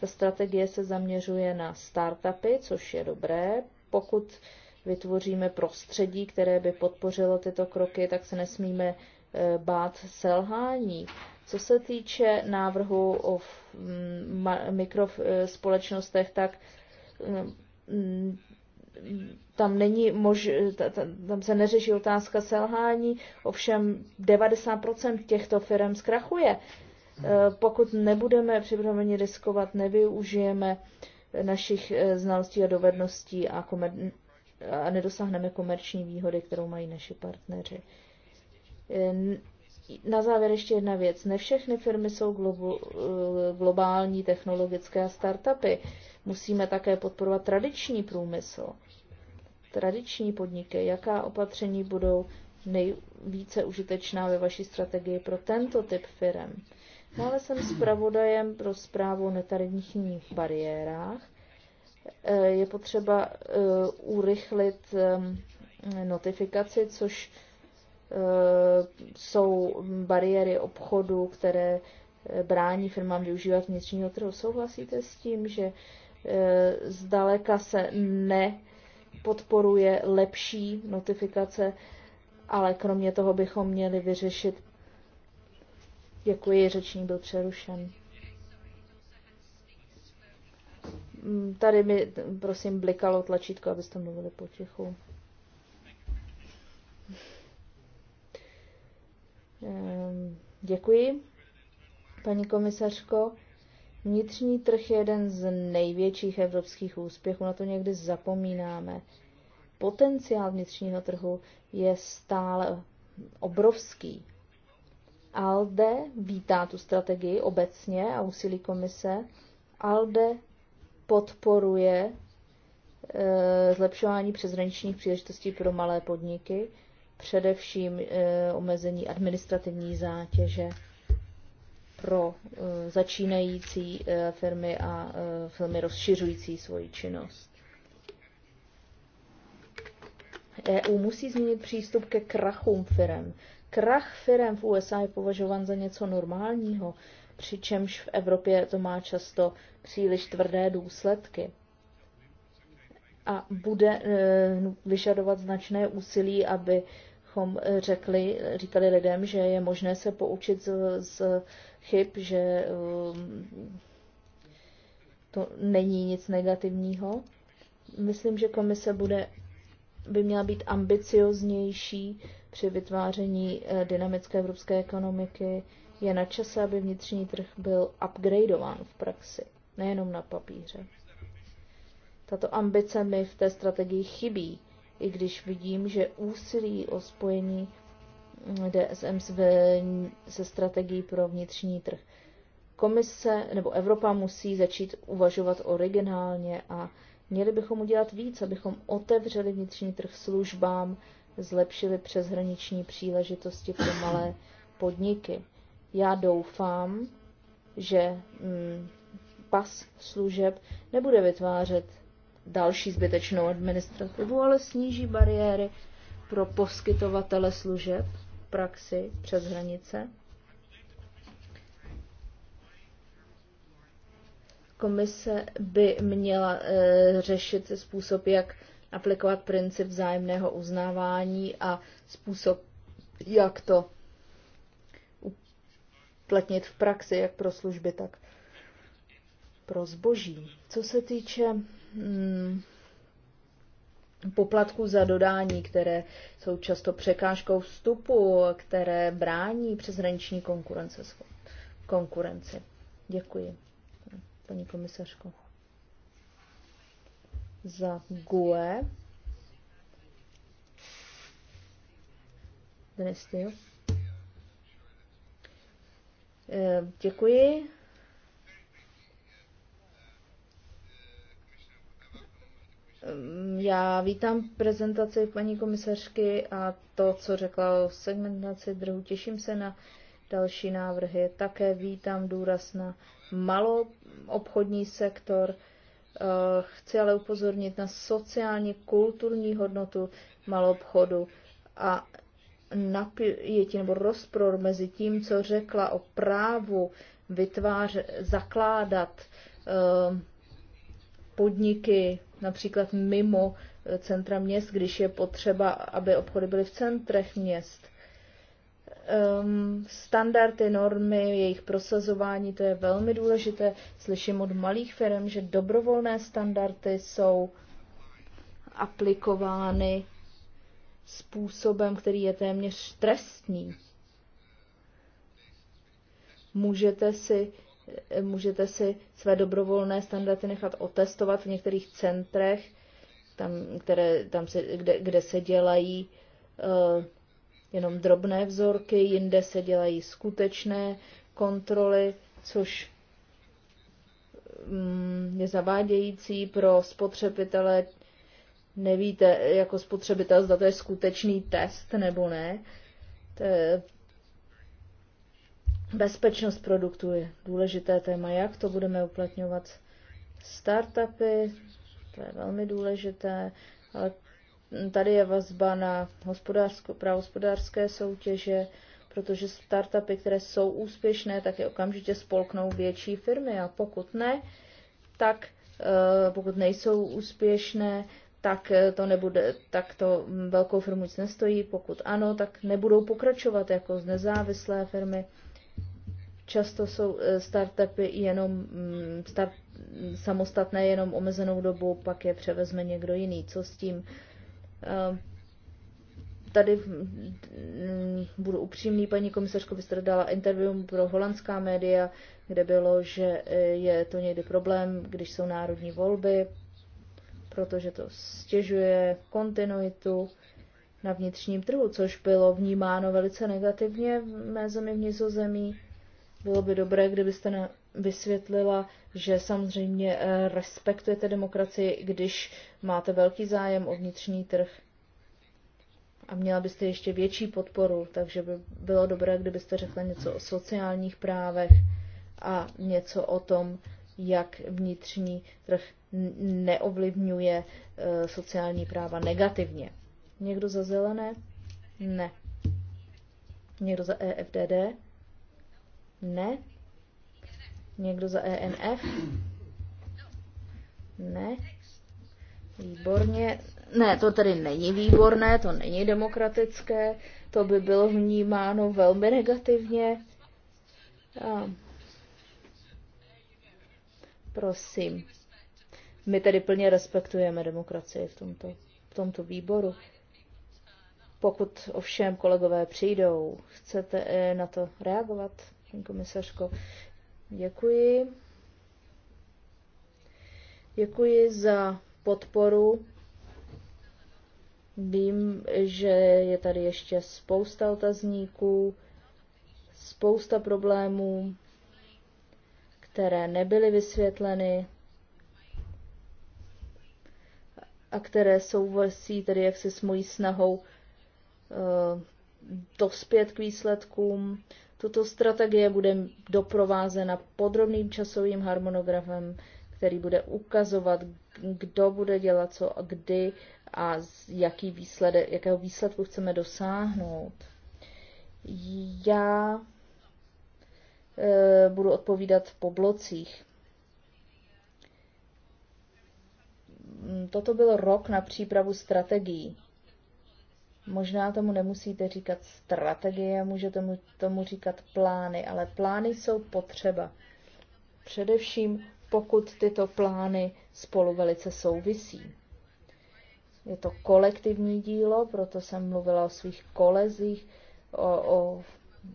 Ta strategie se zaměřuje na startupy, což je dobré. Pokud vytvoříme prostředí, které by podpořilo tyto kroky, tak se nesmíme eh, bát selhání. Co se týče návrhu o mikrospolečnostech, tak tam není mož, tam se neřeší otázka selhání, ovšem 90% těchto firm zkrachuje. E, pokud nebudeme připraveni riskovat, nevyužijeme našich e, znalostí a dovedností a, komer, a nedosáhneme komerční výhody, kterou mají naši partneři. E, na závěr ještě jedna věc. Ne všechny firmy jsou globu, eh, globální technologické startupy. Musíme také podporovat tradiční průmysl, tradiční podniky. Jaká opatření budou nejvíce užitečná ve vaší strategii pro tento typ firm? Dále jsem zpravodajem pro zprávu o netarifních bariérách. Eh, je potřeba eh, urychlit ehm, notifikaci, což Eh, jsou bariéry obchodu, které eh, brání firmám využívat vnitřního trhu. Souhlasíte s tím, že eh, zdaleka se nepodporuje lepší notifikace, ale kromě toho bychom měli vyřešit. Děkuji, řečník byl přerušen. Mm, tady mi, prosím, blikalo tlačítko, abyste mluvili potichu. Ehm, děkuji, paní komisařko. Vnitřní trh je jeden z největších evropských úspěchů, na to někdy zapomínáme. Potenciál vnitřního trhu je stále obrovský. ALDE vítá tu strategii obecně a úsilí komise. ALDE podporuje eh, zlepšování přezraničních příležitostí pro malé podniky především eh, omezení administrativní zátěže pro eh, začínající eh, firmy a firmy rozšiřující svoji činnost. EU musí změnit přístup ke krachům firm. Krach firm v USA je považován za něco normálního, přičemž v Evropě to má často příliš tvrdé důsledky. A bude vyžadovat značné úsilí, aby bychom eh, řekli, říkali lidem, že je možné se poučit z, z chyb, že ehm, to není nic negativního. Myslím, že komise bude, by měla být ambicioznější při vytváření eh, dynamické evropské ekonomiky. Je na čase, aby vnitřní trh byl upgradeován v praxi, nejenom na papíře. Tato ambice mi v té strategii chybí i když vidím, že úsilí o spojení DSM se strategií pro vnitřní trh. Komise nebo Evropa musí začít uvažovat originálně a měli bychom udělat víc, abychom otevřeli vnitřní trh službám, zlepšili přeshraniční příležitosti pro malé podniky. Já doufám, že mm, pas služeb nebude vytvářet další zbytečnou administrativu, ale sníží bariéry pro poskytovatele služeb v praxi přes hranice. Komise by měla e, řešit způsob, jak aplikovat princip vzájemného uznávání a způsob, jak to uplatnit v praxi, jak pro služby, tak pro zboží. Co se týče Hmm. poplatků za dodání, které jsou často překážkou vstupu, které brání přeshraniční konkurence. konkurenci. Děkuji, paní komisařko. Za GUE. Denis eh, Děkuji. Mm, já vítám prezentaci paní komisařky a to, co řekla o segmentaci trhu. Těším se na další návrhy. Také vítám důraz na malou obchodní sektor. Eh, chci ale upozornit na sociálně kulturní hodnotu malou obchodu a napětí nebo rozpor mezi tím, co řekla o právu vytvářet, zakládat eh, podniky například mimo eh, centra měst, když je potřeba, aby obchody byly v centrech měst. Um, standardy, normy, jejich prosazování, to je velmi důležité. Slyším od malých firm, že dobrovolné standardy jsou aplikovány způsobem, který je téměř trestný. Můžete si můžete si své dobrovolné standardy nechat otestovat v některých centrech, tam, které, tam se, kde, kde se dělají uh, jenom drobné vzorky, jinde se dělají skutečné kontroly, což um, je zavádějící pro spotřebitele. Nevíte jako spotřebitel, zda to je skutečný test nebo ne. To je, Bezpečnost produktů je důležité téma, jak to budeme uplatňovat. Startupy, to je velmi důležité, ale tady je vazba na hospodářské soutěže, protože startupy, které jsou úspěšné, tak je okamžitě spolknou větší firmy a pokud ne, tak eh, pokud nejsou úspěšné, tak eh, to nebude, tak to velkou firmu nic nestojí, pokud ano, tak nebudou pokračovat jako z nezávislé firmy. Často jsou eh, startupy jenom mm, start, samostatné jenom omezenou dobu, pak je převezme někdo jiný. Co s tím? Eh, tady mm, budu upřímný, paní komisařko, byste dala interview pro holandská média, kde bylo, že eh, je to někdy problém, když jsou národní volby, protože to stěžuje kontinuitu na vnitřním trhu, což bylo vnímáno velice negativně v mé zemi v Nizozemí. Bylo by dobré, kdybyste nám vysvětlila, že samozřejmě eh, respektujete demokracii, když máte velký zájem o vnitřní trh a měla byste ještě větší podporu, takže by bylo dobré, kdybyste řekla něco o sociálních právech a něco o tom, jak vnitřní trh neovlivňuje eh, sociální práva negativně. Někdo za zelené? Ne. Někdo za EFDD? Ne. Někdo za ENF? Ne. Výborně. Ne, to tedy není výborné, to není demokratické, to by bylo vnímáno velmi negativně. A. Prosím. My tedy plně respektujeme demokracii v tomto, v tomto výboru. Pokud ovšem kolegové přijdou, chcete eh, na to reagovat? komisařko. Děkuji. Děkuji za podporu. Vím, že je tady ještě spousta otazníků, spousta problémů, které nebyly vysvětleny a které souvisí tedy jaksi s mojí snahou uh, dospět k výsledkům. Tuto strategie bude doprovázena podrobným časovým harmonogramem, který bude ukazovat, kdo bude dělat co a kdy a jaký výsledek, jakého výsledku chceme dosáhnout. Já e, budu odpovídat po blocích. Toto byl rok na přípravu strategií. Možná tomu nemusíte říkat strategie, můžete tomu, tomu říkat plány, ale plány jsou potřeba. Především pokud tyto plány spolu velice souvisí. Je to kolektivní dílo, proto jsem mluvila o svých kolezích, o, o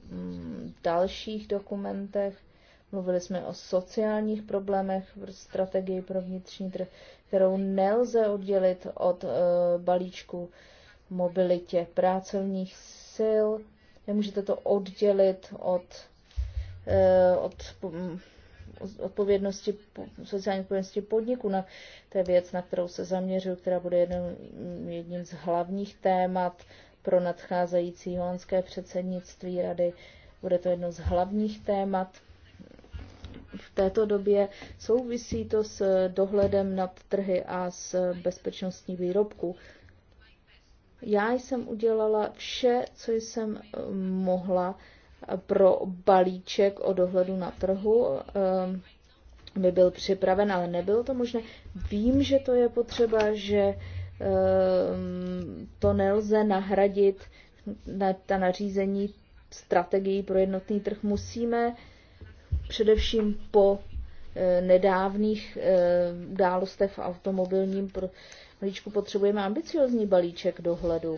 mm, dalších dokumentech. Mluvili jsme o sociálních problémech v strategii pro vnitřní trh, kterou nelze oddělit od e, balíčku e, mobilitě pracovních sil. Nemůžete to oddělit od, eh, od mm, odpovědnosti, sociální odpovědnosti podniku. Na, to je věc, na kterou se zaměřuju, která bude jedním, jedním z hlavních témat pro nadcházející holandské předsednictví rady. Bude to jedno z hlavních témat v této době. Souvisí to s dohledem nad trhy a s bezpečnostní výrobků. Já jsem udělala vše, co jsem eh, mohla eh, pro balíček o dohledu na trhu, by eh, byl připraven, ale nebylo to možné. Vím, že to je potřeba, že to nelze nahradit na ta nařízení strategii pro jednotný trh. Musíme především po nedávných událostech v automobilním balíčku potřebujeme ambiciozní balíček dohledu.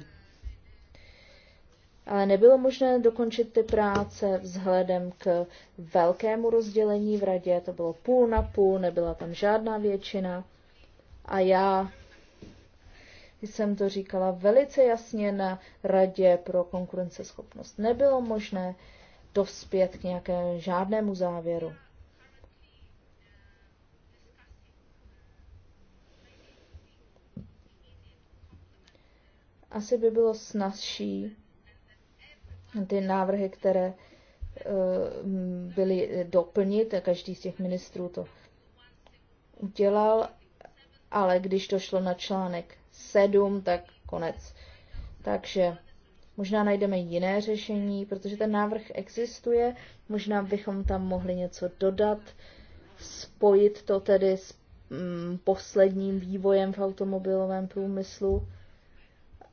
Ale nebylo možné dokončit ty práce vzhledem k velkému rozdělení v radě. To bylo půl na půl, nebyla tam žádná většina. A já jsem to říkala velice jasně na radě pro konkurenceschopnost. Nebylo možné dospět k nějakému žádnému závěru. asi by bylo snazší ty návrhy, které eh, byly doplnit, a každý z těch ministrů to udělal, ale když to šlo na článek 7, tak konec. Takže možná najdeme jiné řešení, protože ten návrh existuje, možná bychom tam mohli něco dodat, spojit to tedy s mm, posledním vývojem v automobilovém průmyslu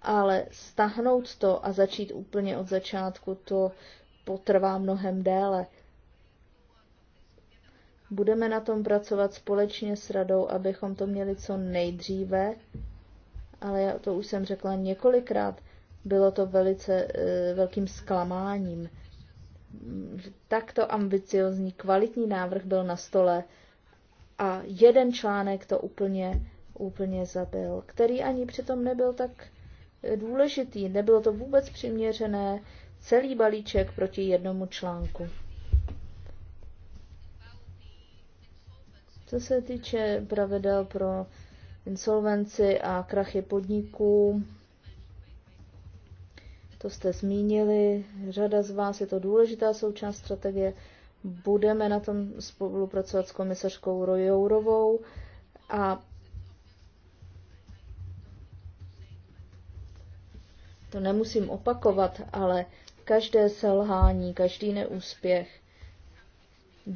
ale stahnout to a začít úplně od začátku, to potrvá mnohem déle. Budeme na tom pracovat společně s radou, abychom to měli co nejdříve, ale já to už jsem řekla několikrát, bylo to velice e, velkým zklamáním. Takto ambiciozní, kvalitní návrh byl na stole a jeden článek to úplně, úplně zabil, který ani přitom nebyl tak důležitý. Nebylo to vůbec přiměřené, celý balíček proti jednomu článku. Co se týče pravidel pro insolvenci a krachy podniků, to jste zmínili, řada z vás je to důležitá součást strategie. Budeme na tom spolupracovat s komisařkou Rojourovou a To nemusím opakovat, ale každé selhání, každý neúspěch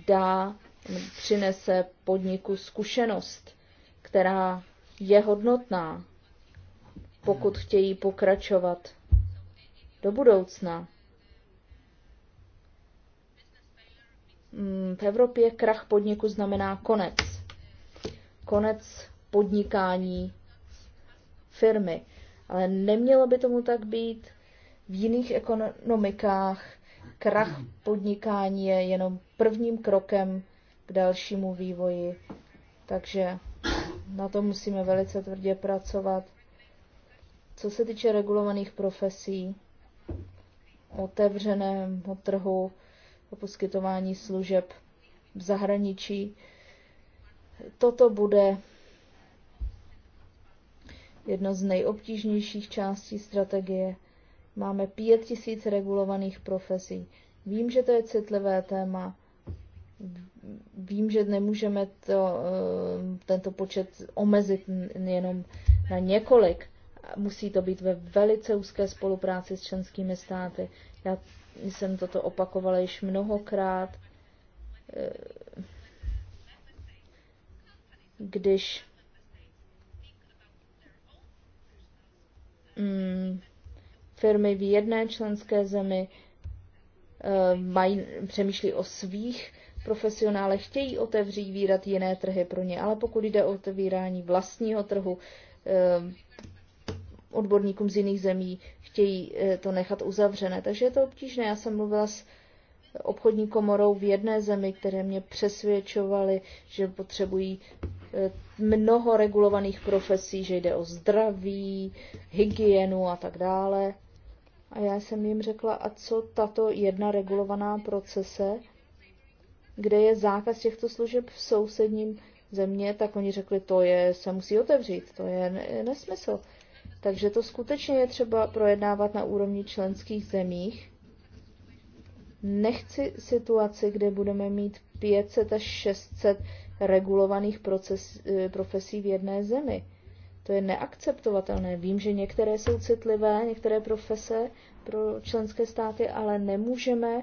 dá, přinese podniku zkušenost, která je hodnotná, pokud chtějí pokračovat do budoucna. Mm, v Evropě krach podniku znamená konec. Konec podnikání firmy ale nemělo by tomu tak být. V jiných ekonomikách krach podnikání je jenom prvním krokem k dalšímu vývoji, takže na to musíme velice tvrdě pracovat. Co se týče regulovaných profesí, otevřeného trhu, o poskytování služeb v zahraničí, toto bude jedno z nejobtížnějších částí strategie. Máme pět tisíc regulovaných profesí. Vím, že to je citlivé téma. Vím, že nemůžeme to, eh, tento počet omezit jenom na několik. Musí to být ve velice úzké spolupráci s členskými státy. Já jsem toto opakovala již mnohokrát. Eh, když mm, firmy v jedné členské zemi eh, mají, přemýšlí o svých profesionálech, chtějí otevřít vírat jiné trhy pro ně, ale pokud jde o otevírání vlastního trhu, eh, odborníkům z jiných zemí chtějí eh, to nechat uzavřené. Takže je to obtížné. Já jsem mluvila s obchodní komorou v jedné zemi, které mě přesvědčovali, že potřebují Eh, mnoho regulovaných profesí, že jde o zdraví, hygienu a tak dále. A já jsem jim řekla, a co tato jedna regulovaná procese, kde je zákaz těchto služeb v sousedním země, tak oni řekli, to je, se musí otevřít, to je nesmysl. Takže to skutečně je třeba projednávat na úrovni členských zemích. Nechci situaci, kde budeme mít 500 až 600 regulovaných proces, eh, profesí v jedné zemi. To je neakceptovatelné. Vím, že některé jsou citlivé, některé profese pro členské státy, ale nemůžeme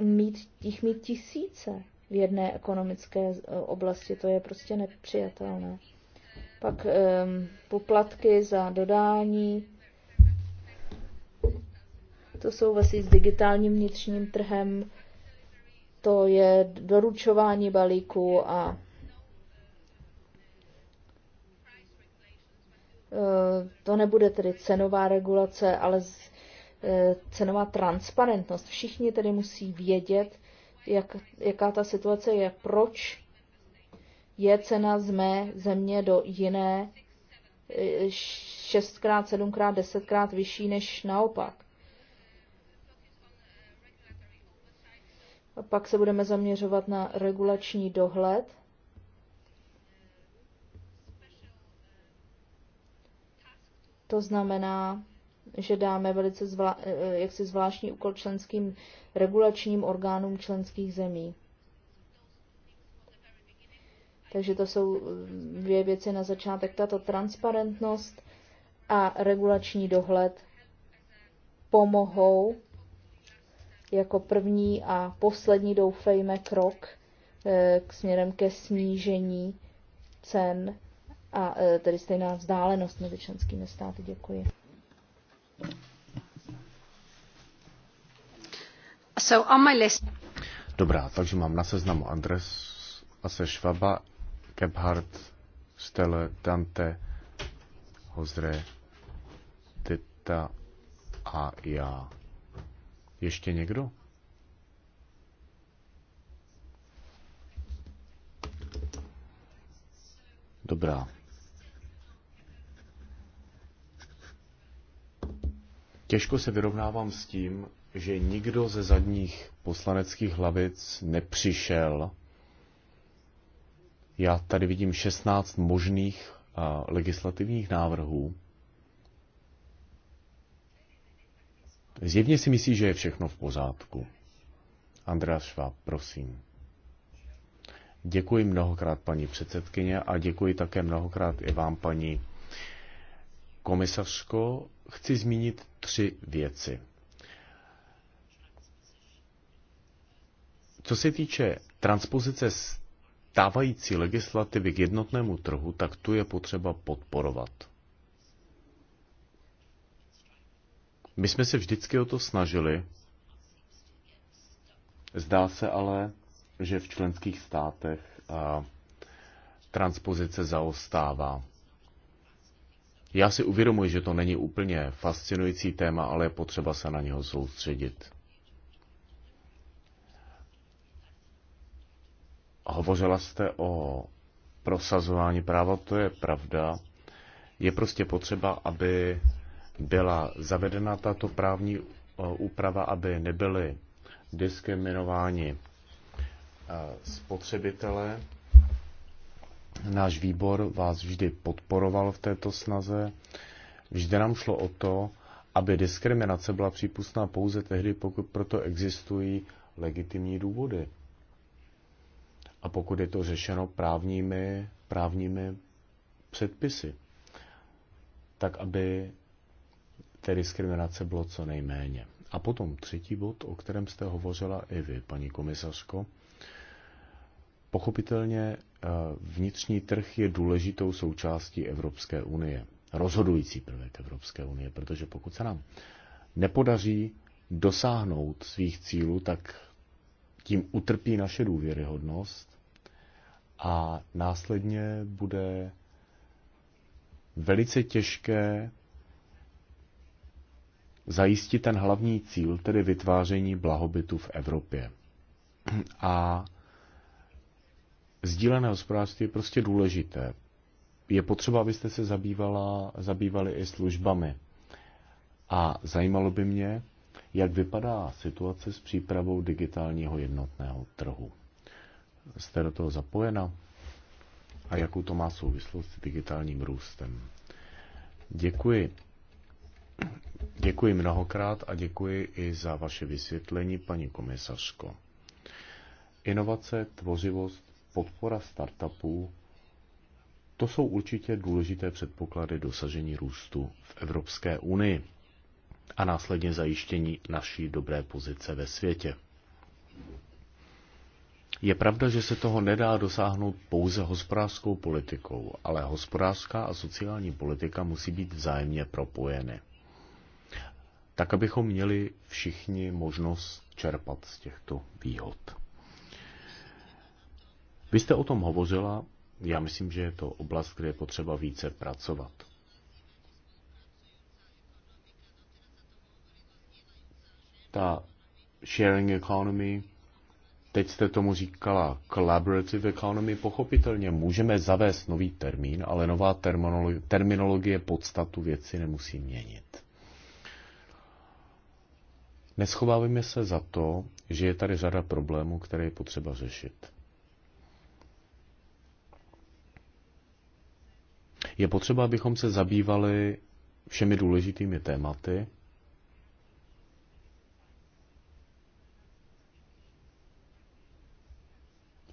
mít, jich mít tisíce v jedné ekonomické eh, oblasti. To je prostě nepřijatelné. Pak um, poplatky za dodání. To souvisí s digitálním vnitřním trhem to je doručování balíků a e, to nebude tedy cenová regulace, ale e, cenová transparentnost. Všichni tedy musí vědět, jak, jaká ta situace je, proč je cena z mé země do jiné e, šestkrát, sedmkrát, desetkrát vyšší než naopak. A pak se budeme zaměřovat na regulační dohled. To znamená, že dáme velice zvla, eh, eh, jaksi zvláštní úkol členským regulačním orgánům členských zemí. Takže to jsou eh, dvě věci na začátek. Tato transparentnost a regulační dohled pomohou jako první a poslední, doufejme, krok eh, k směrem ke snížení cen a eh, tedy stejná vzdálenost mezi členskými státy. Děkuji. So on my list. Dobrá, takže mám na seznamu Andres Ase Švaba, Kebhardt, Stelle, Dante, Hozre, Teta a já. Ještě někdo? Dobrá. Těžko se vyrovnávám s tím, že nikdo ze zadních poslaneckých hlavic nepřišel. Já tady vidím 16 možných legislativních návrhů. Zjevně si myslí, že je všechno v pořádku. Andreas Schwab, prosím. Děkuji mnohokrát paní předsedkyně a děkuji také mnohokrát i vám, paní komisařko. Chci zmínit tři věci. Co se týče transpozice stávající legislativy k jednotnému trhu, tak tu je potřeba podporovat. My jsme se vždycky o to snažili. Zdá se ale, že v členských státech a, transpozice zaostává. Já si uvědomuji, že to není úplně fascinující téma, ale je potřeba se na něho soustředit. Hovořila jste o prosazování práva, to je pravda. Je prostě potřeba, aby byla zavedena tato právní eh, úprava, aby nebyly diskriminováni eh, spotřebitelé. Náš výbor vás vždy podporoval v této snaze. Vždy nám šlo o to, aby diskriminace byla přípustná pouze tehdy, pokud proto existují legitimní důvody. A pokud je to řešeno právními, právními předpisy. Tak, aby té diskriminace bylo co nejméně. A potom třetí bod, o kterém jste hovořila i vy, paní komisařko. Pochopitelně eh, vnitřní trh je důležitou součástí Evropské unie. Rozhodující prvek Evropské unie, protože pokud se nám nepodaří dosáhnout svých cílů, tak tím utrpí naše důvěryhodnost a následně bude velice těžké zajistit ten hlavní cíl, tedy vytváření blahobytu v Evropě. A sdílené hospodářství je prostě důležité. Je potřeba, abyste se zabývala, zabývali i službami. A zajímalo by mě, jak vypadá situace s přípravou digitálního jednotného trhu. Jste do toho zapojena? A jakou to má souvislost s digitálním růstem? Děkuji. Děkuji mnohokrát a děkuji i za vaše vysvětlení, paní komisařko. Inovace, tvořivost, podpora startupů, to jsou určitě důležité předpoklady dosažení růstu v Evropské unii a následně zajištění naší dobré pozice ve světě. Je pravda, že se toho nedá dosáhnout pouze hospodářskou politikou, ale hospodářská a sociální politika musí být vzájemně propojeny tak abychom měli všichni možnost čerpat z těchto výhod. Vy jste o tom hovořila, já myslím, že je to oblast, kde je potřeba více pracovat. Ta sharing economy, teď jste tomu říkala collaborative economy, pochopitelně můžeme zavést nový termín, ale nová terminologie podstatu věci nemusí měnit. Neschovávejme se za to, že je tady řada problémů, které je potřeba řešit. Je potřeba, abychom se zabývali všemi důležitými tématy,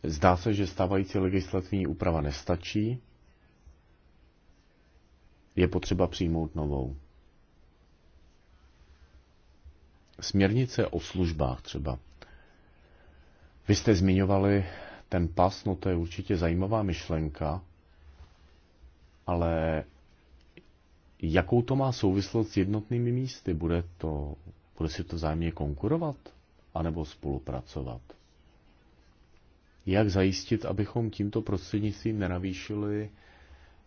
Zdá se, že stávající legislativní úprava nestačí. Je potřeba přijmout novou. Směrnice o službách třeba. Vy jste zmiňovali ten pas, no to je určitě zajímavá myšlenka, ale jakou to má souvislost s jednotnými místy? Bude, to, bude si to zájemně konkurovat? anebo spolupracovat? Jak zajistit, abychom tímto prostřednictvím nenavýšili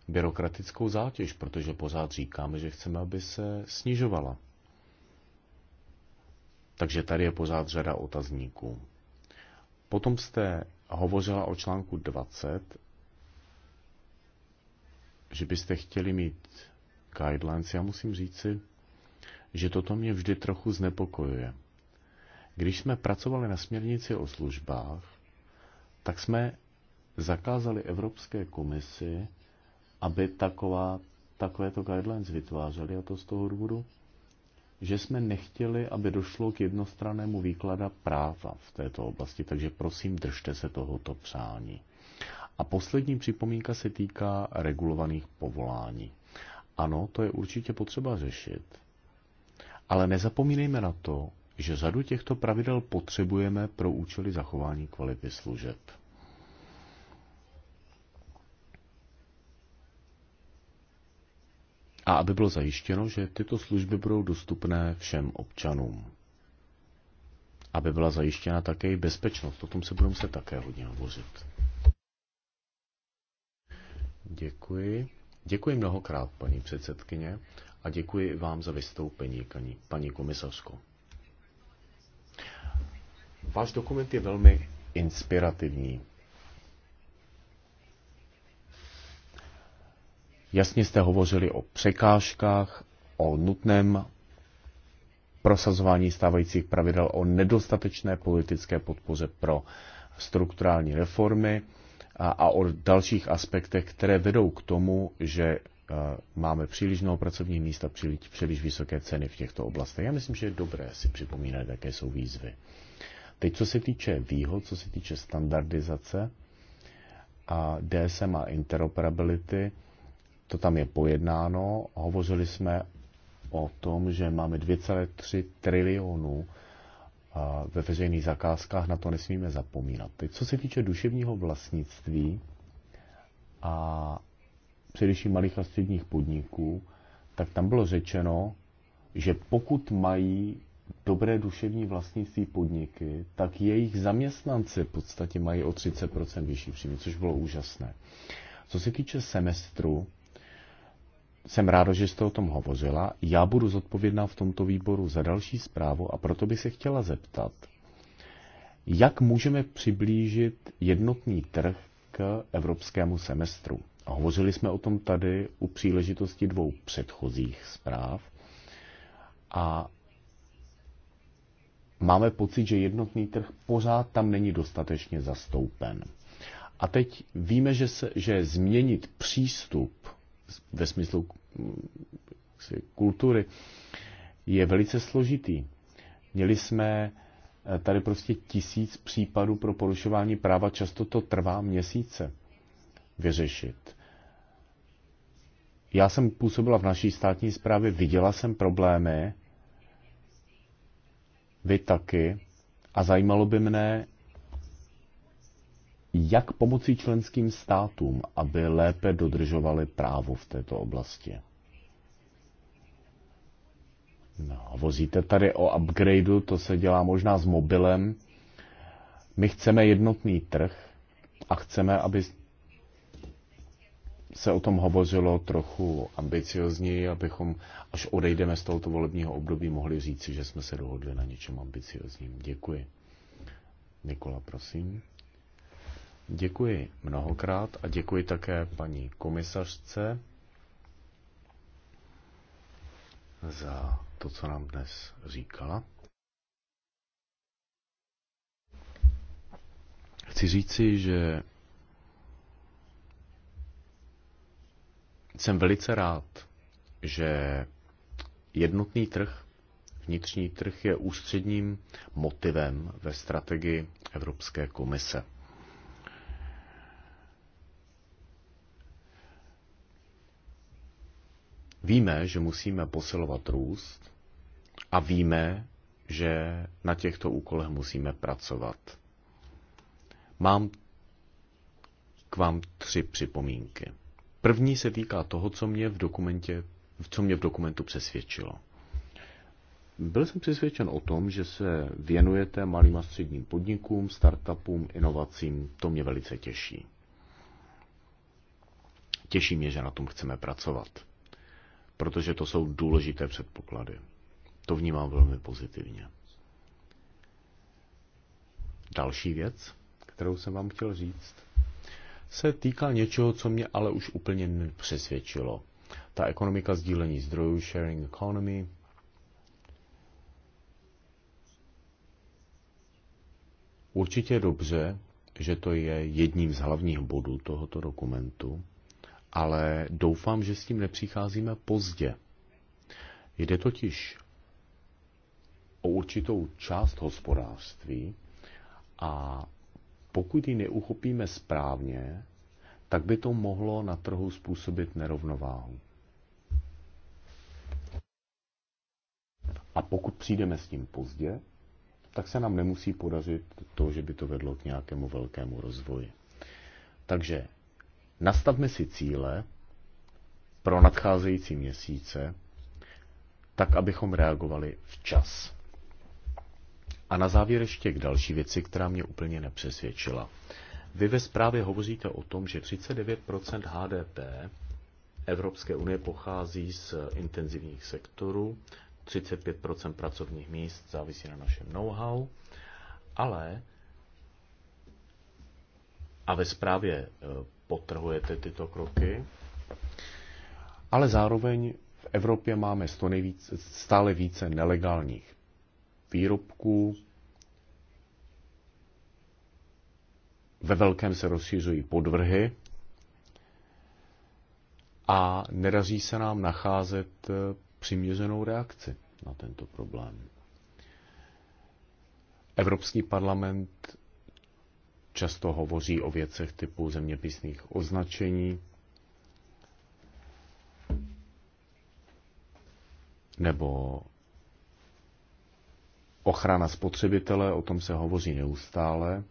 byrokratickou zátěž, protože pořád říkáme, že chceme, aby se snižovala. Takže tady je pořád řada otazníků. Potom jste hovořila o článku 20, že byste chtěli mít guidelines. Já musím říci, že toto mě vždy trochu znepokojuje. Když jsme pracovali na směrnici o službách, tak jsme zakázali Evropské komisi, aby taková, takovéto guidelines vytvářely a to z toho důvodu, že jsme nechtěli, aby došlo k jednostrannému výklada práva v této oblasti, takže prosím, držte se tohoto přání. A poslední připomínka se týká regulovaných povolání. Ano, to je určitě potřeba řešit, ale nezapomínejme na to, že řadu těchto pravidel potřebujeme pro účely zachování kvality služeb. a aby bylo zajištěno, že tyto služby budou dostupné všem občanům. Aby byla zajištěna také i bezpečnost, o tom se budeme muset také hodně hovořit. Děkuji. Děkuji mnohokrát, paní předsedkyně, a děkuji vám za vystoupení, paní, paní komisařko. Váš dokument je velmi inspirativní. Jasně jste hovořili o překážkách, o nutném prosazování stávajících pravidel, o nedostatečné politické podpoře pro strukturální reformy a, a o dalších aspektech, které vedou k tomu, že e, máme příliš mnoho pracovních míst a příliš, příliš vysoké ceny v těchto oblastech. Já myslím, že je dobré si připomínat, jaké jsou výzvy. Teď, co se týče výhod, co se týče standardizace a DSM a interoperability, to tam je pojednáno. Hovořili jsme o tom, že máme 2,3 trilionů ve veřejných zakázkách, na to nesmíme zapomínat. Teď, co se týče duševního vlastnictví a především malých a středních podniků, tak tam bylo řečeno, že pokud mají dobré duševní vlastnictví podniky, tak jejich zaměstnanci v podstatě mají o 30% vyšší příjmy, což bylo úžasné. Co se týče semestru, jsem ráda, že jste o tom hovořila. Já budu zodpovědná v tomto výboru za další zprávu a proto bych se chtěla zeptat, jak můžeme přiblížit jednotný trh k evropskému semestru. A hovořili jsme o tom tady u příležitosti dvou předchozích zpráv. A máme pocit, že jednotný trh pořád tam není dostatečně zastoupen. A teď víme, že, se, že změnit přístup ve smyslu mm, kultury, je velice složitý. Měli jsme eh, tady prostě tisíc případů pro porušování práva, často to trvá měsíce vyřešit. Já jsem působila v naší státní správě, viděla jsem problémy, vy taky, a zajímalo by mne, jak pomoci členským státům, aby lépe dodržovali právo v této oblasti? No, vozíte tady o upgradeu, to se dělá možná s mobilem. My chceme jednotný trh a chceme, aby se o tom hovořilo trochu ambiciozněji, abychom, až odejdeme z tohoto volebního období, mohli říci, že jsme se dohodli na něčem ambiciozním. Děkuji. Nikola, prosím. Děkuji mnohokrát a děkuji také paní komisařce za to, co nám dnes říkala. Chci říci, že jsem velice rád, že jednotný trh, vnitřní trh je ústředním motivem ve strategii Evropské komise. Víme, že musíme posilovat růst a víme, že na těchto úkolech musíme pracovat. Mám k vám tři připomínky. První se týká toho, co mě v, dokumentě, co mě v dokumentu přesvědčilo. Byl jsem přesvědčen o tom, že se věnujete malým a středním podnikům, startupům, inovacím. To mě velice těší. Těší mě, že na tom chceme pracovat protože to jsou důležité předpoklady. To vnímám velmi pozitivně. Další věc, kterou jsem vám chtěl říct, se týká něčeho, co mě ale už úplně nepřesvědčilo. Ta ekonomika sdílení zdrojů, sharing economy, Určitě je dobře, že to je jedním z hlavních bodů tohoto dokumentu, ale doufám, že s tím nepřicházíme pozdě. Jde totiž o určitou část hospodářství a pokud ji neuchopíme správně, tak by to mohlo na trhu způsobit nerovnováhu. A pokud přijdeme s tím pozdě, tak se nám nemusí podařit to, že by to vedlo k nějakému velkému rozvoji. Takže Nastavme si cíle pro nadcházející měsíce, tak abychom reagovali včas. A na závěr ještě k další věci, která mě úplně nepřesvědčila. Vy ve zprávě hovoříte o tom, že 39 HDP Evropské unie pochází z intenzivních sektorů, 35 pracovních míst závisí na našem know-how, ale a ve zprávě eh, potrhujete tyto kroky. Ale zároveň v Evropě máme stále více nelegálních výrobků. Ve velkém se rozšiřují podvrhy a nedaří se nám nacházet eh, přiměřenou reakci na tento problém. Evropský parlament často hovoří o věcech typu zeměpisných označení nebo ochrana spotřebitele, o tom se hovoří neustále.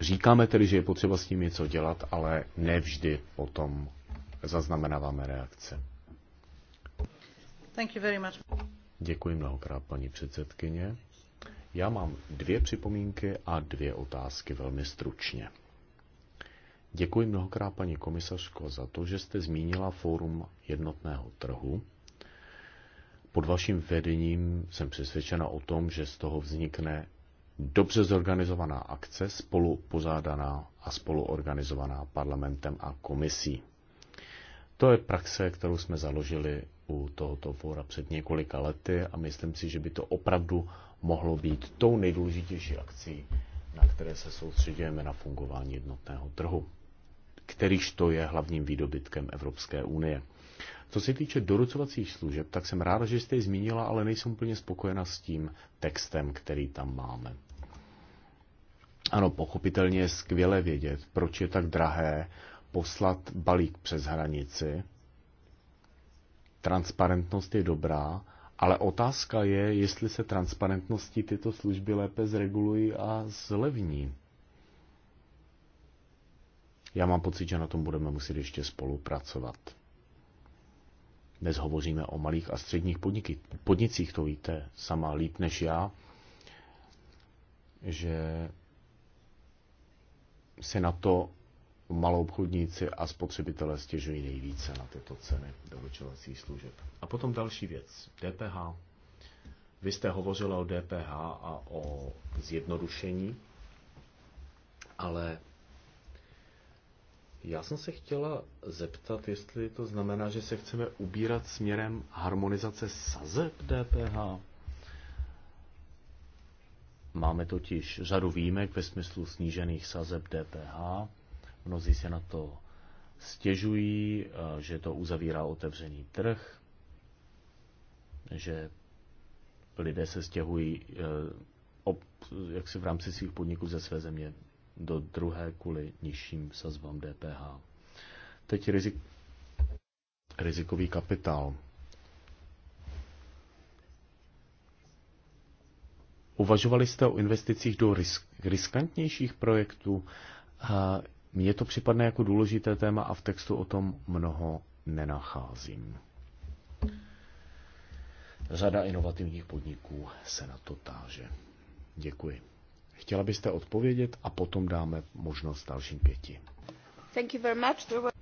Říkáme tedy, že je potřeba s tím něco dělat, ale nevždy potom zaznamenáváme reakce. Thank you very much. Děkuji mnohokrát, paní předsedkyně. Já mám dvě připomínky a dvě otázky velmi stručně. Děkuji mnohokrát, paní komisařko, za to, že jste zmínila fórum jednotného trhu. Pod vaším vedením jsem přesvědčena o tom, že z toho vznikne dobře zorganizovaná akce, spolu a spoluorganizovaná parlamentem a komisí. To je praxe, kterou jsme založili u tohoto fóra před několika lety a myslím si, že by to opravdu mohlo být tou nejdůležitější akcí, na které se soustředujeme na fungování jednotného trhu, kterýž to je hlavním výdobytkem Evropské unie. Co se týče doručovacích služeb, tak jsem ráda, že jste ji zmínila, ale nejsem úplně spokojena s tím textem, který tam máme. Ano, pochopitelně je skvěle vědět, proč je tak drahé poslat balík přes hranici. Transparentnost je dobrá, ale otázka je, jestli se transparentností tyto služby lépe zregulují a zlevní. Já mám pocit, že na tom budeme muset ještě spolupracovat. Dnes hovoříme o malých a středních podniky. podnicích, to víte sama líp než já, že se na to malou obchodníci a spotřebitelé stěžují nejvíce na tyto ceny doručovacích služeb. A potom další věc, DPH. Vy jste hovořila o DPH a o zjednodušení, ale já jsem se chtěla zeptat, jestli to znamená, že se chceme ubírat směrem harmonizace sazeb DPH. Máme totiž řadu výjimek ve smyslu snížených sazeb DPH, Mnozí se na to stěžují, eh, že to uzavírá otevřený trh, že lidé se stěhují eh, jak si v rámci svých podniků ze své země do druhé kvůli nižším sazbám DPH. Teď rizik, rizikový kapitál. Uvažovali jste o investicích do risk, riskantnějších projektů? A mně to připadne jako důležité téma a v textu o tom mnoho nenacházím. Řada inovativních podniků se na to táže. Děkuji. Chtěla byste odpovědět a potom dáme možnost dalším pěti. Thank you very much.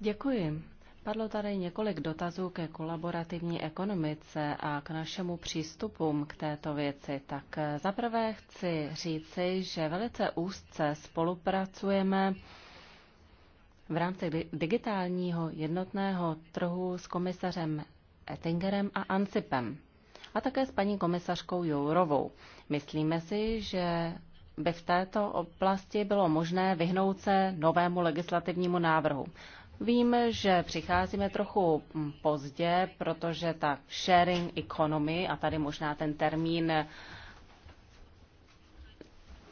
Děkuji. Padlo tady několik dotazů ke kolaborativní ekonomice a k našemu přístupu k této věci. Tak eh, zaprvé chci říci, že velice úzce spolupracujeme v rámci digitálního jednotného trhu s komisařem Ettingerem a Ancipem a také s paní komisařkou Jourovou. Myslíme si, že by v této oblasti bylo možné vyhnout se novému legislativnímu návrhu. Vím, že přicházíme trochu pozdě, protože ta sharing economy, a tady možná ten termín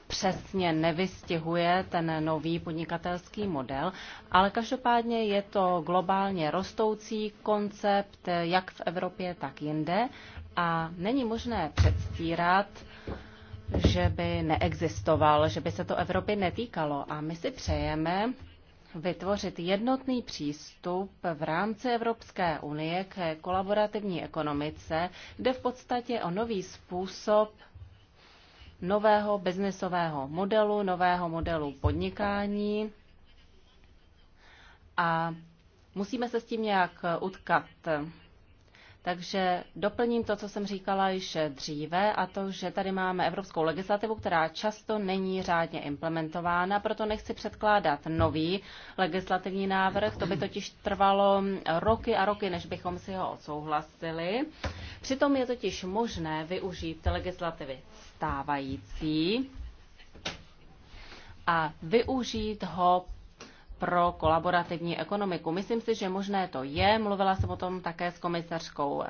přesně nevystihuje ten nový podnikatelský model, ale každopádně je to globálně rostoucí koncept jak v Evropě, tak jinde a není možné předstírat, že by neexistoval, že by se to Evropy netýkalo. A my si přejeme, vytvořit jednotný přístup v rámci Evropské unie k kolaborativní ekonomice, kde v podstatě o nový způsob nového biznesového modelu, nového modelu podnikání a musíme se s tím nějak utkat. Takže doplním to, co jsem říkala již dříve, a to, že tady máme evropskou legislativu, která často není řádně implementována, proto nechci předkládat nový legislativní návrh. To by totiž trvalo roky a roky, než bychom si ho odsouhlasili. Přitom je totiž možné využít legislativy stávající a využít ho pro kolaborativní ekonomiku. Myslím si, že možné to je. Mluvila jsem o tom také s komisařkou, eh,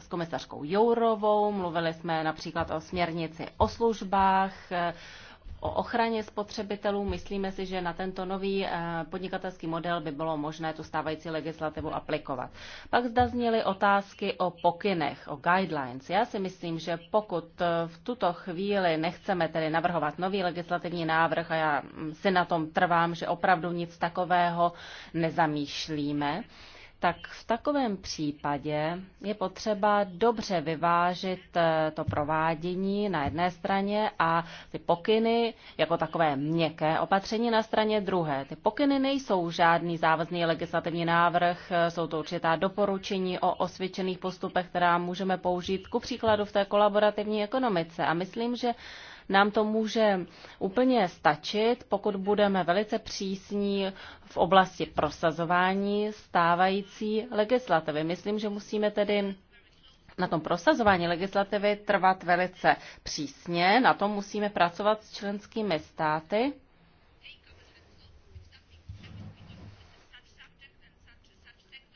s komisařkou Jourovou, mluvili jsme například o směrnici o službách, eh, o ochraně spotřebitelů. Myslíme si, že na tento nový eh, podnikatelský model by bylo možné tu stávající legislativu aplikovat. Pak zda zněly otázky o pokynech, o guidelines. Já si myslím, že pokud eh, v tuto chvíli nechceme tedy navrhovat nový legislativní návrh, a já hm, si na tom trvám, že opravdu nic takového nezamýšlíme, tak v takovém případě je potřeba dobře vyvážit eh, to provádění na jedné straně a ty pokyny jako takové měkké opatření na straně druhé. Ty pokyny nejsou žádný závazný legislativní návrh, eh, jsou to určitá doporučení o osvědčených postupech, která můžeme použít ku příkladu v té kolaborativní ekonomice. A myslím, že nám to může úplně stačit, pokud budeme velice přísní v oblasti prosazování stávající legislativy. Myslím, že musíme tedy na tom prosazování legislativy trvat velice přísně, na tom musíme pracovat s členskými státy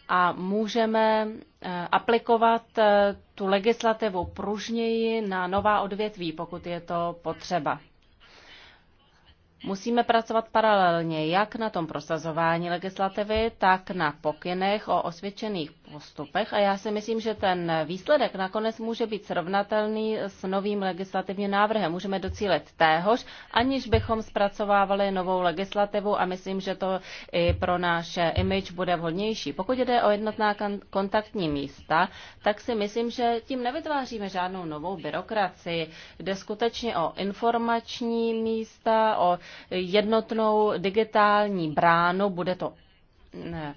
a můžeme eh, aplikovat eh, tu legislativu pružněji na nová odvětví, pokud je to potřeba. Musíme pracovat paralelně jak na tom prosazování legislativy, tak na pokynech o osvědčených postupech a já si myslím, že ten výsledek nakonec může být srovnatelný s novým legislativním návrhem. Můžeme docílit téhož, aniž bychom zpracovávali novou legislativu a myslím, že to i pro naše image bude vhodnější. Pokud jde o jednotná kontaktní místa, tak si myslím, že tím nevytváříme žádnou novou byrokracii. Jde skutečně o informační místa, o jednotnou digitální bránu, bude to eh,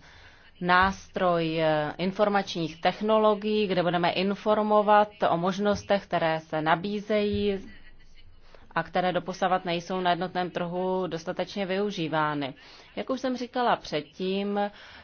nástroj eh, informačních technologií, kde budeme informovat o možnostech, které se nabízejí a které doposavat nejsou na jednotném trhu dostatečně využívány. Jak už jsem říkala předtím,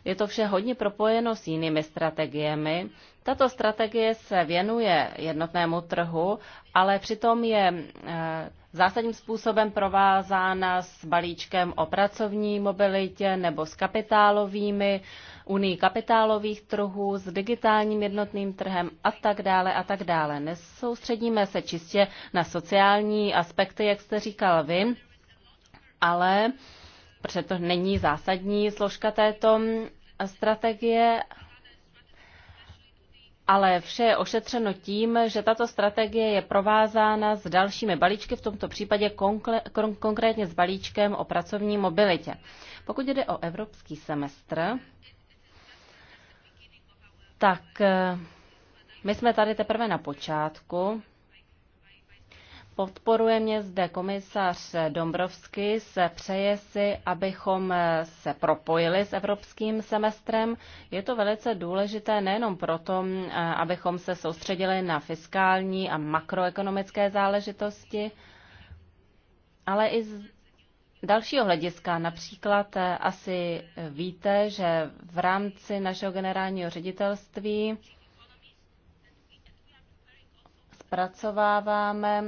je to vše hodně propojeno s jinými strategiemi, tato strategie se věnuje jednotnému trhu, ale přitom je eh, zásadním způsobem provázána s balíčkem o pracovní mobilitě nebo s kapitálovými, unii kapitálových trhů, s digitálním jednotným trhem a tak dále a tak dále. Nesoustředíme se čistě na sociální aspekty, jak jste říkal vy, ale protože to není zásadní složka této strategie, ale vše je ošetřeno tím, že tato strategie je provázána s dalšími balíčky, v tomto případě konkrétně s balíčkem o pracovní mobilitě. Pokud jde o evropský semestr, tak eh, my jsme tady teprve na počátku Podporuje mě zde komisař Dombrovský, se přeje si, abychom se propojili s evropským semestrem. Je to velice důležité nejenom proto, abychom se soustředili na fiskální a makroekonomické záležitosti, ale i z dalšího hlediska. Například asi víte, že v rámci našeho generálního ředitelství zpracováváme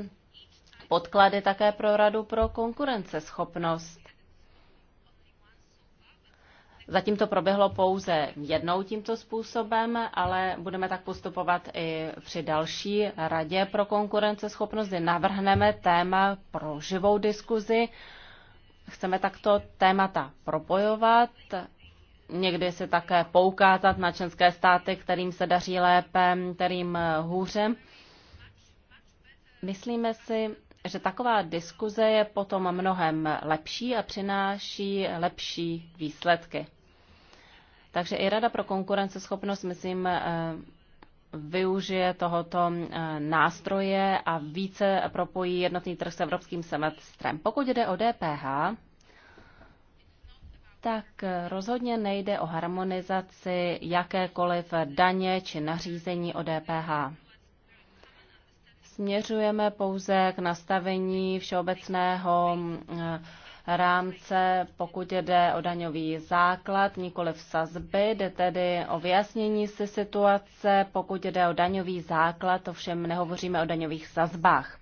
podklady také pro Radu pro konkurenceschopnost. Zatím to proběhlo pouze jednou tímto způsobem, ale budeme tak postupovat i při další radě pro konkurenceschopnost, kdy navrhneme téma pro živou diskuzi. Chceme takto témata propojovat, někdy se také poukázat na členské státy, kterým se daří lépe, kterým hůře. Myslíme si, že taková diskuze je potom mnohem lepší a přináší lepší výsledky. Takže i Rada pro konkurenceschopnost, myslím, eh, využije tohoto eh, nástroje a více propojí jednotný trh s evropským semestrem. Pokud jde o DPH, tak eh, rozhodně nejde o harmonizaci jakékoliv daně či nařízení o DPH směřujeme pouze k nastavení všeobecného mm, eh, rámce, pokud jde o daňový základ, nikoli v sazby, jde tedy o vyjasnění si situace, pokud jde o daňový základ, ovšem nehovoříme o daňových sazbách.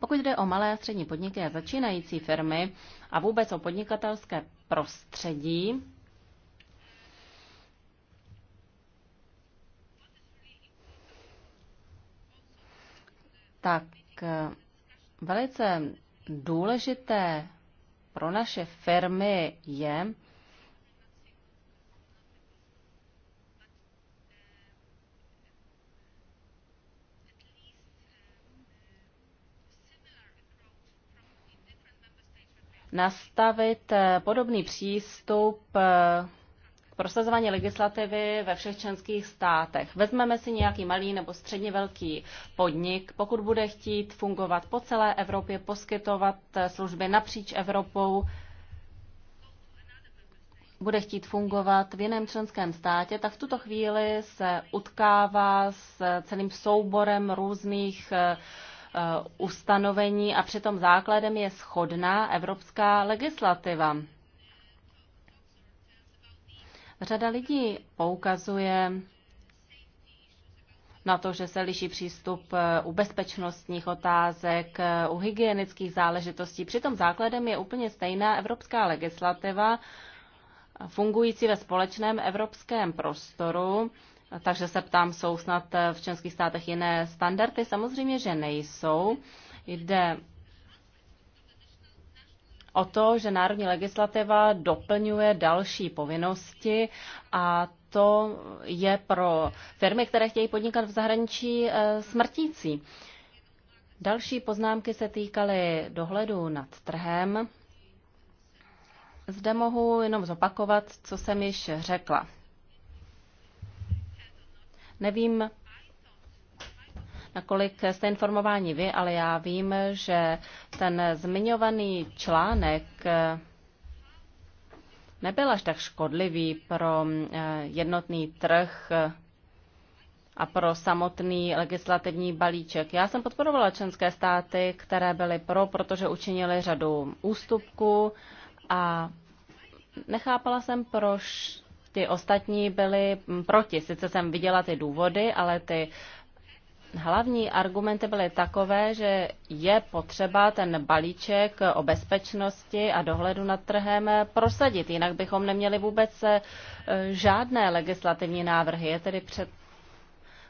Pokud jde o malé a střední podniky a začínající firmy a vůbec o podnikatelské prostředí, tak eh, velice důležité pro naše firmy je, nastavit eh, podobný přístup eh, prosazování legislativy ve všech členských státech. Vezmeme si nějaký malý nebo středně velký podnik, pokud bude chtít fungovat po celé Evropě, poskytovat eh, služby napříč Evropou, bude chtít fungovat v jiném členském státě, tak v tuto chvíli se utkává s eh, celým souborem různých eh, ustanovení a přitom základem je schodná evropská legislativa. Řada lidí poukazuje na to, že se liší přístup eh, u bezpečnostních otázek, eh, u hygienických záležitostí. Přitom základem je úplně stejná evropská legislativa, fungující ve společném evropském prostoru. Takže se ptám, jsou snad eh, v českých státech jiné standardy? Samozřejmě, že nejsou. Jde o to, že národní legislativa doplňuje další povinnosti a to je pro firmy, které chtějí podnikat v zahraničí, eh, smrtící. Další poznámky se týkaly dohledu nad trhem. Zde mohu jenom zopakovat, co jsem již řekla. Nevím nakolik jste informováni vy, ale já vím, že ten zmiňovaný článek eh, nebyl až tak škodlivý pro eh, jednotný trh eh, a pro samotný legislativní balíček. Já jsem podporovala členské státy, které byly pro, protože učinili řadu ústupků a nechápala jsem, proč ty ostatní byli hm, proti. Sice jsem viděla ty důvody, ale ty hlavní argumenty byly takové, že je potřeba ten balíček o bezpečnosti a dohledu nad trhem prosadit, jinak bychom neměli vůbec eh, žádné legislativní návrhy. Je tedy před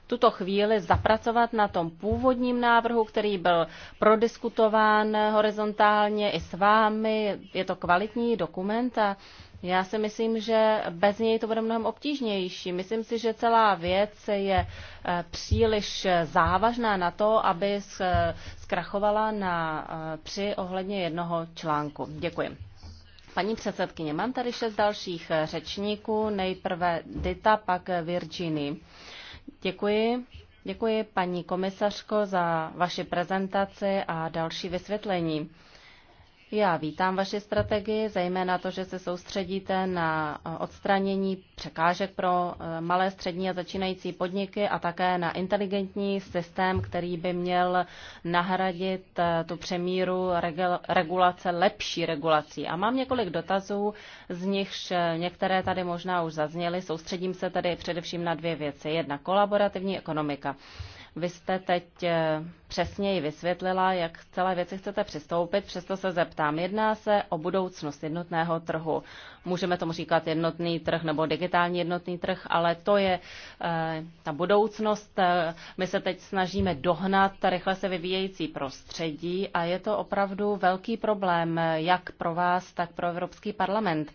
tuto chvíli zapracovat na tom původním návrhu, který byl prodiskutován horizontálně i s vámi. Je to kvalitní dokument a já si myslím, že bez něj to bude mnohem obtížnější. Myslím si, že celá věc je eh, příliš závažná na to, aby eh, zkrachovala na při eh, ohledně jednoho článku. Děkuji. Paní předsedkyně, mám tady šest dalších řečníků. Nejprve Dita, pak Virginie. Děkuji. Děkuji paní komisařko za vaši prezentaci a další vysvětlení. Já vítám vaši strategii, zejména to, že se soustředíte na eh, odstranění překážek pro eh, malé, střední a začínající podniky a také na inteligentní systém, který by měl nahradit eh, tu přemíru regulace lepší regulací. A mám několik dotazů, z nichž některé tady možná už zazněly. Soustředím se tady především na dvě věci. Jedna kolaborativní ekonomika. Vy jste teď eh, přesněji vysvětlila, jak k celé věci chcete přistoupit, přesto se zeptám. Jedná se o budoucnost jednotného trhu. Můžeme tomu říkat jednotný trh nebo digitální jednotný trh, ale to je eh, ta budoucnost. Eh, my se teď snažíme dohnat rychle se vyvíjející prostředí a je to opravdu velký problém, jak pro vás, tak pro Evropský parlament.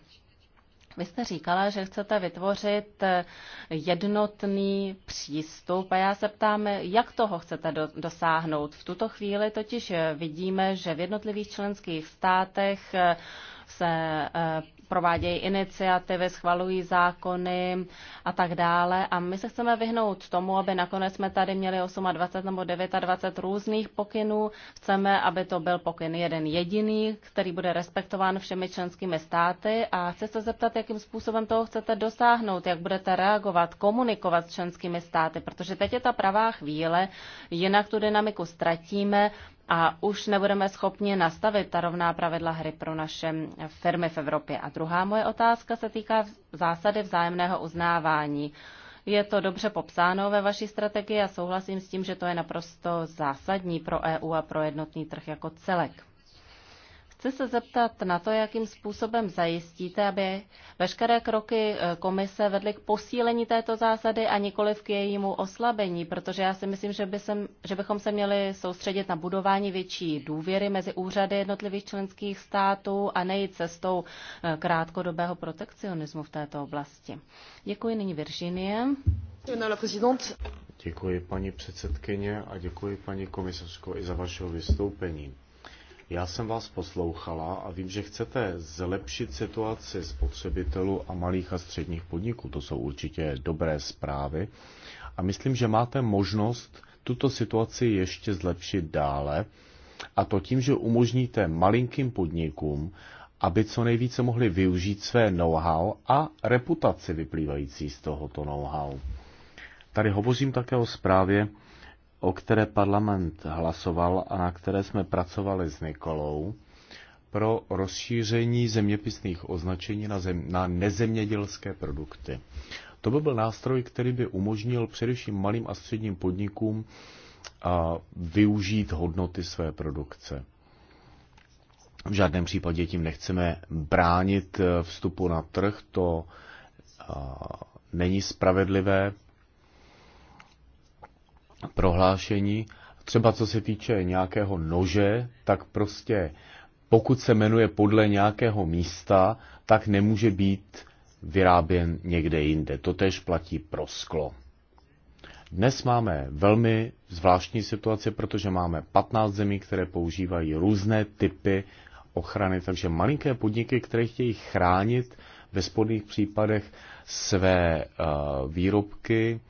Vy jste říkala, že chcete vytvořit eh, jednotný přístup a já se ptám, jak toho chcete do, dosáhnout. V tuto chvíli totiž eh, vidíme, že v jednotlivých členských státech eh, se provádějí iniciativy, schvalují zákony a tak dále. A my se chceme vyhnout tomu, aby nakonec jsme tady měli 28 nebo 29 různých pokynů. Chceme, aby to byl pokyn jeden jediný, který bude respektován všemi členskými státy. A chci se zeptat, jakým způsobem toho chcete dosáhnout, jak budete reagovat, komunikovat s členskými státy, protože teď je ta pravá chvíle, jinak tu dynamiku ztratíme a už nebudeme schopni nastavit ta rovná pravidla hry pro naše firmy v Evropě. A druhá moje otázka se týká zásady vzájemného uznávání. Je to dobře popsáno ve vaší strategii a souhlasím s tím, že to je naprosto zásadní pro EU a pro jednotný trh jako celek. Chci se zeptat na to, jakým způsobem zajistíte, aby veškeré kroky e, komise vedly k posílení této zásady a nikoliv k jejímu oslabení, protože já si myslím, že, by sem, že bychom se měli soustředit na budování větší důvěry mezi úřady jednotlivých členských států a nejít cestou e, krátkodobého protekcionismu v této oblasti. Děkuji nyní Virginie. Děkuji paní předsedkyně a děkuji paní komisařko i za vašeho vystoupení. Já jsem vás poslouchala a vím, že chcete zlepšit situaci spotřebitelů a malých a středních podniků. To jsou určitě dobré zprávy. A myslím, že máte možnost tuto situaci ještě zlepšit dále. A to tím, že umožníte malinkým podnikům, aby co nejvíce mohli využít své know-how a reputaci vyplývající z tohoto know-how. Tady hovořím také o zprávě o které parlament hlasoval a na které jsme pracovali s Nikolou, pro rozšíření zeměpisných označení na, zem, na nezemědělské produkty. To by byl nástroj, který by umožnil především malým a středním podnikům a, využít hodnoty své produkce. V žádném případě tím nechceme bránit e, vstupu na trh, to a, není spravedlivé prohlášení. Třeba co se týče nějakého nože, tak prostě pokud se jmenuje podle nějakého místa, tak nemůže být vyráběn někde jinde. To tež platí pro sklo. Dnes máme velmi zvláštní situaci, protože máme 15 zemí, které používají různé typy ochrany, takže malinké podniky, které chtějí chránit ve spodných případech své eh, výrobky,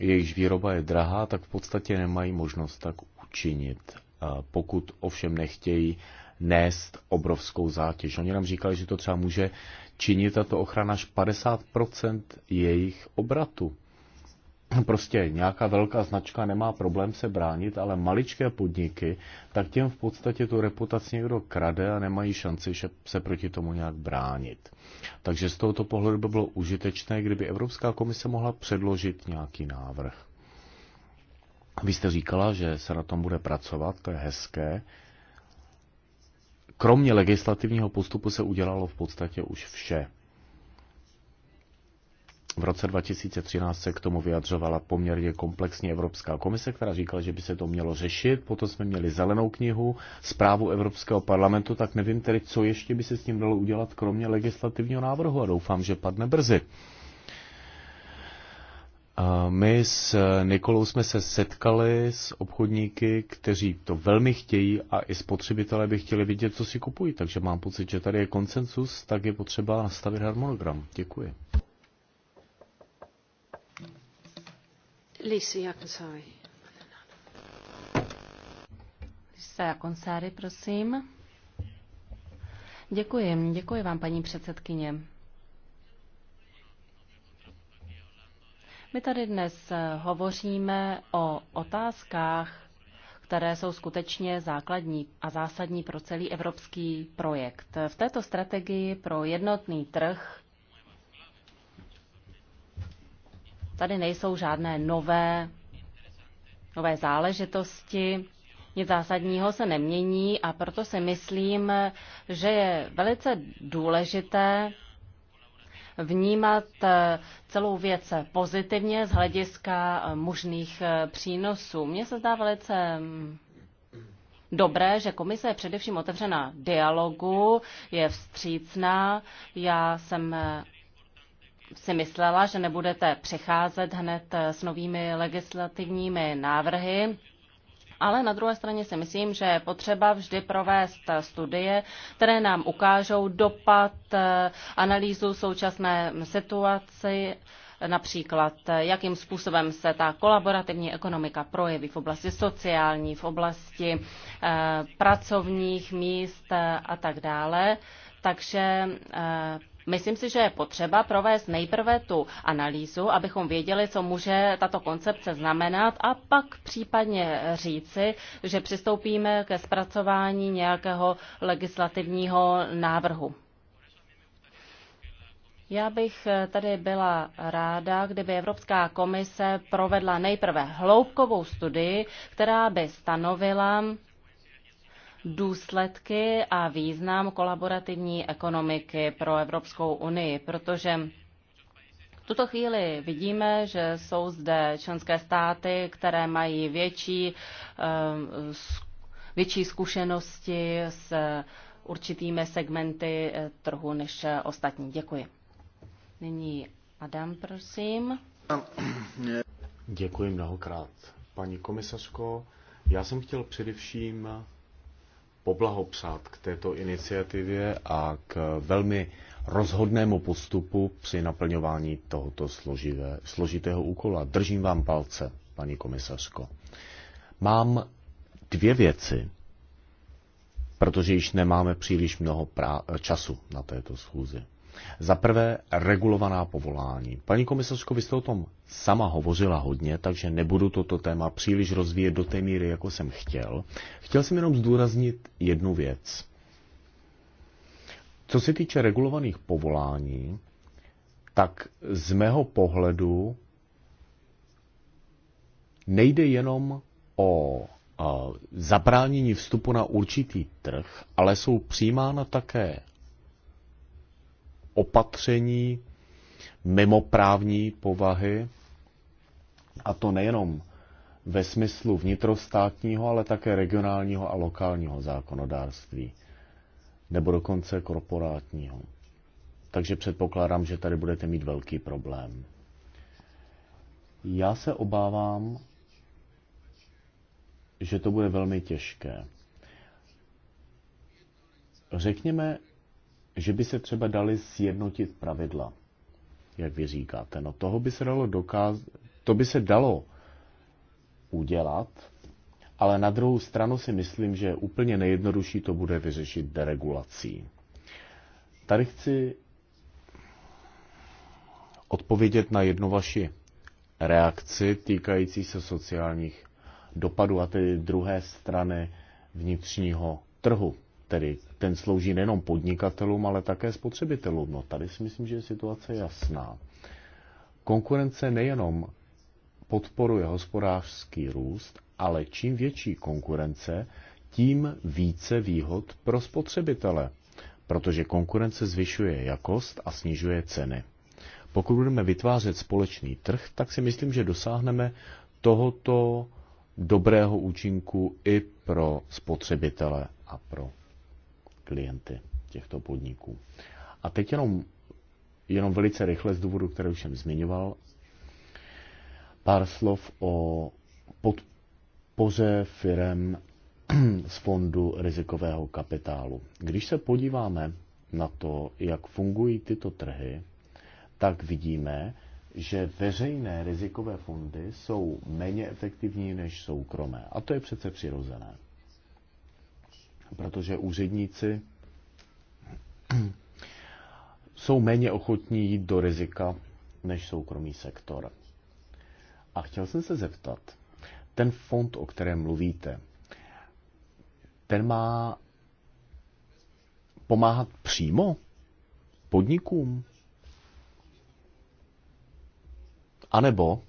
jejichž výroba je drahá, tak v podstatě nemají možnost tak učinit, pokud ovšem nechtějí nést obrovskou zátěž. Oni nám říkali, že to třeba může činit tato ochrana až 50% jejich obratu prostě nějaká velká značka nemá problém se bránit, ale maličké podniky, tak těm v podstatě tu reputaci někdo krade a nemají šanci se proti tomu nějak bránit. Takže z tohoto pohledu by bylo užitečné, kdyby Evropská komise mohla předložit nějaký návrh. Vy jste říkala, že se na tom bude pracovat, to je hezké. Kromě legislativního postupu se udělalo v podstatě už vše. V roce 2013 se k tomu vyjadřovala poměrně komplexní Evropská komise, která říkala, že by se to mělo řešit. Potom jsme měli zelenou knihu, zprávu Evropského parlamentu, tak nevím tedy, co ještě by se s tím dalo udělat, kromě legislativního návrhu a doufám, že padne brzy. My s Nikolou jsme se setkali s obchodníky, kteří to velmi chtějí a i spotřebitelé by chtěli vidět, co si kupují. Takže mám pocit, že tady je koncensus, tak je potřeba nastavit harmonogram. Děkuji. Lisa Jakonsari. prosím. Děkuji, děkuji vám, paní předsedkyně. My tady dnes hovoříme o otázkách, které jsou skutečně základní a zásadní pro celý evropský projekt. V této strategii pro jednotný trh Tady nejsou žádné nové, nové záležitosti, nic zásadního se nemění a proto si myslím, že je velice důležité vnímat eh, celou věc pozitivně z hlediska eh, možných eh, přínosů. Mně se zdá velice mm, dobré, že komise je především otevřená dialogu, je vstřícná. Já jsem si myslela, že nebudete přicházet hned eh, s novými legislativními návrhy, ale na druhé straně si myslím, že je potřeba vždy provést studie, které nám ukážou dopad, eh, analýzu současné situaci, například eh, jakým způsobem se ta kolaborativní ekonomika projeví v oblasti sociální, v oblasti pracovních míst a tak dále. Takže Myslím si, že je potřeba provést nejprve tu analýzu, abychom věděli, co může tato koncepce znamenat a pak případně říci, že přistoupíme ke zpracování nějakého legislativního návrhu. Já bych tady byla ráda, kdyby Evropská komise provedla nejprve hloubkovou studii, která by stanovila, důsledky a význam kolaborativní ekonomiky pro Evropskou unii, protože v tuto chvíli vidíme, že jsou zde členské státy, které mají větší, eh, větší zkušenosti s určitými segmenty eh, trhu než ostatní. Děkuji. Nyní Adam, prosím. Děkuji mnohokrát. Paní komisařko, já jsem chtěl především poblahopřát k této iniciativě a k velmi rozhodnému postupu při naplňování tohoto složivé, složitého úkola. Držím vám palce, paní komisařko. Mám dvě věci, protože již nemáme příliš mnoho času na této schůzi. Za prvé, regulovaná povolání. Paní komisařko, vy jste o tom sama hovořila hodně, takže nebudu toto téma příliš rozvíjet do té míry, jako jsem chtěl. Chtěl jsem jenom zdůraznit jednu věc. Co se týče regulovaných povolání, tak z mého pohledu nejde jenom o zabránění vstupu na určitý trh, ale jsou přijímána také opatření mimoprávní povahy, a to nejenom ve smyslu vnitrostátního, ale také regionálního a lokálního zákonodárství, nebo dokonce korporátního. Takže předpokládám, že tady budete mít velký problém. Já se obávám, že to bude velmi těžké. Řekněme, že by se třeba dali sjednotit pravidla, jak vy říkáte. No toho by se dalo dokázat, to by se dalo udělat, ale na druhou stranu si myslím, že úplně nejjednodušší to bude vyřešit deregulací. Tady chci odpovědět na jednu vaši reakci týkající se sociálních dopadů a tedy druhé strany vnitřního trhu tedy ten slouží nejenom podnikatelům, ale také spotřebitelům. No tady si myslím, že je situace jasná. Konkurence nejenom podporuje hospodářský růst, ale čím větší konkurence, tím více výhod pro spotřebitele, protože konkurence zvyšuje jakost a snižuje ceny. Pokud budeme vytvářet společný trh, tak si myslím, že dosáhneme tohoto dobrého účinku i pro spotřebitele a pro klienty těchto podniků. A teď jenom, jenom velice rychle z důvodu, které už jsem zmiňoval, pár slov o podpoře firem z fondu rizikového kapitálu. Když se podíváme na to, jak fungují tyto trhy, tak vidíme, že veřejné rizikové fondy jsou méně efektivní než soukromé. A to je přece přirozené protože úředníci jsou méně ochotní jít do rizika než soukromý sektor. A chtěl jsem se zeptat, ten fond, o kterém mluvíte, ten má pomáhat přímo podnikům? A nebo,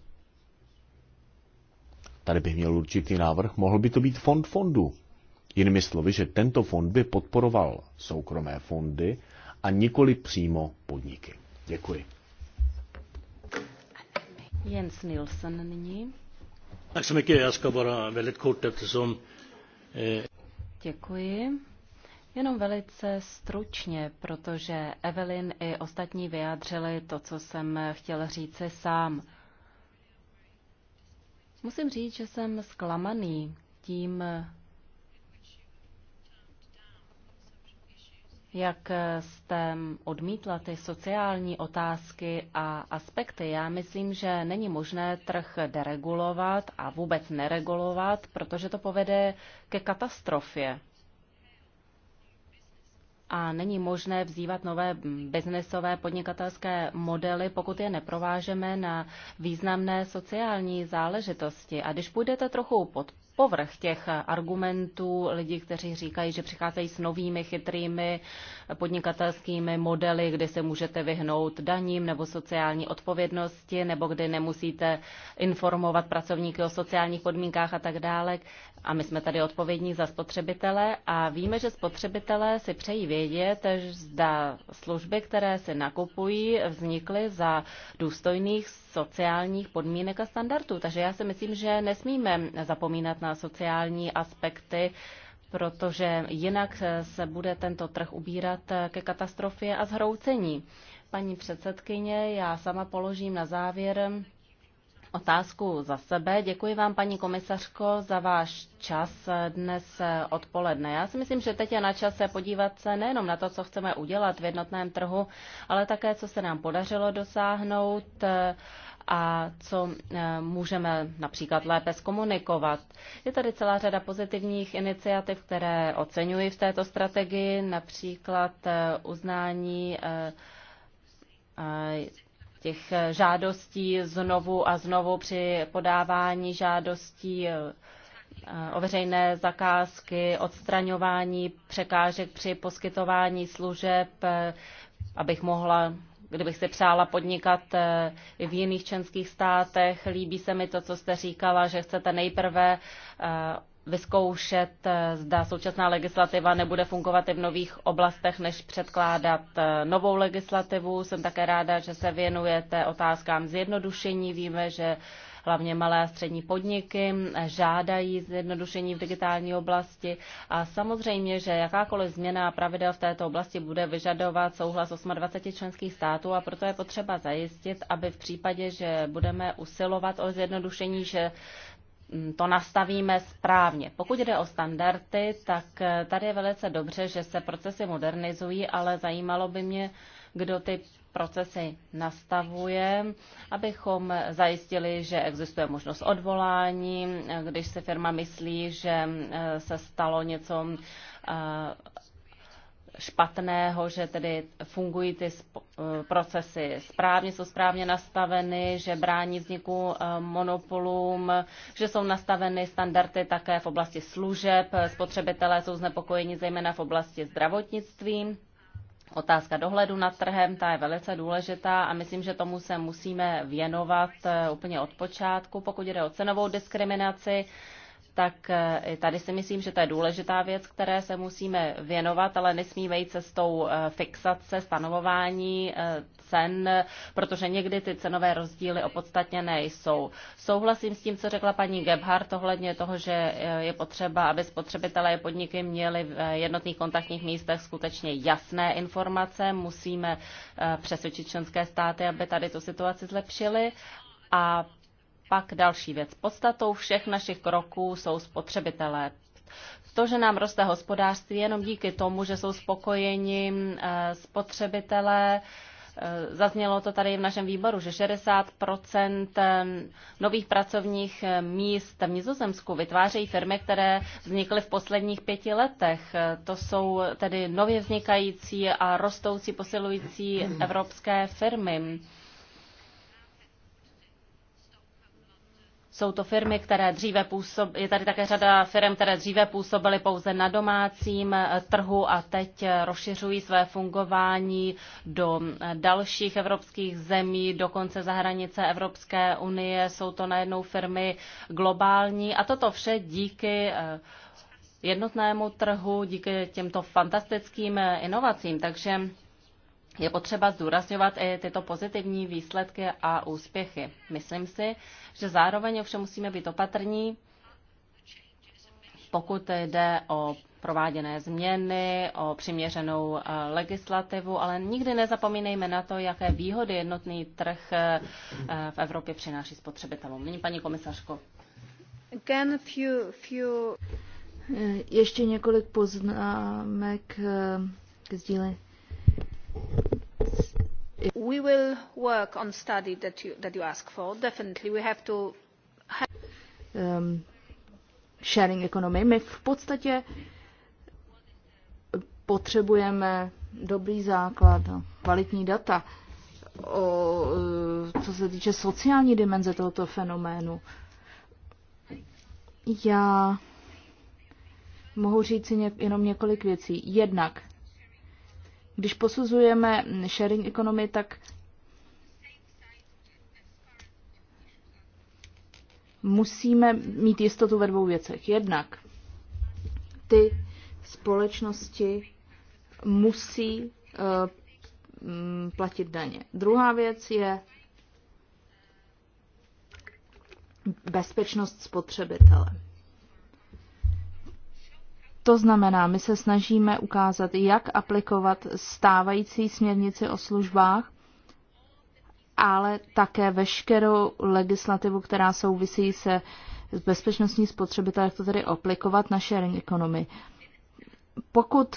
tady bych měl určitý návrh, mohl by to být fond fondu, Jinými slovy, že tento fond by podporoval soukromé fondy a nikoli přímo podniky. Děkuji. Jens Nilsson nyní. Tak se mi Jag eh, Děkuji. Jenom velice stručně, protože Evelyn i ostatní vyjádřili to, co jsem chtěl říci sám. Musím říct, že jsem zklamaný tím, jak jste odmítla ty sociální otázky a aspekty. Já myslím, že není možné trh deregulovat a vůbec neregulovat, protože to povede ke katastrofě. A není možné vzývat nové biznesové podnikatelské modely, pokud je neprovážeme na významné sociální záležitosti. A když půjdete trochu pod povrch těch argumentů lidí, kteří říkají, že přicházejí s novými chytrými podnikatelskými modely, kde se můžete vyhnout daním nebo sociální odpovědnosti, nebo kdy nemusíte informovat pracovníky o sociálních podmínkách a tak dále. A my jsme tady odpovědní za spotřebitele a víme, že spotřebitelé si přejí vědět, zda služby, které si nakupují, vznikly za důstojných sociálních podmínek a standardů. Takže já si myslím, že nesmíme zapomínat na sociální aspekty, protože jinak se bude tento trh ubírat ke katastrofě a zhroucení. Paní předsedkyně, já sama položím na závěr otázku za sebe. Děkuji vám, paní komisařko, za váš čas dnes odpoledne. Já si myslím, že teď je na čase podívat se nejenom na to, co chceme udělat v jednotném trhu, ale také, co se nám podařilo dosáhnout a co eh, můžeme například lépe zkomunikovat. Je tady celá řada pozitivních iniciativ, které oceňuji v této strategii, například eh, uznání eh, těch eh, žádostí znovu a znovu při podávání žádostí eh, eh, o veřejné zakázky, odstraňování překážek při poskytování služeb, abych mohla kdybych si přála podnikat v jiných členských státech. Líbí se mi to, co jste říkala, že chcete nejprve vyzkoušet, eh, zda současná legislativa nebude fungovat i v nových oblastech, než předkládat eh, novou legislativu. Jsem také ráda, že se věnujete otázkám zjednodušení. Víme, že hlavně malé a střední podniky eh, žádají zjednodušení v digitální oblasti a samozřejmě, že jakákoliv změna pravidel v této oblasti bude vyžadovat souhlas 28 členských států a proto je potřeba zajistit, aby v případě, že budeme usilovat o zjednodušení, že Mm, to nastavíme správně. Pokud jde o standardy, tak eh, tady je velice dobře, že se procesy modernizují, ale zajímalo by mě, kdo ty procesy nastavuje, abychom zajistili, že existuje možnost odvolání, eh, když se firma myslí, že eh, se stalo něco špatného, že tedy fungují ty eh, procesy správně, jsou správně nastaveny, že brání vzniku eh, monopolům, že jsou nastaveny standardy také v oblasti služeb, spotřebitelé jsou znepokojeni zejména v oblasti zdravotnictví. Otázka dohledu nad trhem, ta je velice důležitá a myslím, že tomu se musíme věnovat eh, úplně od počátku. Pokud jde o cenovou diskriminaci, tak eh, tady si myslím, že to je důležitá věc, které se musíme věnovat, ale nesmíme jít cestou eh, fixace, stanovování eh, cen, protože někdy ty cenové rozdíly opodstatněné jsou. Souhlasím s tím, co řekla paní Gebhardt ohledně toho, že je potřeba, aby spotřebitelé a podniky měli v jednotných kontaktních místech skutečně jasné informace. Musíme přesvědčit členské státy, aby tady tu situaci zlepšili. A pak další věc. Podstatou všech našich kroků jsou spotřebitelé. To, že nám roste hospodářství jenom díky tomu, že jsou spokojeni eh, spotřebitelé, eh, Zaznělo to tady v našem výboru, že 60 eh, nových pracovních míst v Nizozemsku vytvářejí firmy, které vznikly v posledních pěti letech. To jsou tedy nově vznikající a rostoucí, posilující evropské firmy. Jsou to firmy, které dříve působ, je tady také řada firm, které dříve působily pouze na domácím eh, trhu a teď eh, rozšiřují své fungování do eh, dalších evropských zemí, dokonce za hranice Evropské unie. Jsou to najednou firmy globální a toto vše díky jednotnému trhu, díky těmto fantastickým inovacím. Takže je potřeba zdůrazňovat i tyto pozitivní výsledky a úspěchy. Myslím si, že zároveň ovšem musíme být opatrní, pokud jde o prováděné změny, o přiměřenou eh, legislativu, ale nikdy nezapomínejme na to, jaké výhody jednotný trh eh, v Evropě přináší spotřebitelům. Nyní paní komisařko. Again, few, few... Eh, ještě několik poznámek k sdílení We will work on study that you, that you ask for. Definitely we have to um, sharing economy. My v podstatě potřebujeme dobrý základ, kvalitní data, o, eh, co se týče sociální dimenze tohoto fenoménu. Já mohu říct si jenom několik věcí. Jednak když posuzujeme sharing economy, tak musíme mít jistotu ve dvou věcech. Jednak ty společnosti musí uh, platit daně. Druhá věc je bezpečnost spotřebitele. To znamená, my se snažíme ukázat, jak aplikovat stávající směrnici o službách, ale také veškerou legislativu, která souvisí se s bezpečnostní spotřebitel, jak to tedy aplikovat na sharing economy. Pokud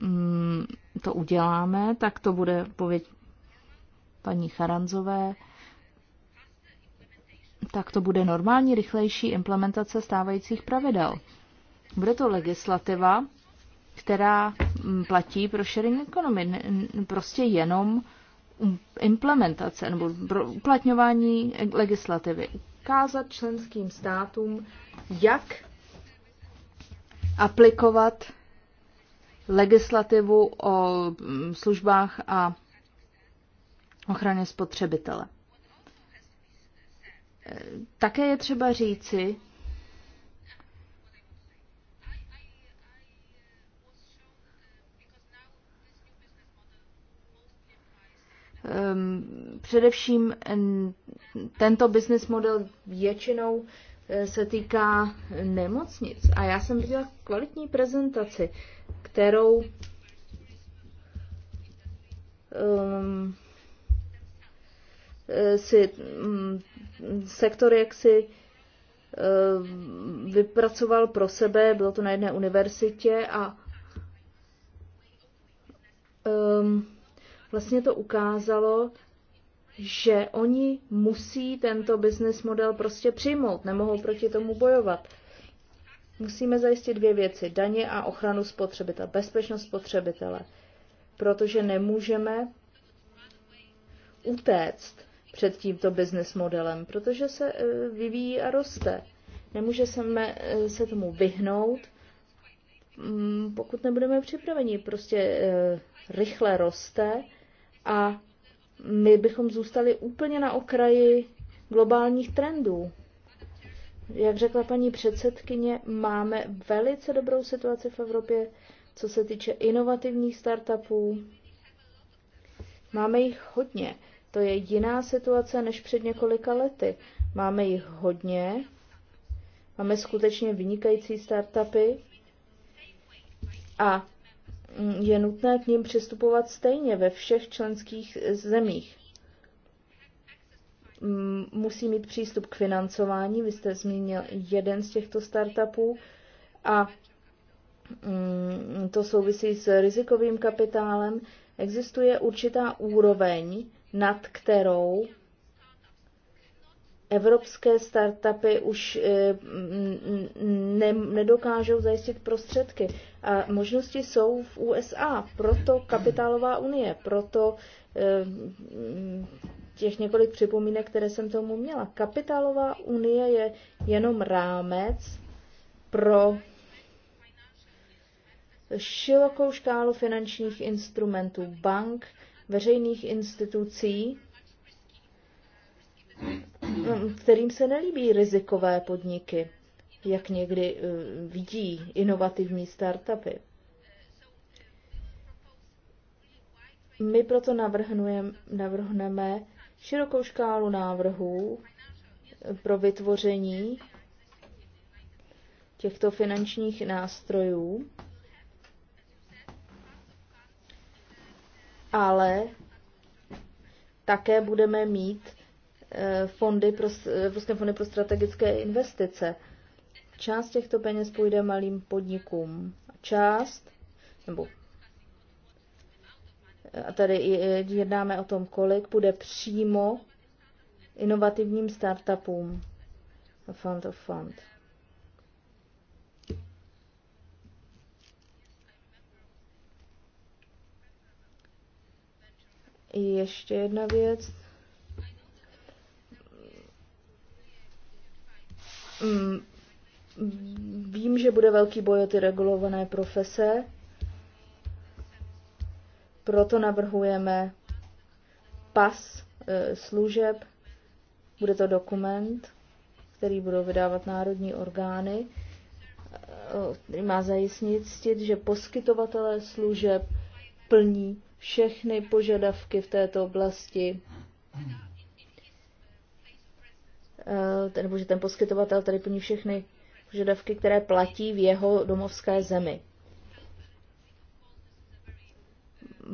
mm, to uděláme, tak to bude pověď paní Charanzové tak to bude normální rychlejší implementace stávajících pravidel. Bude to legislativa, která mm, platí pro sharing economy, prostě jenom implementace nebo uplatňování legislativy. Ukázat členským státům, jak aplikovat legislativu o mm, službách a ochraně spotřebitele. Také je třeba říci, ehm, především tento business model většinou eh, se týká nemocnic. A já jsem viděla kvalitní prezentaci, kterou um, Eh, si mm, sektor jak si eh, vypracoval pro sebe, bylo to na jedné univerzitě a ehm, vlastně to ukázalo, že oni musí tento business model prostě přijmout, nemohou proti tomu bojovat. Musíme zajistit dvě věci, daně a ochranu spotřebitele, bezpečnost spotřebitele, protože nemůžeme utéct před tímto business modelem, protože se eh, vyvíjí a roste. Nemůžeme eh, se tomu vyhnout, mm, pokud nebudeme připraveni. Prostě eh, rychle roste a my bychom zůstali úplně na okraji globálních trendů. Jak řekla paní předsedkyně, máme velice dobrou situaci v Evropě, co se týče inovativních startupů. Máme jich hodně. To je jiná situace než před několika lety. Máme jich hodně, máme skutečně vynikající startupy a mm, je nutné k ním přistupovat stejně ve všech členských zemích. Musí mít přístup k financování, vy jste zmínil jeden z těchto startupů, a mm, to souvisí s rizikovým kapitálem. Existuje určitá úroveň, nad kterou evropské startupy už eh, ne, nedokážou zajistit prostředky. A možnosti jsou v USA, proto kapitálová unie, proto eh, těch několik připomínek, které jsem tomu měla. Kapitálová unie je jenom rámec pro širokou škálu finančních instrumentů bank, veřejných institucí, kterým se nelíbí rizikové podniky, jak někdy eh, vidí inovativní startupy. My proto navrhneme širokou škálu návrhů pro vytvoření těchto finančních nástrojů ale také budeme mít eh, fondy pro, Evropské fondy pro strategické investice. Část těchto peněz půjde malým podnikům. Část, nebo eh, a tady jednáme o tom, kolik bude přímo inovativním startupům. Fond of Fund. Of fund. ještě jedna věc. Mm, vím, že bude velký boj o ty regulované profese, proto navrhujeme pas e, služeb, bude to dokument, který budou vydávat národní orgány, e, který má zajistit, že poskytovatelé služeb plní všechny požadavky v této oblasti, eh, nebo že ten poskytovatel tady plní všechny požadavky, které platí v jeho domovské zemi.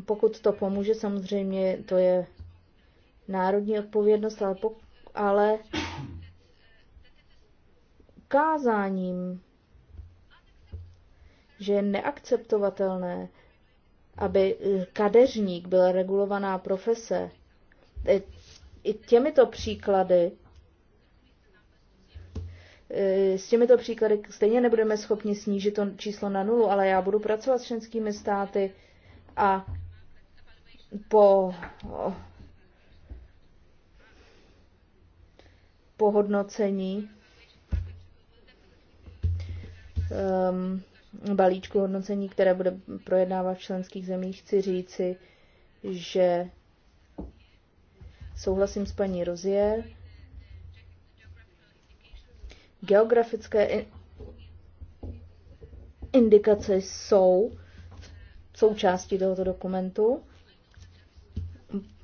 Pokud to pomůže, samozřejmě to je národní odpovědnost, ale, pok- ale kázáním, že je neakceptovatelné, aby eh, kadeřník byl regulovaná profese. Eh, I těmito příklady eh, s těmito příklady stejně nebudeme schopni snížit to číslo na nulu, ale já budu pracovat s členskými státy a po, po hodnocení um, balíčku hodnocení, které bude projednávat v členských zemích, chci říci, že souhlasím s paní Rozier. Geografické indikace jsou součástí tohoto dokumentu.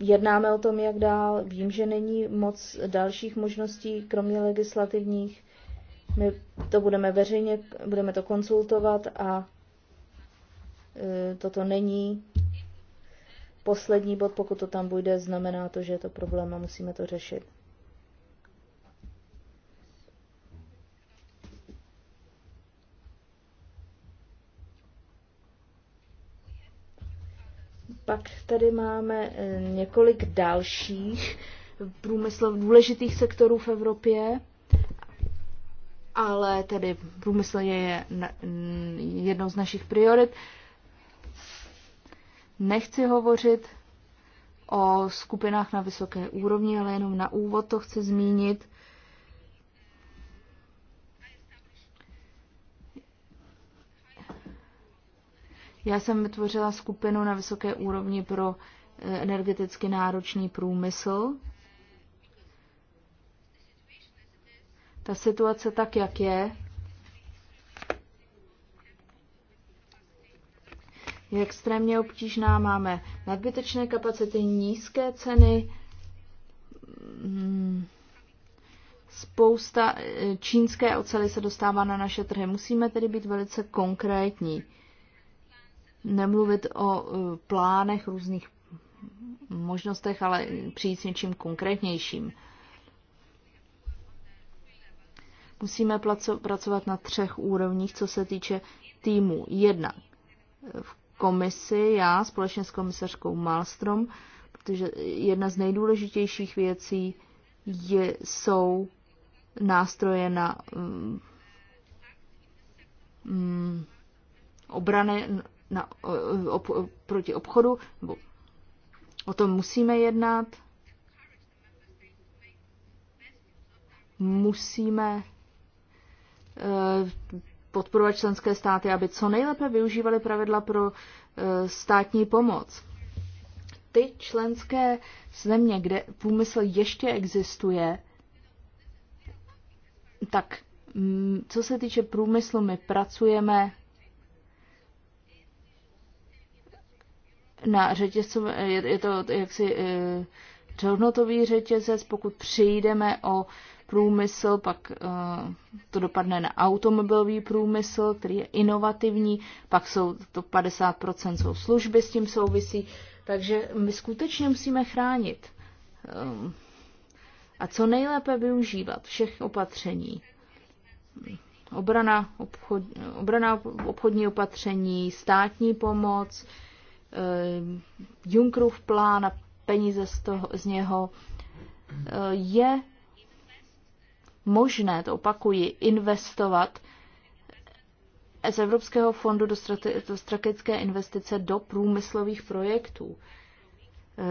Jednáme o tom, jak dál. Vím, že není moc dalších možností, kromě legislativních. My to budeme veřejně, budeme to konsultovat a e, toto není poslední bod, pokud to tam bude, znamená to, že je to problém a musíme to řešit. Pak tady máme e, několik dalších průmyslov důležitých sektorů v Evropě ale tedy průmyslně je jednou z našich priorit. Nechci hovořit o skupinách na vysoké úrovni, ale jenom na úvod to chci zmínit. Já jsem vytvořila skupinu na vysoké úrovni pro eh, energeticky náročný průmysl, ta situace tak, jak je, je extrémně obtížná. Máme nadbytečné kapacity, nízké ceny, mm, spousta eh, čínské ocely se dostává na naše trhy. Musíme tedy být velice konkrétní. Nemluvit o eh, plánech různých možnostech, ale přijít s něčím konkrétnějším. Musíme pracovat na třech úrovních, co se týče týmu. Jedna v komisi, já společně s komisařkou Malstrom, protože jedna z nejdůležitějších věcí je, jsou nástroje na um, um, obrany na, ob, ob, proti obchodu, nebo o tom musíme jednat, musíme Eh, podporovat členské státy, aby co nejlépe využívali pravidla pro eh, státní pomoc. Ty členské země, kde půmysl ještě existuje, tak mm, co se týče průmyslu, my pracujeme na řetězcové, je, je to jaksi e, řetězec, pokud přijdeme o průmysl, pak eh, to dopadne na automobilový průmysl, který je inovativní, pak jsou to 50% jsou služby, s tím souvisí. Takže my skutečně musíme chránit eh, a co nejlépe využívat všech opatření. Obrana, obchod, obrana obchodní opatření, státní pomoc, eh, Junckerův plán a peníze z, toho, z něho je možné, to opakuji, investovat z Evropského fondu do strategické investice do průmyslových projektů.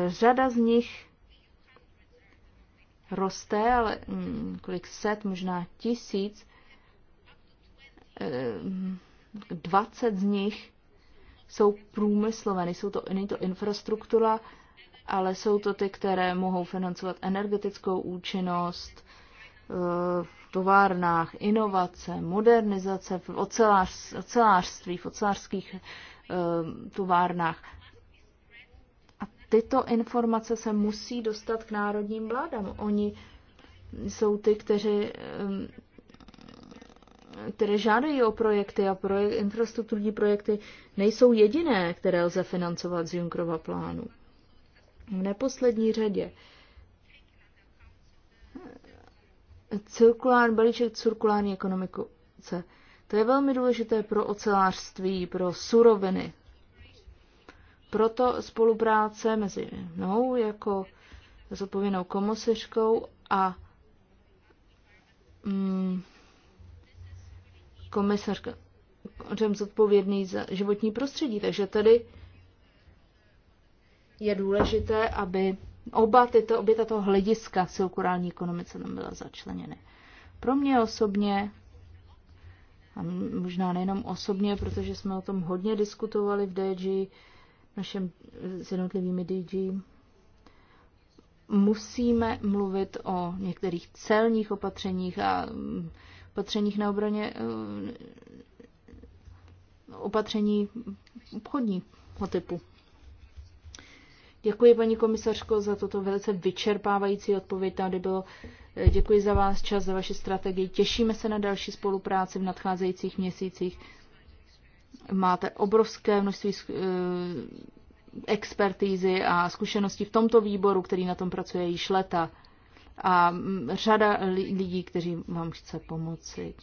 Řada z nich roste, ale mm, kolik set, možná tisíc, eh, dvacet z nich jsou průmyslové, nejsou to, není to infrastruktura, ale jsou to ty, které mohou financovat energetickou účinnost, v továrnách, inovace, modernizace v ocelářství, v ocelářských eh, továrnách. A tyto informace se musí dostat k národním vládám. Oni jsou ty, kteří eh, které žádají o projekty a projek- infrastrukturní projekty nejsou jediné, které lze financovat z Junkrova plánu. V neposlední řadě cirkulární balíček cirkulární ekonomice. To je velmi důležité pro ocelářství, pro suroviny. Proto spolupráce mezi mnou jako zodpovědnou komoseřkou a mm, komisařem zodpovědný za životní prostředí. Takže tady je důležité, aby oba tyto, obě tato hlediska v cirkulární ekonomice tam byla začleněny. Pro mě osobně, a možná nejenom osobně, protože jsme o tom hodně diskutovali v DG, našem s jednotlivými DG, musíme mluvit o některých celních opatřeních a mm, opatřeních na obraně mm, opatření obchodního typu. Děkuji, paní komisařko, za toto velice vyčerpávající odpověď. Tady bylo eh, děkuji za vás čas, za vaši strategii. Těšíme se na další spolupráci v nadcházejících měsících. Máte obrovské množství eh, expertízy a zkušeností v tomto výboru, který na tom pracuje již leta. A mm, řada lidí, kteří vám chce pomoci,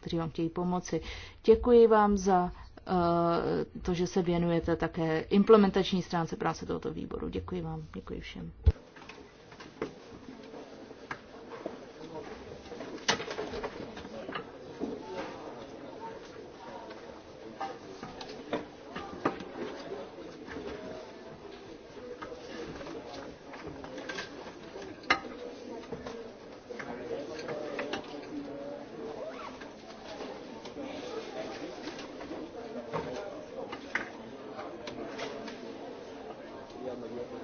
kteří vám chtějí pomoci. Děkuji vám za Eh, to, že se věnujete také implementační stránce práce tohoto výboru. Děkuji vám, děkuji všem.